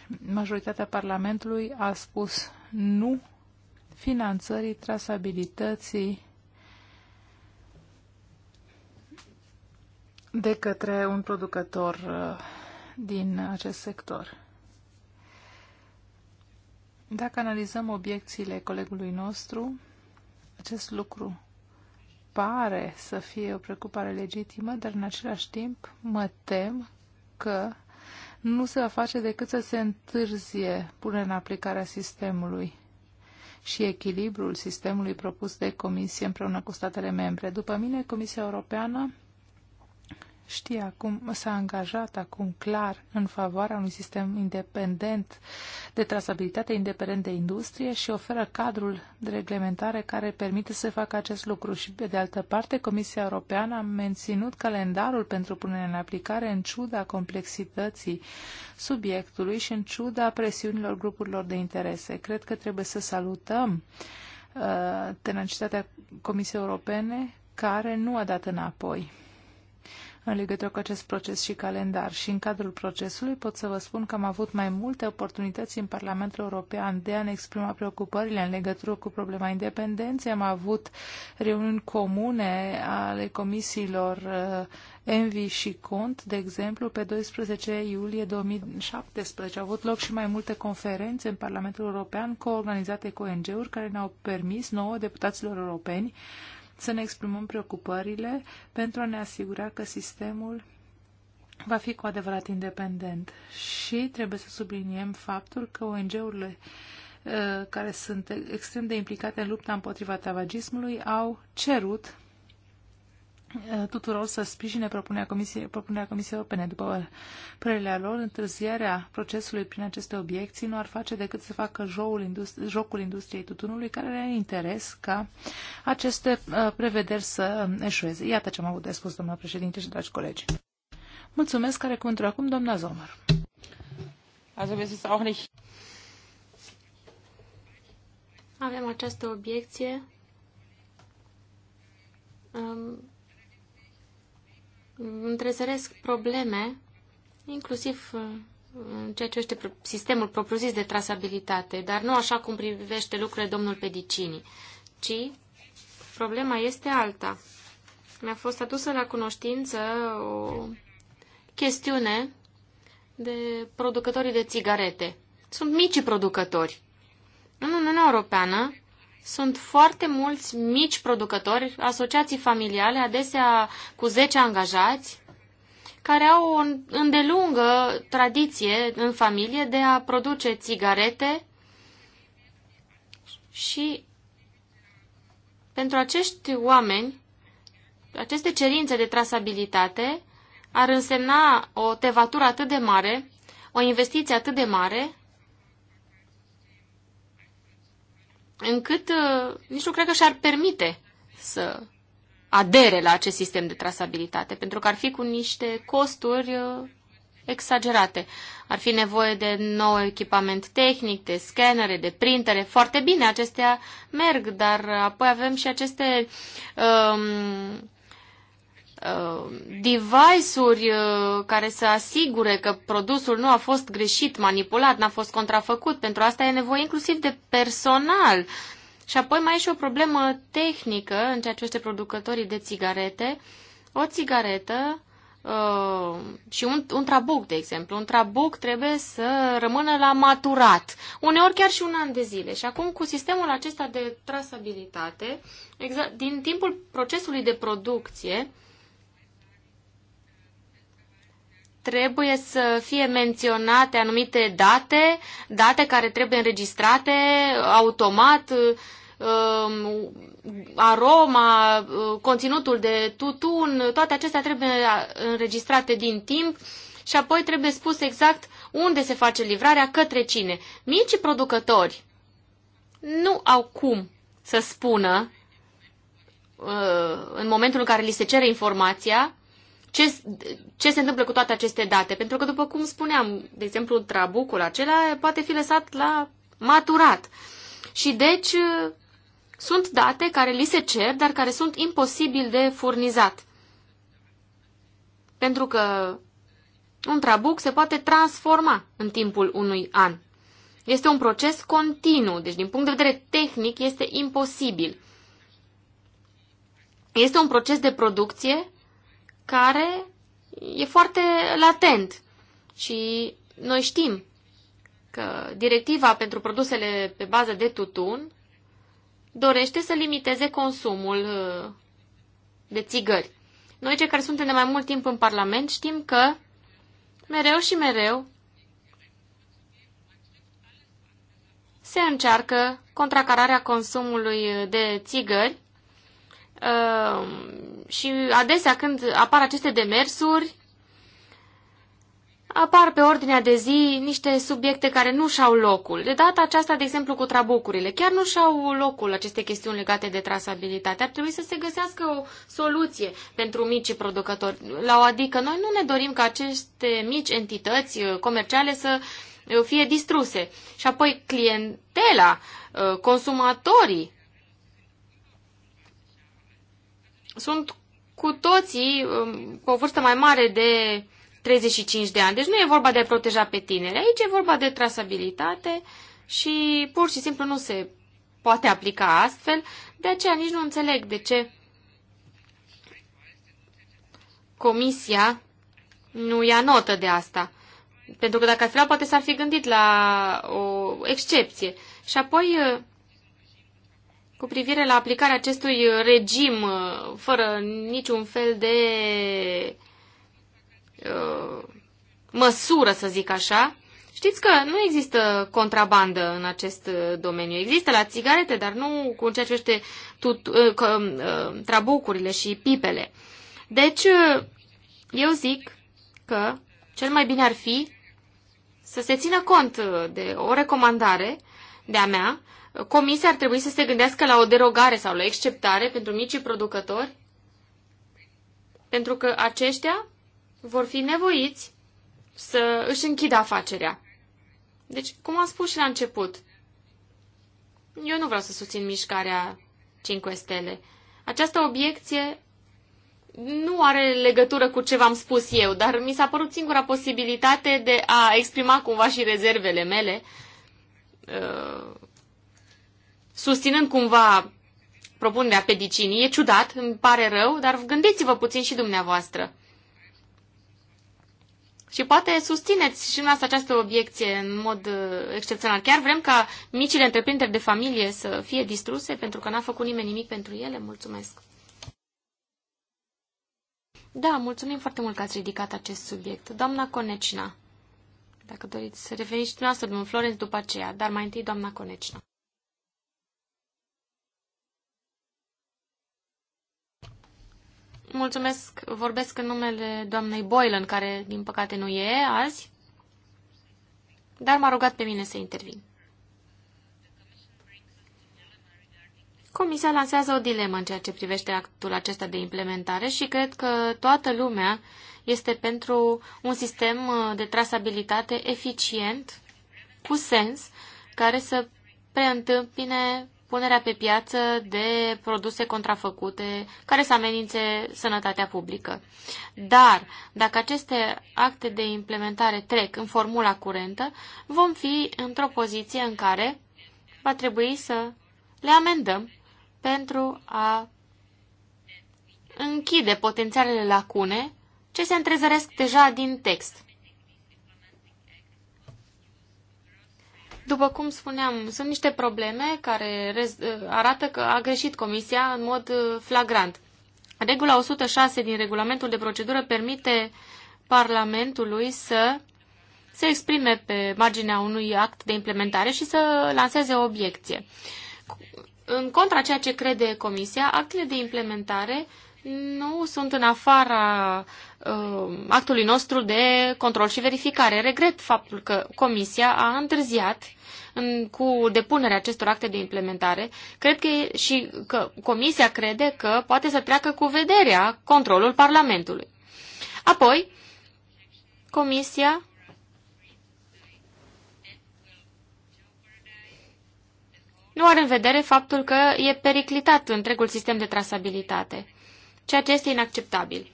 Majoritatea Parlamentului a spus nu finanțării trasabilității de către un producător uh, din acest sector. Dacă analizăm obiecțiile colegului nostru, acest lucru pare să fie o preocupare legitimă, dar în același timp mă tem că nu se va face decât să se întârzie punerea în aplicarea sistemului și echilibrul sistemului propus de Comisie împreună cu statele membre. După mine, Comisia Europeană știe acum, s-a angajat acum clar în favoarea unui sistem independent de trasabilitate, independent de industrie și oferă cadrul de reglementare care permite să facă acest lucru. Și, pe de altă parte, Comisia Europeană a menținut calendarul pentru punerea în aplicare în ciuda complexității subiectului și în ciuda presiunilor grupurilor de interese. Cred că trebuie să salutăm uh, tenacitatea Comisiei Europene care nu a dat înapoi în legătură cu acest proces și calendar. Și în cadrul procesului pot să vă spun că am avut mai multe oportunități în Parlamentul European de a ne exprima preocupările în legătură cu problema independenței. Am avut reuniuni comune ale comisiilor uh, Envi și Cont, de exemplu, pe 12 iulie 2017 au avut loc și mai multe conferințe în Parlamentul European coorganizate cu ONG-uri care ne-au permis nouă deputaților europeni să ne exprimăm preocupările pentru a ne asigura că sistemul va fi cu adevărat independent. Și trebuie să subliniem faptul că ONG-urile uh, care sunt extrem de implicate în lupta împotriva tabagismului au cerut Eh, tuturor să sprijine propunerea Comisiei, propunerea Comisiei Europene. După părerea lor, întârzierea procesului prin aceste obiecții nu ar face decât să facă joul industri jocul industriei tutunului, care are interes ca aceste eh, prevederi să eh, eșueze. Iată ce am avut de spus, domnul președinte și dragi colegi. Mulțumesc, care cuvântul acum, doamna Zomăr. Avem această obiecție. Um întrezăresc probleme, inclusiv uh, în ceea ce este sistemul propriu-zis de trasabilitate, dar nu așa cum privește lucrurile domnul Pedicini, ci problema este alta. Mi-a fost adusă la cunoștință o chestiune de producătorii de țigarete. Sunt mici producători. În Uniunea Europeană sunt foarte mulți mici producători, asociații familiale, adesea cu 10 angajați, care au o îndelungă tradiție în familie de a produce țigarete și pentru acești oameni, aceste cerințe de trasabilitate ar însemna o tevatură atât de mare, o investiție atât de mare, încât uh, nici nu cred că și-ar permite să adere la acest sistem de trasabilitate, pentru că ar fi cu niște costuri uh, exagerate. Ar fi nevoie de nou echipament tehnic, de scanere, de printere. Foarte bine, acestea merg, dar apoi avem și aceste um, Uh, device-uri uh, care să asigure că produsul nu a fost greșit, manipulat, n-a fost contrafăcut. Pentru asta e nevoie inclusiv de personal. Și apoi mai e și o problemă tehnică în ceea ce este producătorii de țigarete. O țigaretă uh, și un, un trabuc, de exemplu. Un trabuc trebuie să rămână la maturat. Uneori chiar și un an de zile. Și acum cu sistemul acesta de trasabilitate, exact, din timpul procesului de producție, trebuie să fie menționate anumite date, date care trebuie înregistrate automat, um, aroma, uh, conținutul de tutun, toate acestea trebuie uh, înregistrate din timp și apoi trebuie spus exact unde se face livrarea, către cine. Micii producători nu au cum să spună uh, în momentul în care li se cere informația ce, ce se întâmplă cu toate aceste date. Pentru că, după cum spuneam, de exemplu, trabucul acela poate fi lăsat la maturat. Și deci sunt date care li se cer, dar care sunt imposibil de furnizat. Pentru că un trabuc se poate transforma în timpul unui an. Este un proces continuu, deci din punct de vedere tehnic este imposibil. Este un proces de producție care e foarte latent și noi știm că directiva pentru produsele pe bază de tutun dorește să limiteze consumul uh, de țigări. Noi, cei care suntem de mai mult timp în Parlament, știm că mereu și mereu se încearcă contracararea consumului de țigări Ehm, și adesea când apar aceste demersuri, apar pe ordinea de zi niște subiecte care nu și-au locul. De data aceasta, de exemplu, cu trabucurile. Chiar nu și-au locul aceste chestiuni legate de trasabilitate. Ar trebui să se găsească o soluție pentru micii producători. La o adică, noi nu ne dorim ca aceste mici entități uh, comerciale să uh, fie distruse. Și apoi clientela, uh, consumatorii sunt cu toții um, cu o vârstă mai mare de 35 de ani. Deci nu e vorba de a proteja pe tineri. Aici e vorba de trasabilitate și pur și simplu nu se poate aplica astfel. De aceea nici nu înțeleg de ce comisia nu ia notă de asta. Pentru că dacă ar fi luat, poate s-ar fi gândit la o excepție. Și apoi uh, cu privire la aplicarea acestui regim uh, fără niciun fel de uh, măsură, să zic așa. Știți că nu există contrabandă în acest uh, domeniu. Există la țigarete, dar nu cu ceea ce este trabucurile și pipele. Deci, eu zic că cel mai bine ar fi să se țină cont de o recomandare de-a mea Comisia ar trebui să se gândească la o derogare sau la exceptare pentru micii producători, pentru că aceștia vor fi nevoiți să își închidă afacerea. Deci, cum am spus și la început, eu nu vreau să susțin mișcarea 5 stele. Această obiecție nu are legătură cu ce v-am spus eu, dar mi s-a părut singura posibilitate de a exprima cumva și rezervele mele uh, susținând cumva propunerea pedicinii. E ciudat, îmi pare rău, dar gândiți-vă puțin și dumneavoastră. Și poate susțineți și în asta această obiecție în mod uh, excepțional. Chiar vrem ca micile întreprinderi de familie să fie distruse pentru că n-a făcut nimeni nimic pentru ele? Mulțumesc! Da, mulțumim foarte mult că ați ridicat acest subiect. Doamna Conecina, dacă doriți să referiți și dumneavoastră, domnul Florenț, după aceea, dar mai întâi doamna Conecina. Mulțumesc, vorbesc în numele doamnei Boylan, care din păcate nu e azi, dar m-a rugat pe mine să intervin. Comisia lansează o dilemă în ceea ce privește actul acesta de implementare și cred că toată lumea este pentru un sistem de trasabilitate eficient, cu sens, care să preîntâmpine punerea pe piață de produse contrafăcute care să amenințe sănătatea publică. Dar, dacă aceste acte de implementare trec în formula curentă, vom fi într-o poziție în care va trebui să le amendăm pentru a închide potențialele lacune ce se întrezăresc deja din text. După cum spuneam, sunt niște probleme care arată că a greșit Comisia în mod uh, flagrant. Regula 106 din regulamentul de procedură permite Parlamentului să se exprime pe marginea unui act de implementare și să lanseze o obiecție. În contra ceea ce crede Comisia, actele de implementare uh, nu sunt în afara uh, actului nostru de control și verificare. Regret faptul că Comisia a întârziat în, cu depunerea acestor acte de implementare. Cred că și că Comisia crede că poate să treacă cu vederea controlul Parlamentului. Apoi, Comisia nu are în vedere faptul că e periclitat întregul sistem de trasabilitate ceea ce este inacceptabil.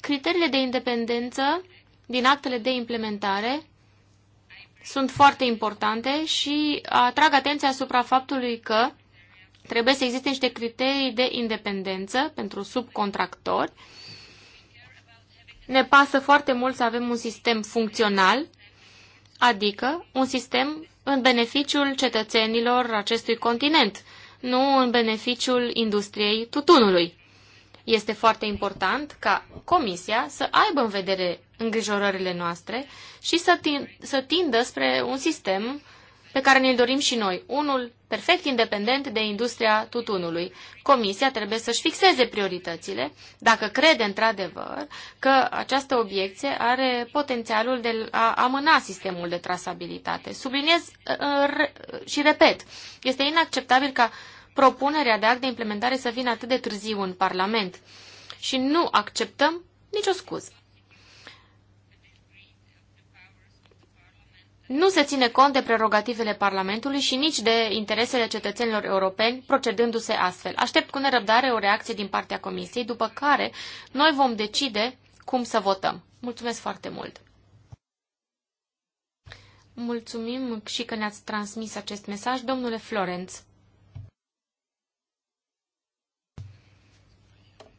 Criteriile de independență din actele de implementare sunt foarte importante și atrag atenția asupra faptului că trebuie să existe niște criterii de independență pentru subcontractori. Ne pasă foarte mult să avem un sistem funcțional, adică un sistem în beneficiul cetățenilor acestui continent nu în beneficiul industriei tutunului. Este foarte important ca Comisia să aibă în vedere îngrijorările noastre și să, tin- să tindă spre un sistem pe care ne-l dorim și noi, unul perfect independent de industria tutunului. Comisia trebuie să-și fixeze prioritățile dacă crede într-adevăr că această obiecție are potențialul de a amâna sistemul de trasabilitate. Subliniez uh, uh, și repet, este inacceptabil ca propunerea de act de implementare să vină atât de târziu în Parlament și nu acceptăm nicio scuză. Nu se ține cont de prerogativele Parlamentului și nici de interesele cetățenilor europeni, procedându-se astfel. Aștept cu nerăbdare o reacție din partea Comisiei, după care noi vom decide cum să votăm. Mulțumesc foarte mult! Mulțumim și că ne-ați transmis acest mesaj, domnule Florenț.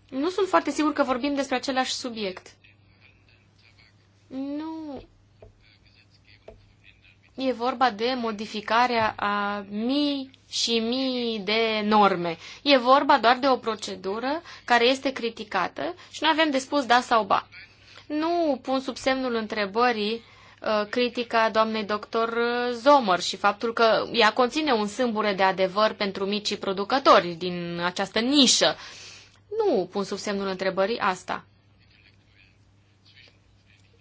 Nu sunt foarte sigur că vorbim despre același subiect. Nu e vorba de modificarea a mii și mii de norme. E vorba doar de o procedură care este criticată și nu avem de spus da sau ba. Nu pun sub semnul întrebării uh, critica doamnei doctor uh, Zomer și faptul că ea conține un sâmbure de adevăr pentru micii producători din această nișă. Nu pun sub semnul întrebării asta.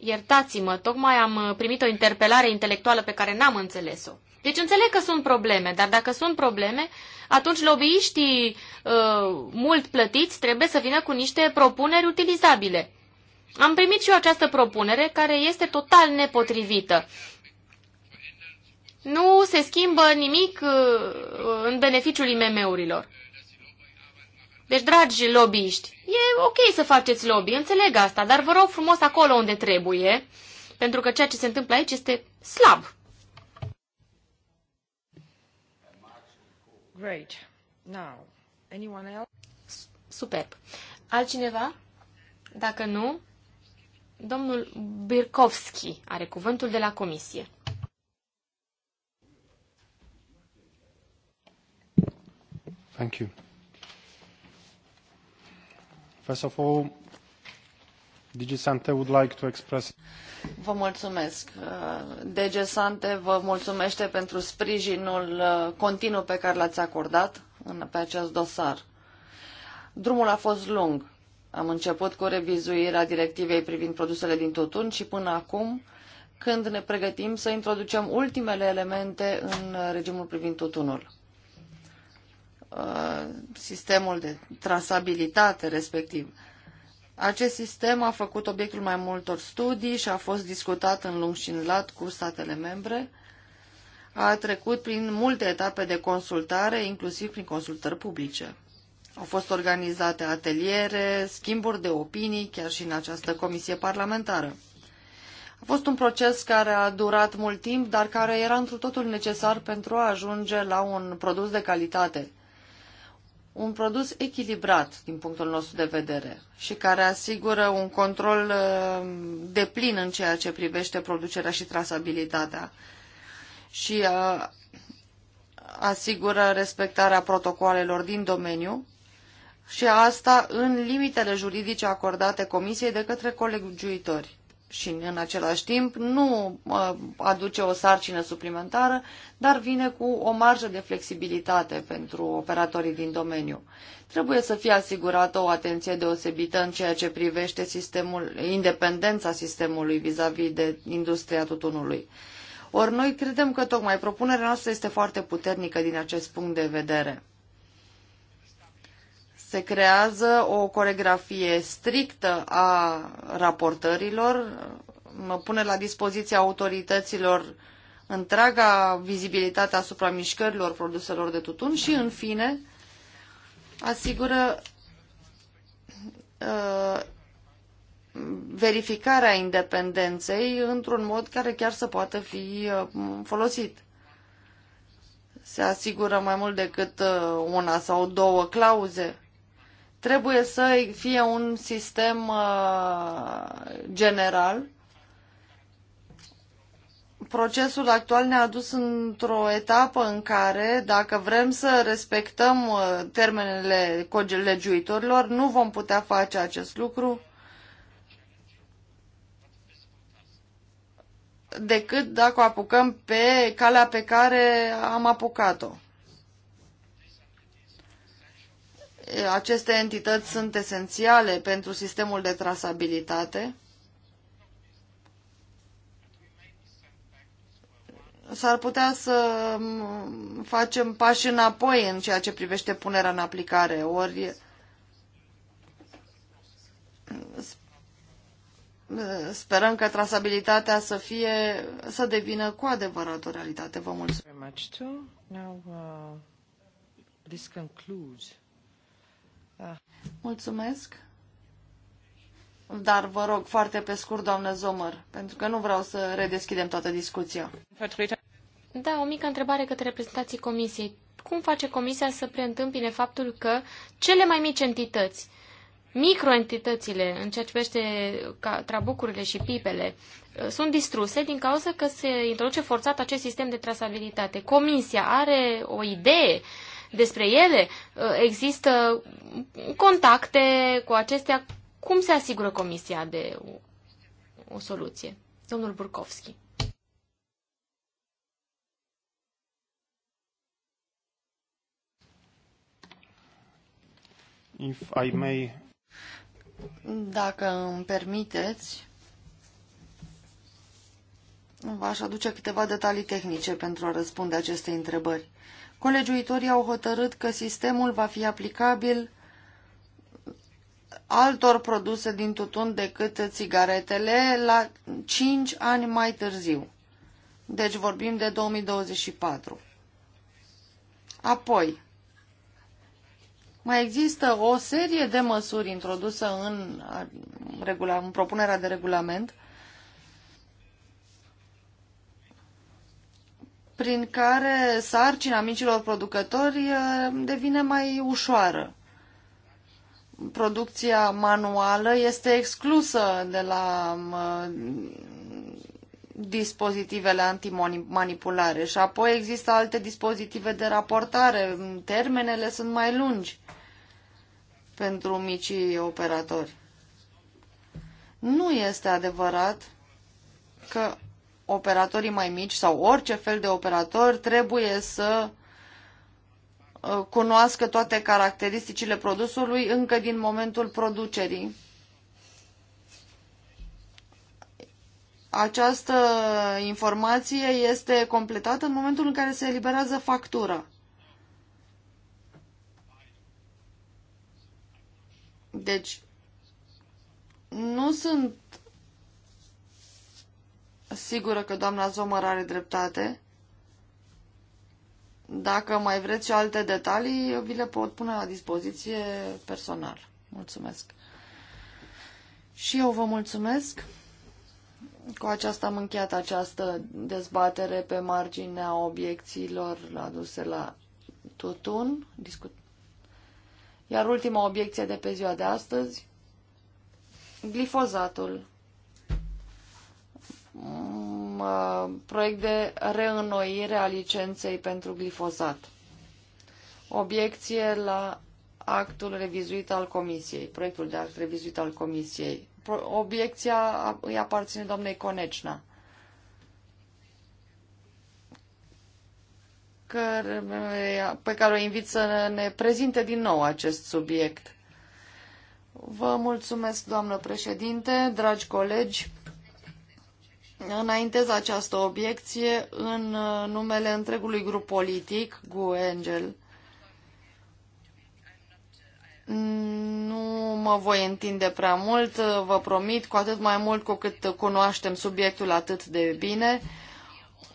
Iertați-mă, tocmai am uh, primit o interpelare intelectuală pe care n-am înțeles-o. Deci înțeleg că sunt probleme, dar dacă sunt probleme, atunci lobbyiștii uh, mult plătiți trebuie să vină cu niște propuneri utilizabile. Am primit și eu această propunere care este total nepotrivită. Nu se schimbă nimic uh, în beneficiul IMM-urilor. Deci, dragi lobbyiști, e ok să faceți lobby, înțeleg asta, dar vă rog frumos acolo unde trebuie, pentru că ceea ce se întâmplă aici este slab. Great. Now, anyone else? Superb. Altcineva? Dacă nu, domnul Birkovski are cuvântul de la comisie. Thank you. First of all, would like to express... Vă mulțumesc. Uh, DigiSante vă mulțumește pentru sprijinul uh, continuu pe care l-ați acordat pe acest dosar. Drumul a fost lung. Am început cu revizuirea directivei privind produsele din tutun și până acum, când ne pregătim să introducem ultimele elemente în uh, regimul privind tutunul. Uh, sistemul de trasabilitate respectiv. Acest sistem a făcut obiectul mai multor studii și a fost discutat în lung și în lat cu statele membre. A trecut prin multe etape de consultare, inclusiv prin consultări publice. Au fost organizate ateliere, schimburi de opinii, chiar și în această comisie parlamentară. A fost un proces care a durat mult timp, dar care era întru totul necesar pentru a ajunge la un produs de calitate – un produs echilibrat din punctul nostru de vedere și care asigură un control uh, deplin în ceea ce privește producerea și trasabilitatea și uh, asigură respectarea protocoalelor din domeniu și asta în limitele juridice acordate Comisiei de către colegiuitori și în același timp nu aduce o sarcină suplimentară, dar vine cu o marjă de flexibilitate pentru operatorii din domeniu. Trebuie să fie asigurată o atenție deosebită în ceea ce privește sistemul, independența sistemului vis-a-vis -vis de industria tutunului. Ori noi credem că tocmai propunerea noastră este foarte puternică din acest punct de vedere se creează o coregrafie strictă a raportărilor, mă pune la dispoziția autorităților întreaga vizibilitate asupra mișcărilor produselor de tutun și, în fine, asigură uh, verificarea independenței într-un mod care chiar să poată fi uh, folosit. Se asigură mai mult decât uh, una sau două clauze trebuie să fie un sistem uh, general. Procesul actual ne-a dus într-o etapă în care, dacă vrem să respectăm uh, termenele legiuitorilor, nu vom putea face acest lucru decât dacă o apucăm pe calea pe care am apucat-o. aceste entități sunt esențiale pentru sistemul de trasabilitate. S-ar putea să facem pași înapoi în ceea ce privește punerea în aplicare, ori sperăm că trasabilitatea să fie, să devină cu adevărat o realitate. Vă mulțumesc. Mulțumesc. Dar vă rog foarte pe scurt, doamnă Zomăr, pentru că nu vreau să redeschidem toată discuția. Da, o mică întrebare către reprezentanții comisiei. Cum face comisia să preîntâmpine faptul că cele mai mici entități, microentitățile, în ceea ce privește trabucurile și pipele, uh, sunt distruse din cauza că se introduce forțat acest sistem de trasabilitate. Comisia are o idee uh, despre ele? Uh, există contacte cu acestea? Cum se asigură Comisia de o, o soluție? Domnul Burkovski. If I may... Dacă îmi permiteți, v-aș aduce câteva detalii tehnice pentru a răspunde aceste întrebări colegiuitorii au hotărât că sistemul va fi aplicabil altor produse din tutun decât țigaretele la 5 ani mai târziu. Deci vorbim de 2024. Apoi, mai există o serie de măsuri introduse în, în propunerea de regulament prin care sarcina micilor producători eh, devine mai ușoară. Producția manuală este exclusă de la eh, dispozitivele antimanipulare și apoi există alte dispozitive de raportare. Termenele sunt mai lungi pentru micii operatori. Nu este adevărat că operatorii mai mici sau orice fel de operator trebuie să uh, cunoască toate caracteristicile produsului încă din momentul producerii. Această informație este completată în momentul în care se eliberează factura. Deci, nu sunt sigură că doamna Zomăr are dreptate. Dacă mai vreți și alte detalii, eu vi le pot pune la dispoziție personal. Mulțumesc. Și eu vă mulțumesc. Cu aceasta am încheiat această dezbatere pe marginea obiecțiilor aduse la tutun. Discut... Iar ultima obiecție de pe ziua de astăzi, glifozatul. Mm, uh, proiect de reînnoire a licenței pentru glifosat. Obiecție la actul revizuit al Comisiei, proiectul de act revizuit al Comisiei. Obiecția îi aparține doamnei Conecna. pe care o invit să ne prezinte din nou acest subiect. Vă mulțumesc, doamnă președinte, dragi colegi înaintez această obiecție în uh, numele întregului grup politic, GUE Angel. Nu mă voi întinde prea mult, vă promit, cu atât mai mult cu cât cunoaștem subiectul atât de bine.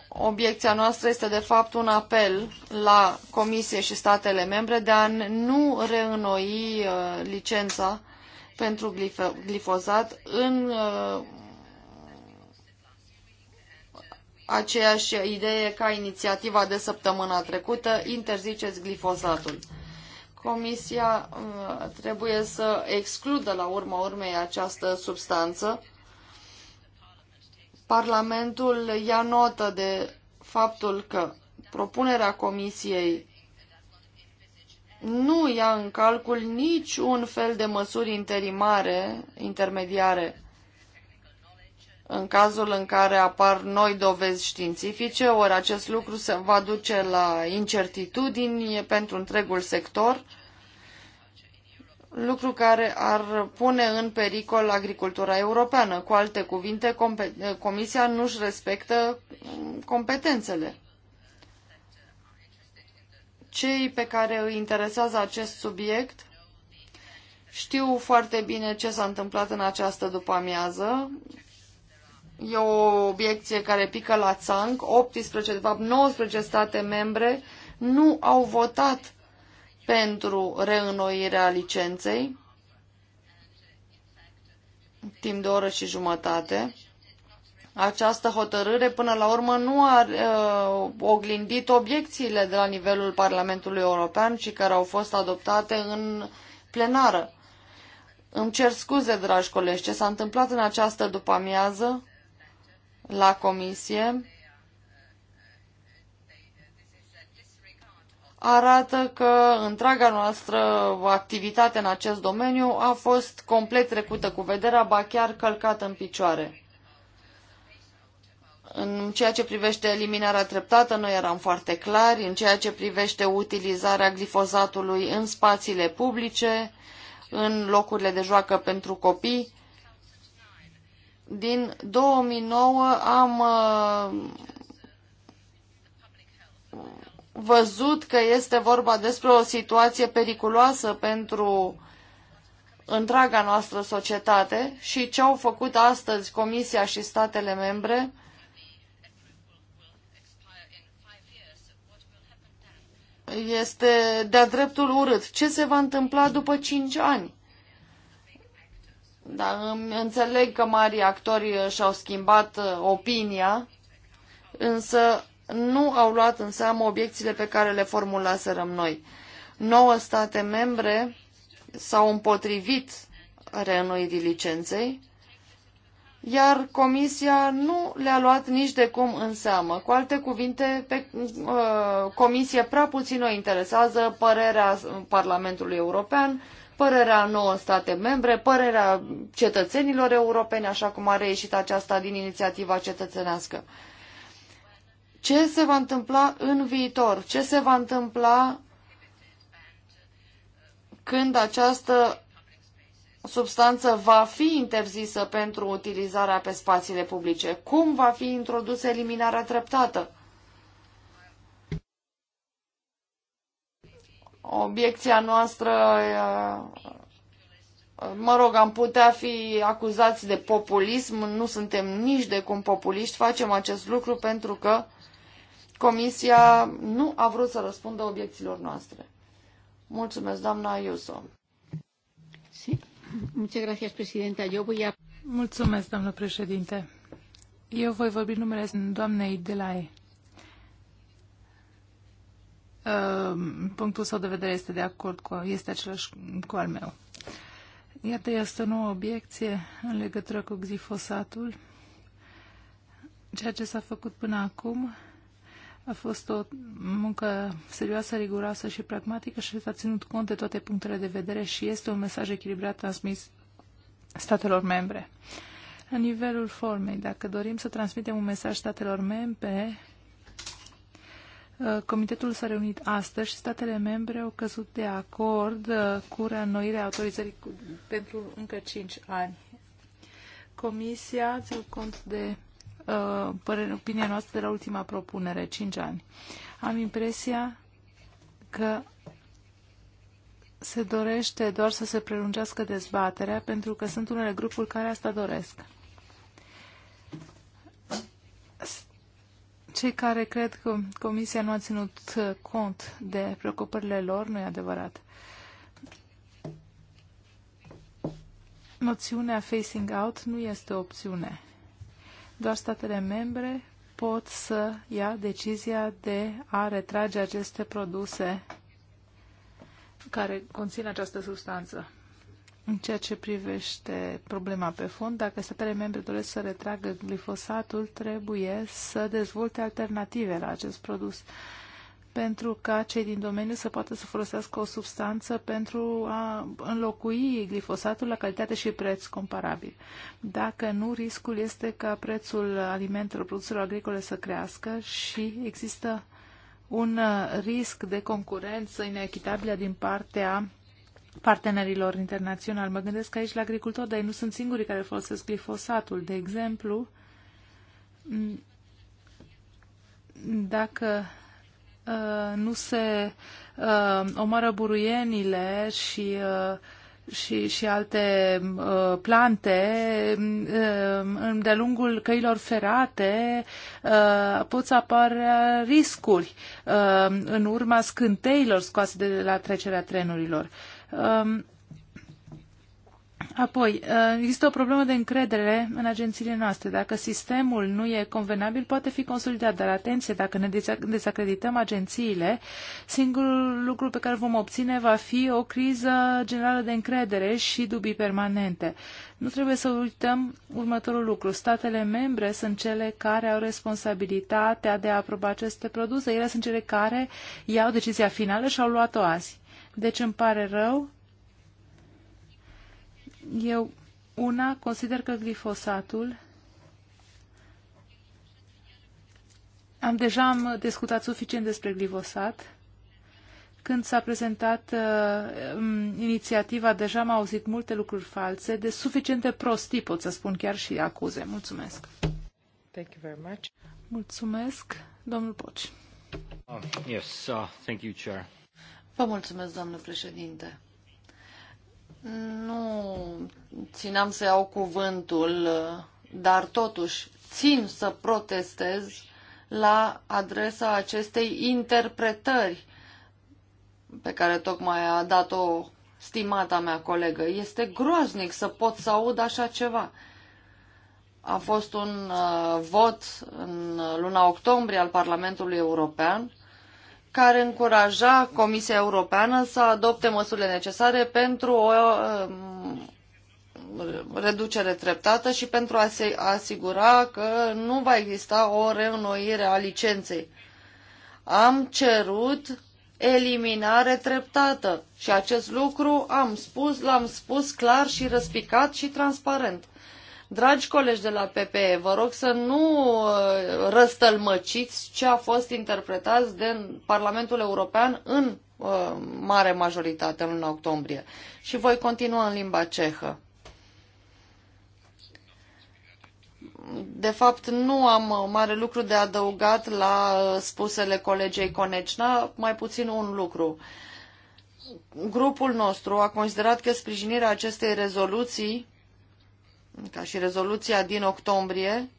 Obiecția noastră este de fapt un apel la Comisie și statele membre de a nu reînnoi uh, licența pentru glifozat în uh, aceeași idee ca inițiativa de săptămâna trecută, interziceți glifosatul. Comisia uh, trebuie să excludă la urma urmei această substanță. Parlamentul ia notă de faptul că propunerea Comisiei nu ia în calcul niciun fel de măsuri interimare, intermediare în cazul în care apar noi dovezi științifice, ori acest lucru se va duce la incertitudini pentru întregul sector, lucru care ar pune în pericol agricultura europeană. Cu alte cuvinte, Comisia nu își respectă mm, competențele. Cei pe care îi interesează acest subiect știu foarte bine ce s-a întâmplat în această după-amiază E o obiecție care pică la țanc. 18, de fapt 19 state membre nu au votat pentru reînnoirea licenței timp de o oră și jumătate. Această hotărâre până la urmă nu a uh, oglindit obiecțiile de la nivelul Parlamentului European și care au fost adoptate în plenară. Îmi cer scuze, dragi colegi, ce s-a întâmplat în această după-amiază la comisie arată că întreaga noastră activitate în acest domeniu a fost complet trecută cu vederea, ba chiar călcată în picioare. În ceea ce privește eliminarea treptată, noi eram foarte clari. În ceea ce privește utilizarea glifozatului în spațiile publice, în locurile de joacă pentru copii, din 2009 am uh, văzut că este vorba despre o situație periculoasă pentru întreaga noastră societate și ce au făcut astăzi Comisia și statele membre este de-a dreptul urât. Ce se va întâmpla după 5 ani? Da, înțeleg că mari actori și-au schimbat uh, opinia, însă nu au luat în seamă obiecțiile pe care le formulaserăm noi. Nouă state membre s-au împotrivit reînnoirii licenței, iar Comisia nu le-a luat nici de cum în seamă. Cu alte cuvinte, pe uh, Comisie prea puțin o interesează părerea Parlamentului European părerea nouă state membre, părerea cetățenilor europeni, așa cum a reieșit aceasta din inițiativa cetățenească. Ce se va întâmpla în viitor? Ce se va întâmpla când această substanță va fi interzisă pentru utilizarea pe spațiile publice? Cum va fi introdusă eliminarea treptată? Obiecția noastră, uh, mă rog, am putea fi acuzați de populism, nu suntem nici de cum populiști, facem acest lucru pentru că Comisia nu a vrut să răspundă obiecțiilor noastre. Mulțumesc, doamna Iuso. Mulțumesc, doamnă președinte. Eu voi vorbi numele doamnei de Ehm, punctul său de vedere este de acord cu, este același cu al meu. Iată, este o nouă obiecție în legătură cu glifosatul. Ceea ce s-a făcut până acum a fost o muncă serioasă, riguroasă și pragmatică și s-a ținut cont de toate punctele de vedere și este un mesaj echilibrat transmis statelor membre. La nivelul formei, dacă dorim să transmitem un mesaj statelor membre, Uh, comitetul s-a reunit astăzi și statele membre au căzut de acord uh, cu reînnoirea autorizării pentru încă 5 ani. Comisia țin cont de uh, opinia noastră de la ultima propunere, 5 ani. Am impresia că se dorește doar să se prelungească dezbaterea, pentru că sunt unele grupuri care asta doresc. Cei care cred că Comisia nu a ținut cont de preocupările lor, nu e adevărat. Noțiunea facing out nu este o opțiune. Doar statele membre pot să ia decizia de a retrage aceste produse care conțin această substanță. În ceea ce privește problema pe fond, dacă statele membre doresc să retragă glifosatul, trebuie să dezvolte alternative la acest produs pentru ca cei din domeniu să poată să folosească o substanță pentru a înlocui glifosatul la calitate și preț comparabil. Dacă nu, riscul este ca prețul alimentelor, produselor agricole să crească și există un risc de concurență inechitabilă din partea partenerilor internaționali. Mă gândesc aici la agricultori, dar ei nu sunt singurii care folosesc glifosatul. De exemplu, dacă uh, nu se uh, omoară buruienile și uh, și, și alte uh, plante, uh, de-a lungul căilor ferate uh, pot să apară riscuri uh, în urma scânteilor scoase de la trecerea trenurilor. Uh, Um, apoi, uh, există o problemă de încredere în agențiile noastre. Dacă sistemul nu e convenabil, poate fi consolidat, dar atenție, dacă ne dezacredităm agențiile, singurul lucru pe care vom obține va fi o criză generală de încredere și dubii permanente. Nu trebuie să uităm următorul lucru. Statele membre sunt cele care au responsabilitatea de a aproba aceste produse. Ele sunt cele care iau decizia finală și au luat-o azi. Deci îmi pare rău. Eu, una, consider că glifosatul Am deja am discutat suficient despre glifosat. Când s-a prezentat uh, um, inițiativa, deja am auzit multe lucruri false, de suficiente prostii, pot să spun chiar și acuze. Mulțumesc. Thank you very much. Mulțumesc, domnul Poci. Oh, yes, uh, thank you, Chair. Vă mulțumesc, doamnă președinte. Nu țineam să iau cuvântul, dar totuși țin să protestez la adresa acestei interpretări pe care tocmai a dat-o stimata mea colegă. Este groaznic să pot să aud așa ceva. A fost un uh, vot în luna octombrie al Parlamentului European care încuraja Comisia Europeană să adopte măsurile necesare pentru o um, reducere treptată și pentru a se asigura că nu va exista o reînnoire a licenței. Am cerut eliminare treptată și acest lucru am spus, l-am spus clar și răspicat și transparent. Dragi colegi de la PPE, vă rog să nu uh, răstălmăciți ce a fost interpretat de Parlamentul European în uh, mare majoritate în luna octombrie. Și voi continua în limba cehă. de fapt nu am uh, mare lucru de adăugat la uh, spusele colegei Conecna, mai puțin un lucru. Grupul nostru a considerat că sprijinirea acestei rezoluții ca și rezoluția din octombrie,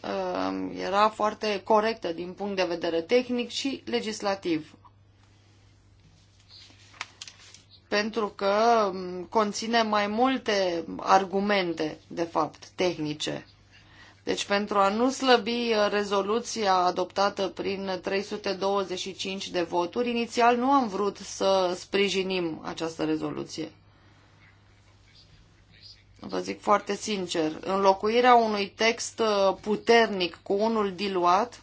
um, era foarte corectă din punct de vedere tehnic și legislativ. Pentru că um, conține mai multe argumente, de fapt, tehnice. Deci pentru a nu slăbi uh, rezoluția adoptată prin 325 de voturi, inițial nu am vrut să sprijinim această rezoluție vă zic foarte sincer, înlocuirea unui text uh, puternic cu unul diluat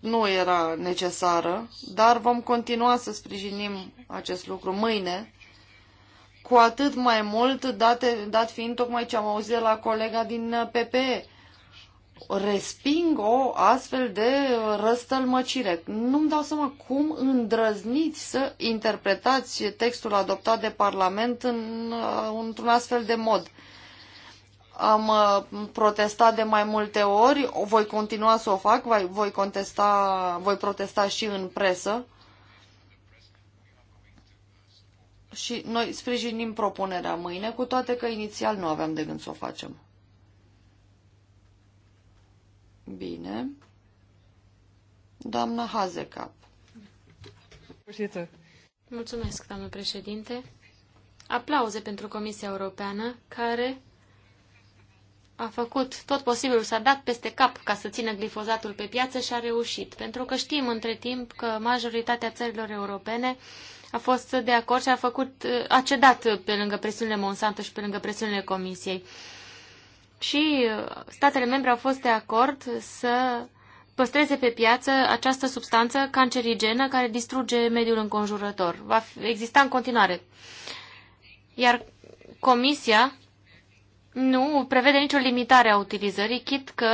nu era necesară, dar vom continua să sprijinim acest lucru mâine, cu atât mai mult date, dat fiind tocmai ce am auzit de la colega din PPE, resping o astfel de răstălmăcire. Nu-mi dau seama cum îndrăzniți să interpretați textul adoptat de Parlament în, uh, într-un astfel de mod. Am uh, protestat de mai multe ori, voi continua să o fac, voi, contesta, voi protesta și în presă. Și noi sprijinim propunerea mâine, cu toate că inițial nu aveam de gând să o facem. Bine. Doamna Hazekap. Mulțumesc, doamnă președinte. Aplauze pentru Comisia Europeană, care a făcut tot posibilul, s-a dat peste cap ca să țină glifozatul pe piață și a reușit. Pentru că știm între timp că majoritatea țărilor europene a fost de acord și a, făcut, a cedat pe lângă presiunile Monsanto și pe lângă presiunile Comisiei și uh, statele membre au fost de acord să păstreze pe piață această substanță cancerigenă care distruge mediul înconjurător. Va exista în continuare. Iar Comisia nu prevede nicio limitare a utilizării, chit că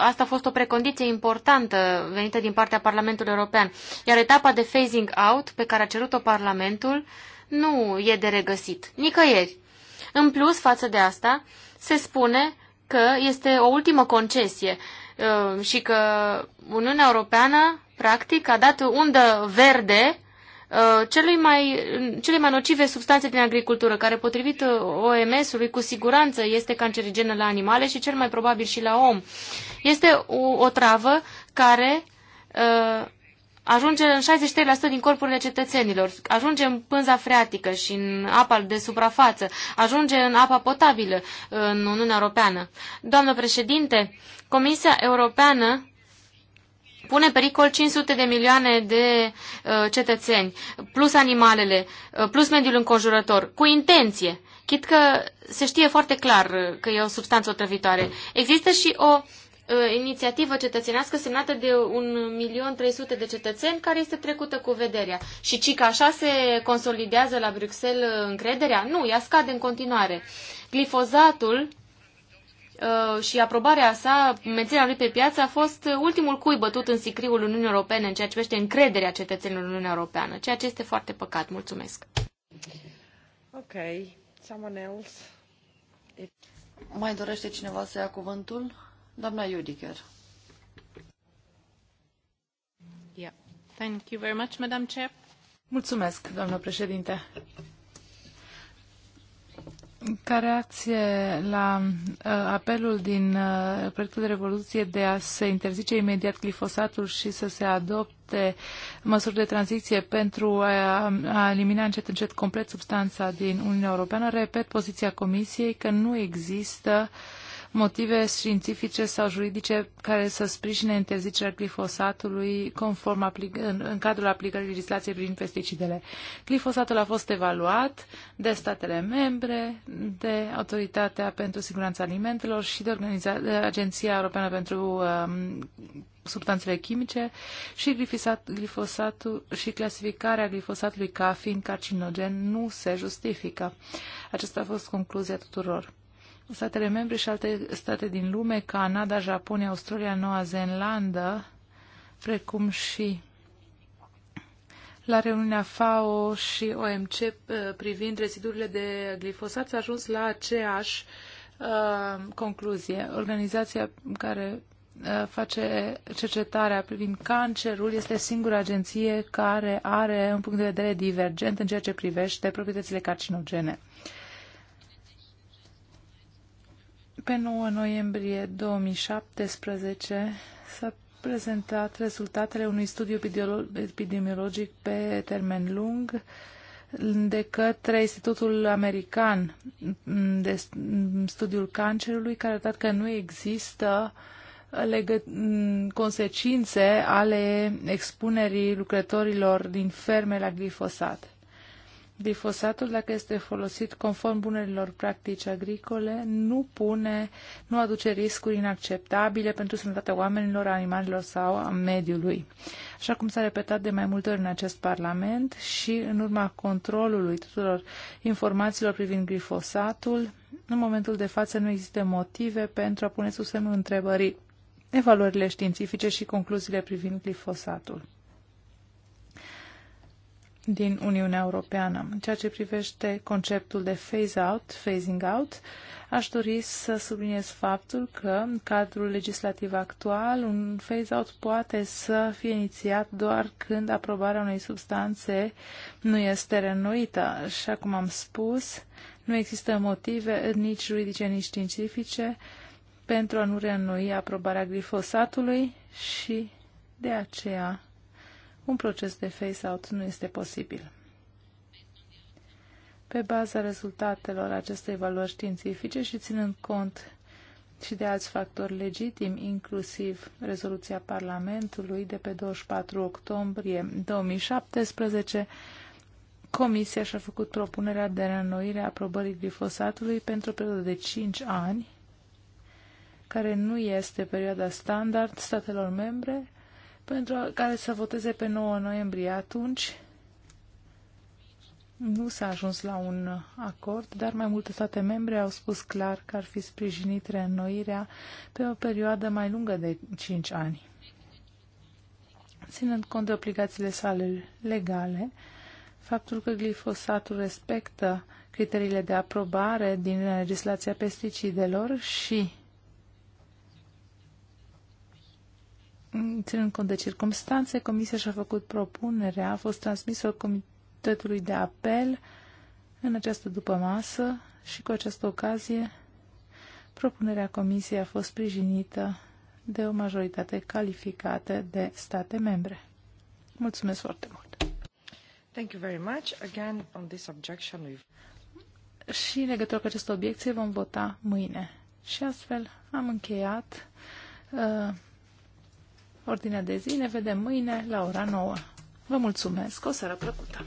asta a fost o precondiție importantă venită din partea Parlamentului European. Iar etapa de phasing out pe care a cerut-o Parlamentul nu e de regăsit. Nicăieri. În plus, față de asta, se spune că este o ultimă concesie uh, și că Uniunea Europeană, practic, a dat undă verde uh, celui mai, cele mai nocive substanțe din agricultură, care potrivit uh, OMS-ului cu siguranță este cancerigenă la animale și cel mai probabil și la om. Este o, o travă care uh, ajunge în 63% din corpurile cetățenilor, ajunge în pânza freatică și în apa de suprafață, ajunge în apa potabilă în Uniunea Europeană. Doamnă președinte, Comisia Europeană pune pericol 500 de milioane de uh, cetățeni, plus animalele, uh, plus mediul înconjurător, cu intenție. Chit că se știe foarte clar uh, că e o substanță otrăvitoare. Există și o Uh, inițiativă cetățenească semnată de 1.300.000 de cetățeni care este trecută cu vederea. Și ci că așa se consolidează la Bruxelles uh, încrederea? Nu, ea scade în continuare. Glifozatul uh, și aprobarea sa, menținerea lui pe piață, a fost ultimul cui bătut în sicriul Uniunii Europene în ceea ce privește încrederea cetățenilor în Uniunea Europeană, ceea ce este foarte păcat. Mulțumesc. Ok. Someone else. Mai dorește cineva să ia cuvântul? Doamna Judicher. Yeah. Thank you very much, Madam Chair. Mulțumesc, doamnă președinte. Ca reacție la uh, apelul din uh, proiectul de revoluție de a se interzice imediat glifosatul și să se adopte măsuri de tranziție pentru a, a elimina încet încet complet substanța din Uniunea Europeană, repet poziția Comisiei că nu există uh, motive științifice sau juridice care să sprijine interzicerea glifosatului conform în, în cadrul aplicării legislației privind pesticidele. Glifosatul a fost evaluat de statele membre, de Autoritatea pentru Siguranța Alimentelor și de, Organiza- de Agenția Europeană pentru um, substanțele chimice și glifosat, glifosatul și clasificarea glifosatului ca fiind carcinogen nu se justifică. Aceasta a fost concluzia tuturor statele membre și alte state din lume, Canada, Japonia, Australia, Noua Zeelandă, precum și la reuniunea FAO și OMC eh, privind rezidurile de glifosat s-a ajuns la aceeași eh, concluzie. Organizația care eh, face cercetarea privind cancerul, este singura agenție care are un punct de vedere divergent în ceea ce privește proprietățile carcinogene. Pe 9 noiembrie 2017 s-a prezentat rezultatele unui studiu epidemiologic pe termen lung de către Institutul American de Studiul Cancerului, care a dat că nu există legă- consecințe ale expunerii lucrătorilor din ferme la glifosat. Glifosatul, dacă este folosit conform bunelor practici agricole, nu pune, nu aduce riscuri inacceptabile pentru sănătatea oamenilor, animalelor sau a mediului. Așa cum s-a repetat de mai multe ori în acest Parlament și în urma controlului tuturor informațiilor privind glifosatul, în momentul de față nu există motive pentru a pune sub semnul întrebării evaluările științifice și concluziile privind glifosatul din Uniunea Europeană. În ceea ce privește conceptul de phase-out, phasing-out, aș dori să subliniez faptul că în cadrul legislativ actual un phase-out poate să fie inițiat doar când aprobarea unei substanțe nu este renuită. Așa cum am spus, nu există motive nici juridice, nici științifice pentru a nu reînnoi aprobarea glifosatului și de aceea un proces de face out nu este posibil. Pe baza rezultatelor acestei valori științifice și ținând cont și de alți factori legitimi, inclusiv rezoluția Parlamentului de pe 24 octombrie 2017, Comisia și-a făcut propunerea de reînnoire a aprobării glifosatului pentru o perioadă de 5 ani, care nu este perioada standard statelor membre, pentru care să voteze pe 9 noiembrie. Atunci nu s-a ajuns la un acord, dar mai multe state membre au spus clar că ar fi sprijinit reînnoirea pe o perioadă mai lungă de 5 ani. Ținând cont de obligațiile sale legale, faptul că glifosatul respectă criteriile de aprobare din legislația pesticidelor și Ținând cont de circunstanțe, Comisia și-a făcut propunerea, a fost transmisă Comitetului de Apel în această dupămasă și cu această ocazie propunerea Comisiei a fost sprijinită de o majoritate calificată de state membre. Mulțumesc foarte mult! Thank you very much. Again, on this objection, we've... Și în legătură cu această obiecție vom vota mâine. Și astfel am încheiat uh, ordinea de zi. Ne vedem mâine la ora 9. Vă mulțumesc. O seară plăcută!